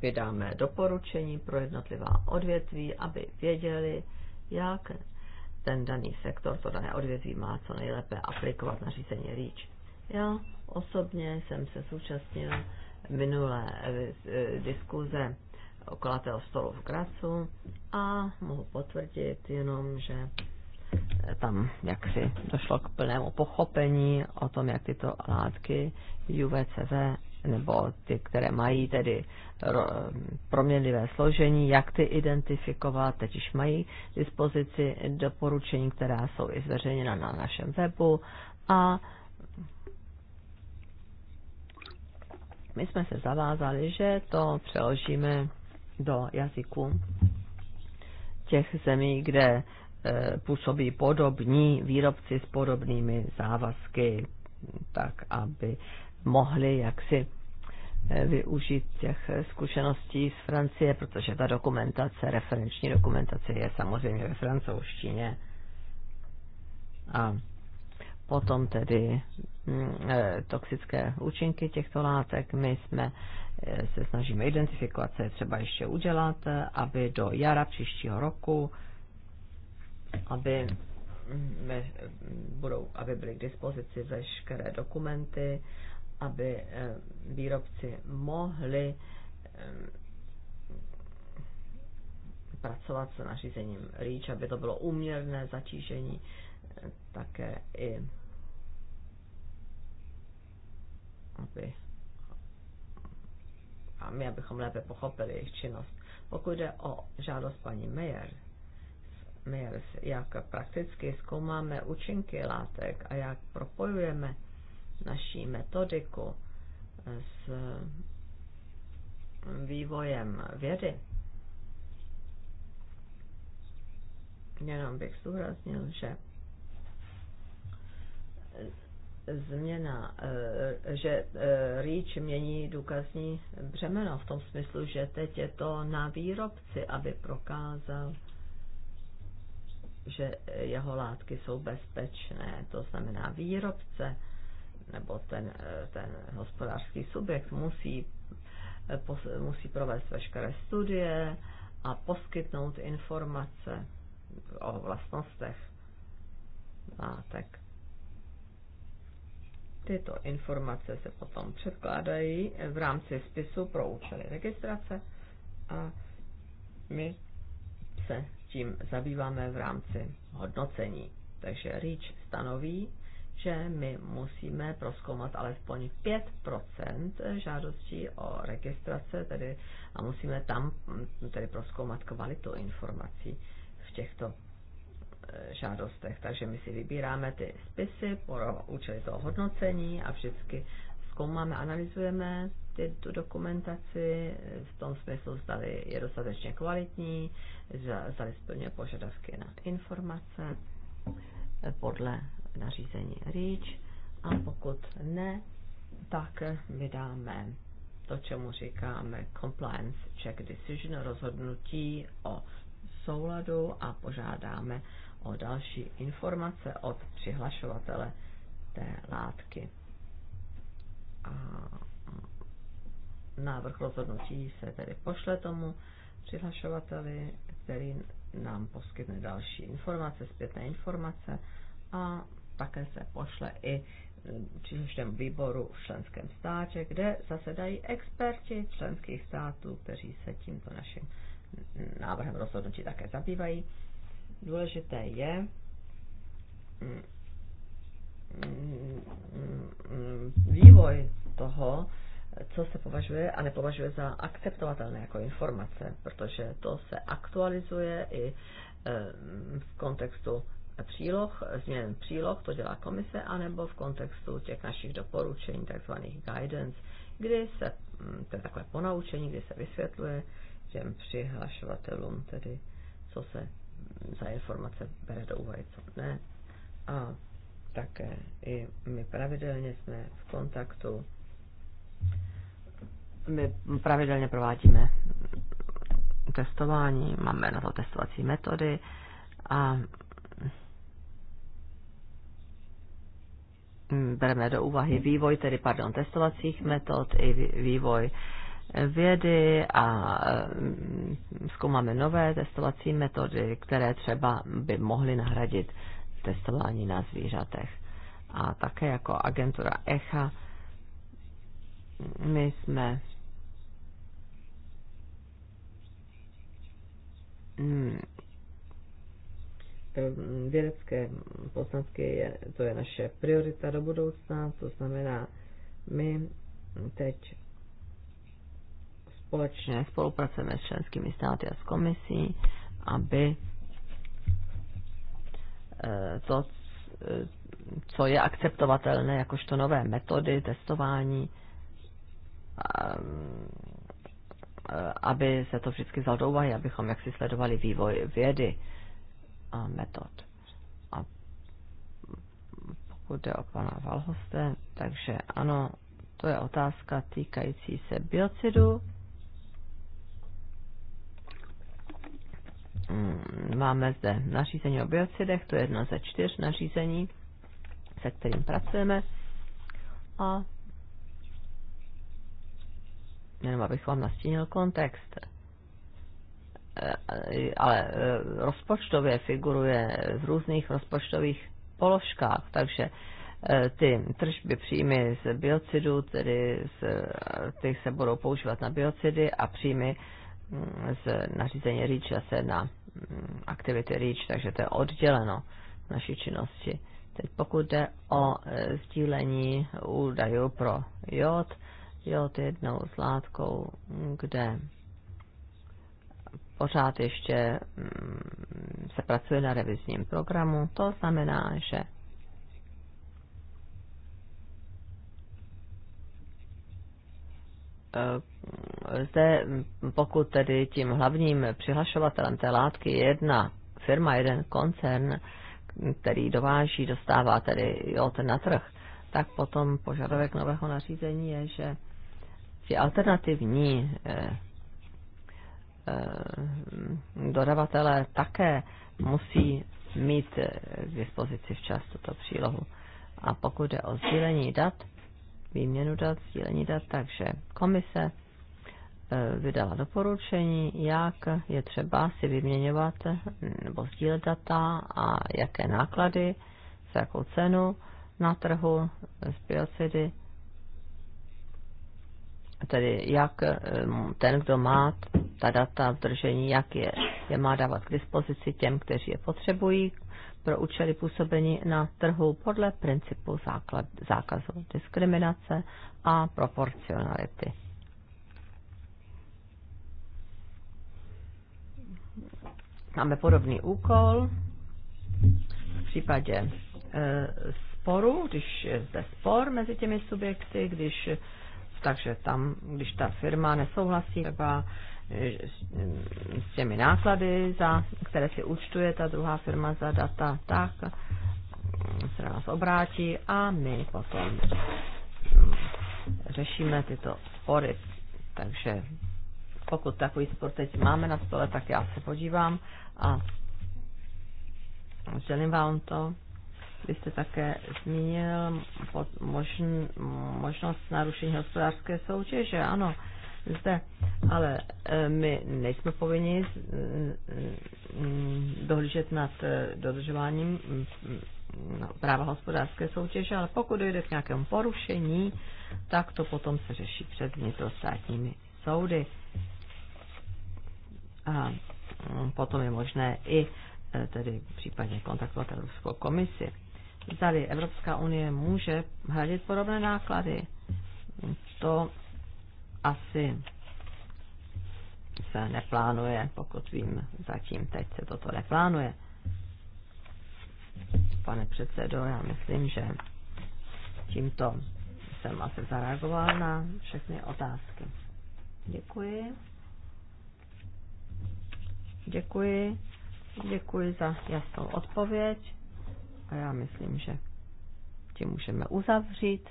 Vydáme doporučení pro jednotlivá odvětví, aby věděli, jak ten daný sektor, to dané odvětví má co nejlépe aplikovat na řízení REACH. Já osobně jsem se zúčastnil minulé eh, eh, diskuze okolatého stolu v Gracu a mohu potvrdit jenom, že eh, tam jaksi došlo k plnému pochopení o tom, jak tyto látky UVCV nebo ty, které mají tedy proměnlivé složení, jak ty identifikovat. Teď už mají dispozici doporučení, která jsou i zveřejněna na našem webu a my jsme se zavázali, že to přeložíme do jazyku těch zemí, kde e, působí podobní výrobci s podobnými závazky, tak aby mohli jaksi eh, využít těch eh, zkušeností z Francie, protože ta dokumentace, referenční dokumentace je samozřejmě ve francouzštině. A potom tedy mm, eh, toxické účinky těchto látek. My jsme se snažíme identifikovat, co je třeba ještě udělat, aby do jara příštího roku, aby, mm, budou, aby byly k dispozici veškeré dokumenty, aby eh, výrobci mohli eh, pracovat s nařízením REACH, aby to bylo uměrné zatížení eh, také i aby a my, abychom lépe pochopili jejich činnost. Pokud jde o žádost paní Meyer, Myers, jak prakticky zkoumáme účinky látek a jak propojujeme naší metodiku eh, s mm, vývojem vědy, jenom bych zdůraznil, že změna, eh, že eh, rýč mění důkazní břemeno v tom smyslu, že teď je to na výrobci, aby prokázal, že jeho látky jsou bezpečné. To znamená výrobce nebo ten, eh, ten hospodářský subjekt musí, eh, musí provést veškeré studie a poskytnout informace o vlastnostech látek. Tyto informace se potom předkládají v rámci spisu pro účely registrace a my se tím zabýváme v rámci hodnocení. Takže REACH stanoví že my musíme proskoumat alespoň 5 žádostí o registrace tedy, a musíme tam mm, tedy proskoumat kvalitu informací v těchto e, žádostech. Takže my si vybíráme ty spisy pro účely toho hodnocení a vždycky zkoumáme, analyzujeme ty, tu dokumentaci v tom smyslu, zda je dostatečně kvalitní, zda splňuje požadavky na informace podle nařízení REACH a pokud ne, tak vydáme to, čemu říkáme compliance check decision, rozhodnutí o souladu a požádáme o další informace od přihlašovatele té látky. A návrh rozhodnutí se tedy pošle tomu přihlašovateli, který nám poskytne další informace, zpětné informace a také se pošle i e, příslušném výboru v členském státě, kde zasedají experti členských států, kteří se tímto naším návrhem rozhodnutí také zabývají. Důležité je mm, mm, mm, vývoj toho, co se považuje a nepovažuje za akceptovatelné jako informace, protože to se aktualizuje i e, v kontextu příloh, změn příloh, to dělá komise, anebo v kontextu těch našich doporučení, takzvaných guidance, kdy se, mm, to je takové ponaučení, kdy se vysvětluje těm přihlašovatelům, tedy co se za informace bere do úvahy, co ne. A také i my pravidelně jsme v kontaktu, my pravidelně provádíme testování, máme na to testovací metody a bereme do úvahy vývoj, tedy pardon, testovacích metod i vývoj vědy a mm, zkoumáme nové testovací metody, které třeba by mohly nahradit testování na zvířatech. A také jako agentura ECHA mm, my jsme mm, vědecké poznatky, je, to je naše priorita do budoucna, to znamená, my teď společně spolupracujeme s členskými státy a s komisí, aby e, to, e, co je akceptovatelné jakožto nové metody testování, e, aby se to vždycky vzal do úvahy, abychom jaksi sledovali vývoj vědy a metod. A pokud jde o pana Valhoste, takže ano, to je otázka týkající se biocidu. Mm, máme zde nařízení o biocidech, to je jedno ze čtyř nařízení, se kterým pracujeme. A jenom abych vám nastínil kontext ale eh, rozpočtově figuruje v různých rozpočtových položkách, takže eh, ty tržby příjmy z biocidů, tedy z, eh, ty se budou používat na biocidy a příjmy mm, z nařízení REACH zase na mm, aktivity REACH, takže to je odděleno naší činnosti. Teď pokud jde o sdílení údajů pro jod, jod je jednou z látkou, kde pořád ještě mm, se pracuje na revizním programu. To znamená, že e, zde, mm, pokud tedy tím hlavním přihlašovatelem té látky je jedna firma, jeden koncern, který dováží, dostává tedy od na trh, tak potom požadavek nového nařízení je, že ti alternativní e, Eh, dodavatelé také musí mít eh, k dispozici včas tuto přílohu. A pokud jde o sdílení dat, výměnu dat, sdílení dat, takže komise eh, vydala doporučení, jak je třeba si vyměňovat hm, nebo sdílet data a jaké náklady, za jakou cenu na trhu s biocidy tedy jak eh, ten, kdo má ta data v držení, jak je, je má dávat k dispozici těm, kteří je potřebují pro účely působení na trhu podle principu základ, zákazu diskriminace a proporcionality. Máme podobný úkol v případě e, sporu, když je zde spor mezi těmi subjekty, když e, takže tam, když ta firma nesouhlasí třeba eh, s těmi náklady, za, které si účtuje ta druhá firma za data, tak mm, se na nás obrátí a my potom mm, řešíme tyto spory. Takže pokud takový spor teď máme na stole, tak já se podívám a sdělím vám to. Vy jste také zmínil možn, možnost narušení hospodářské soutěže, ano, zde. Ale e, my nejsme povinni dohlížet nad e, dodržováním práva hospodářské soutěže, ale pokud dojde k nějakému porušení, tak to potom se řeší před vnitrostátními soudy. A potom je možné i e, tedy případně kontaktovat Evropskou komisi zdali Evropská unie může hradit podobné náklady, to asi se neplánuje, pokud vím, zatím teď se toto neplánuje. Pane předsedo, já myslím, že tímto jsem asi zareagoval na všechny otázky. Děkuji. Děkuji. Děkuji za jasnou odpověď. A já myslím, že tím můžeme uzavřít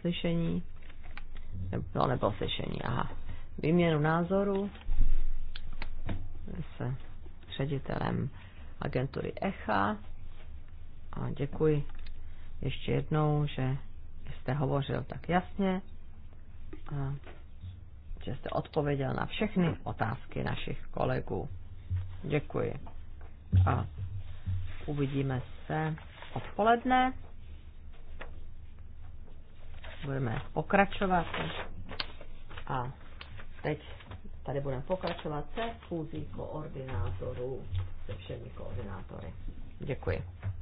slyšení. No, nebylo slyšení, aha. Výměnu názoru s ředitelem agentury ECHA a děkuji ještě jednou, že jste hovořil tak jasně a že jste odpověděl na všechny otázky našich kolegů. Děkuji a uvidíme se odpoledne. Budeme pokračovat a teď tady budeme pokračovat se fúzí koordinátorů, se všemi koordinátory. Děkuji.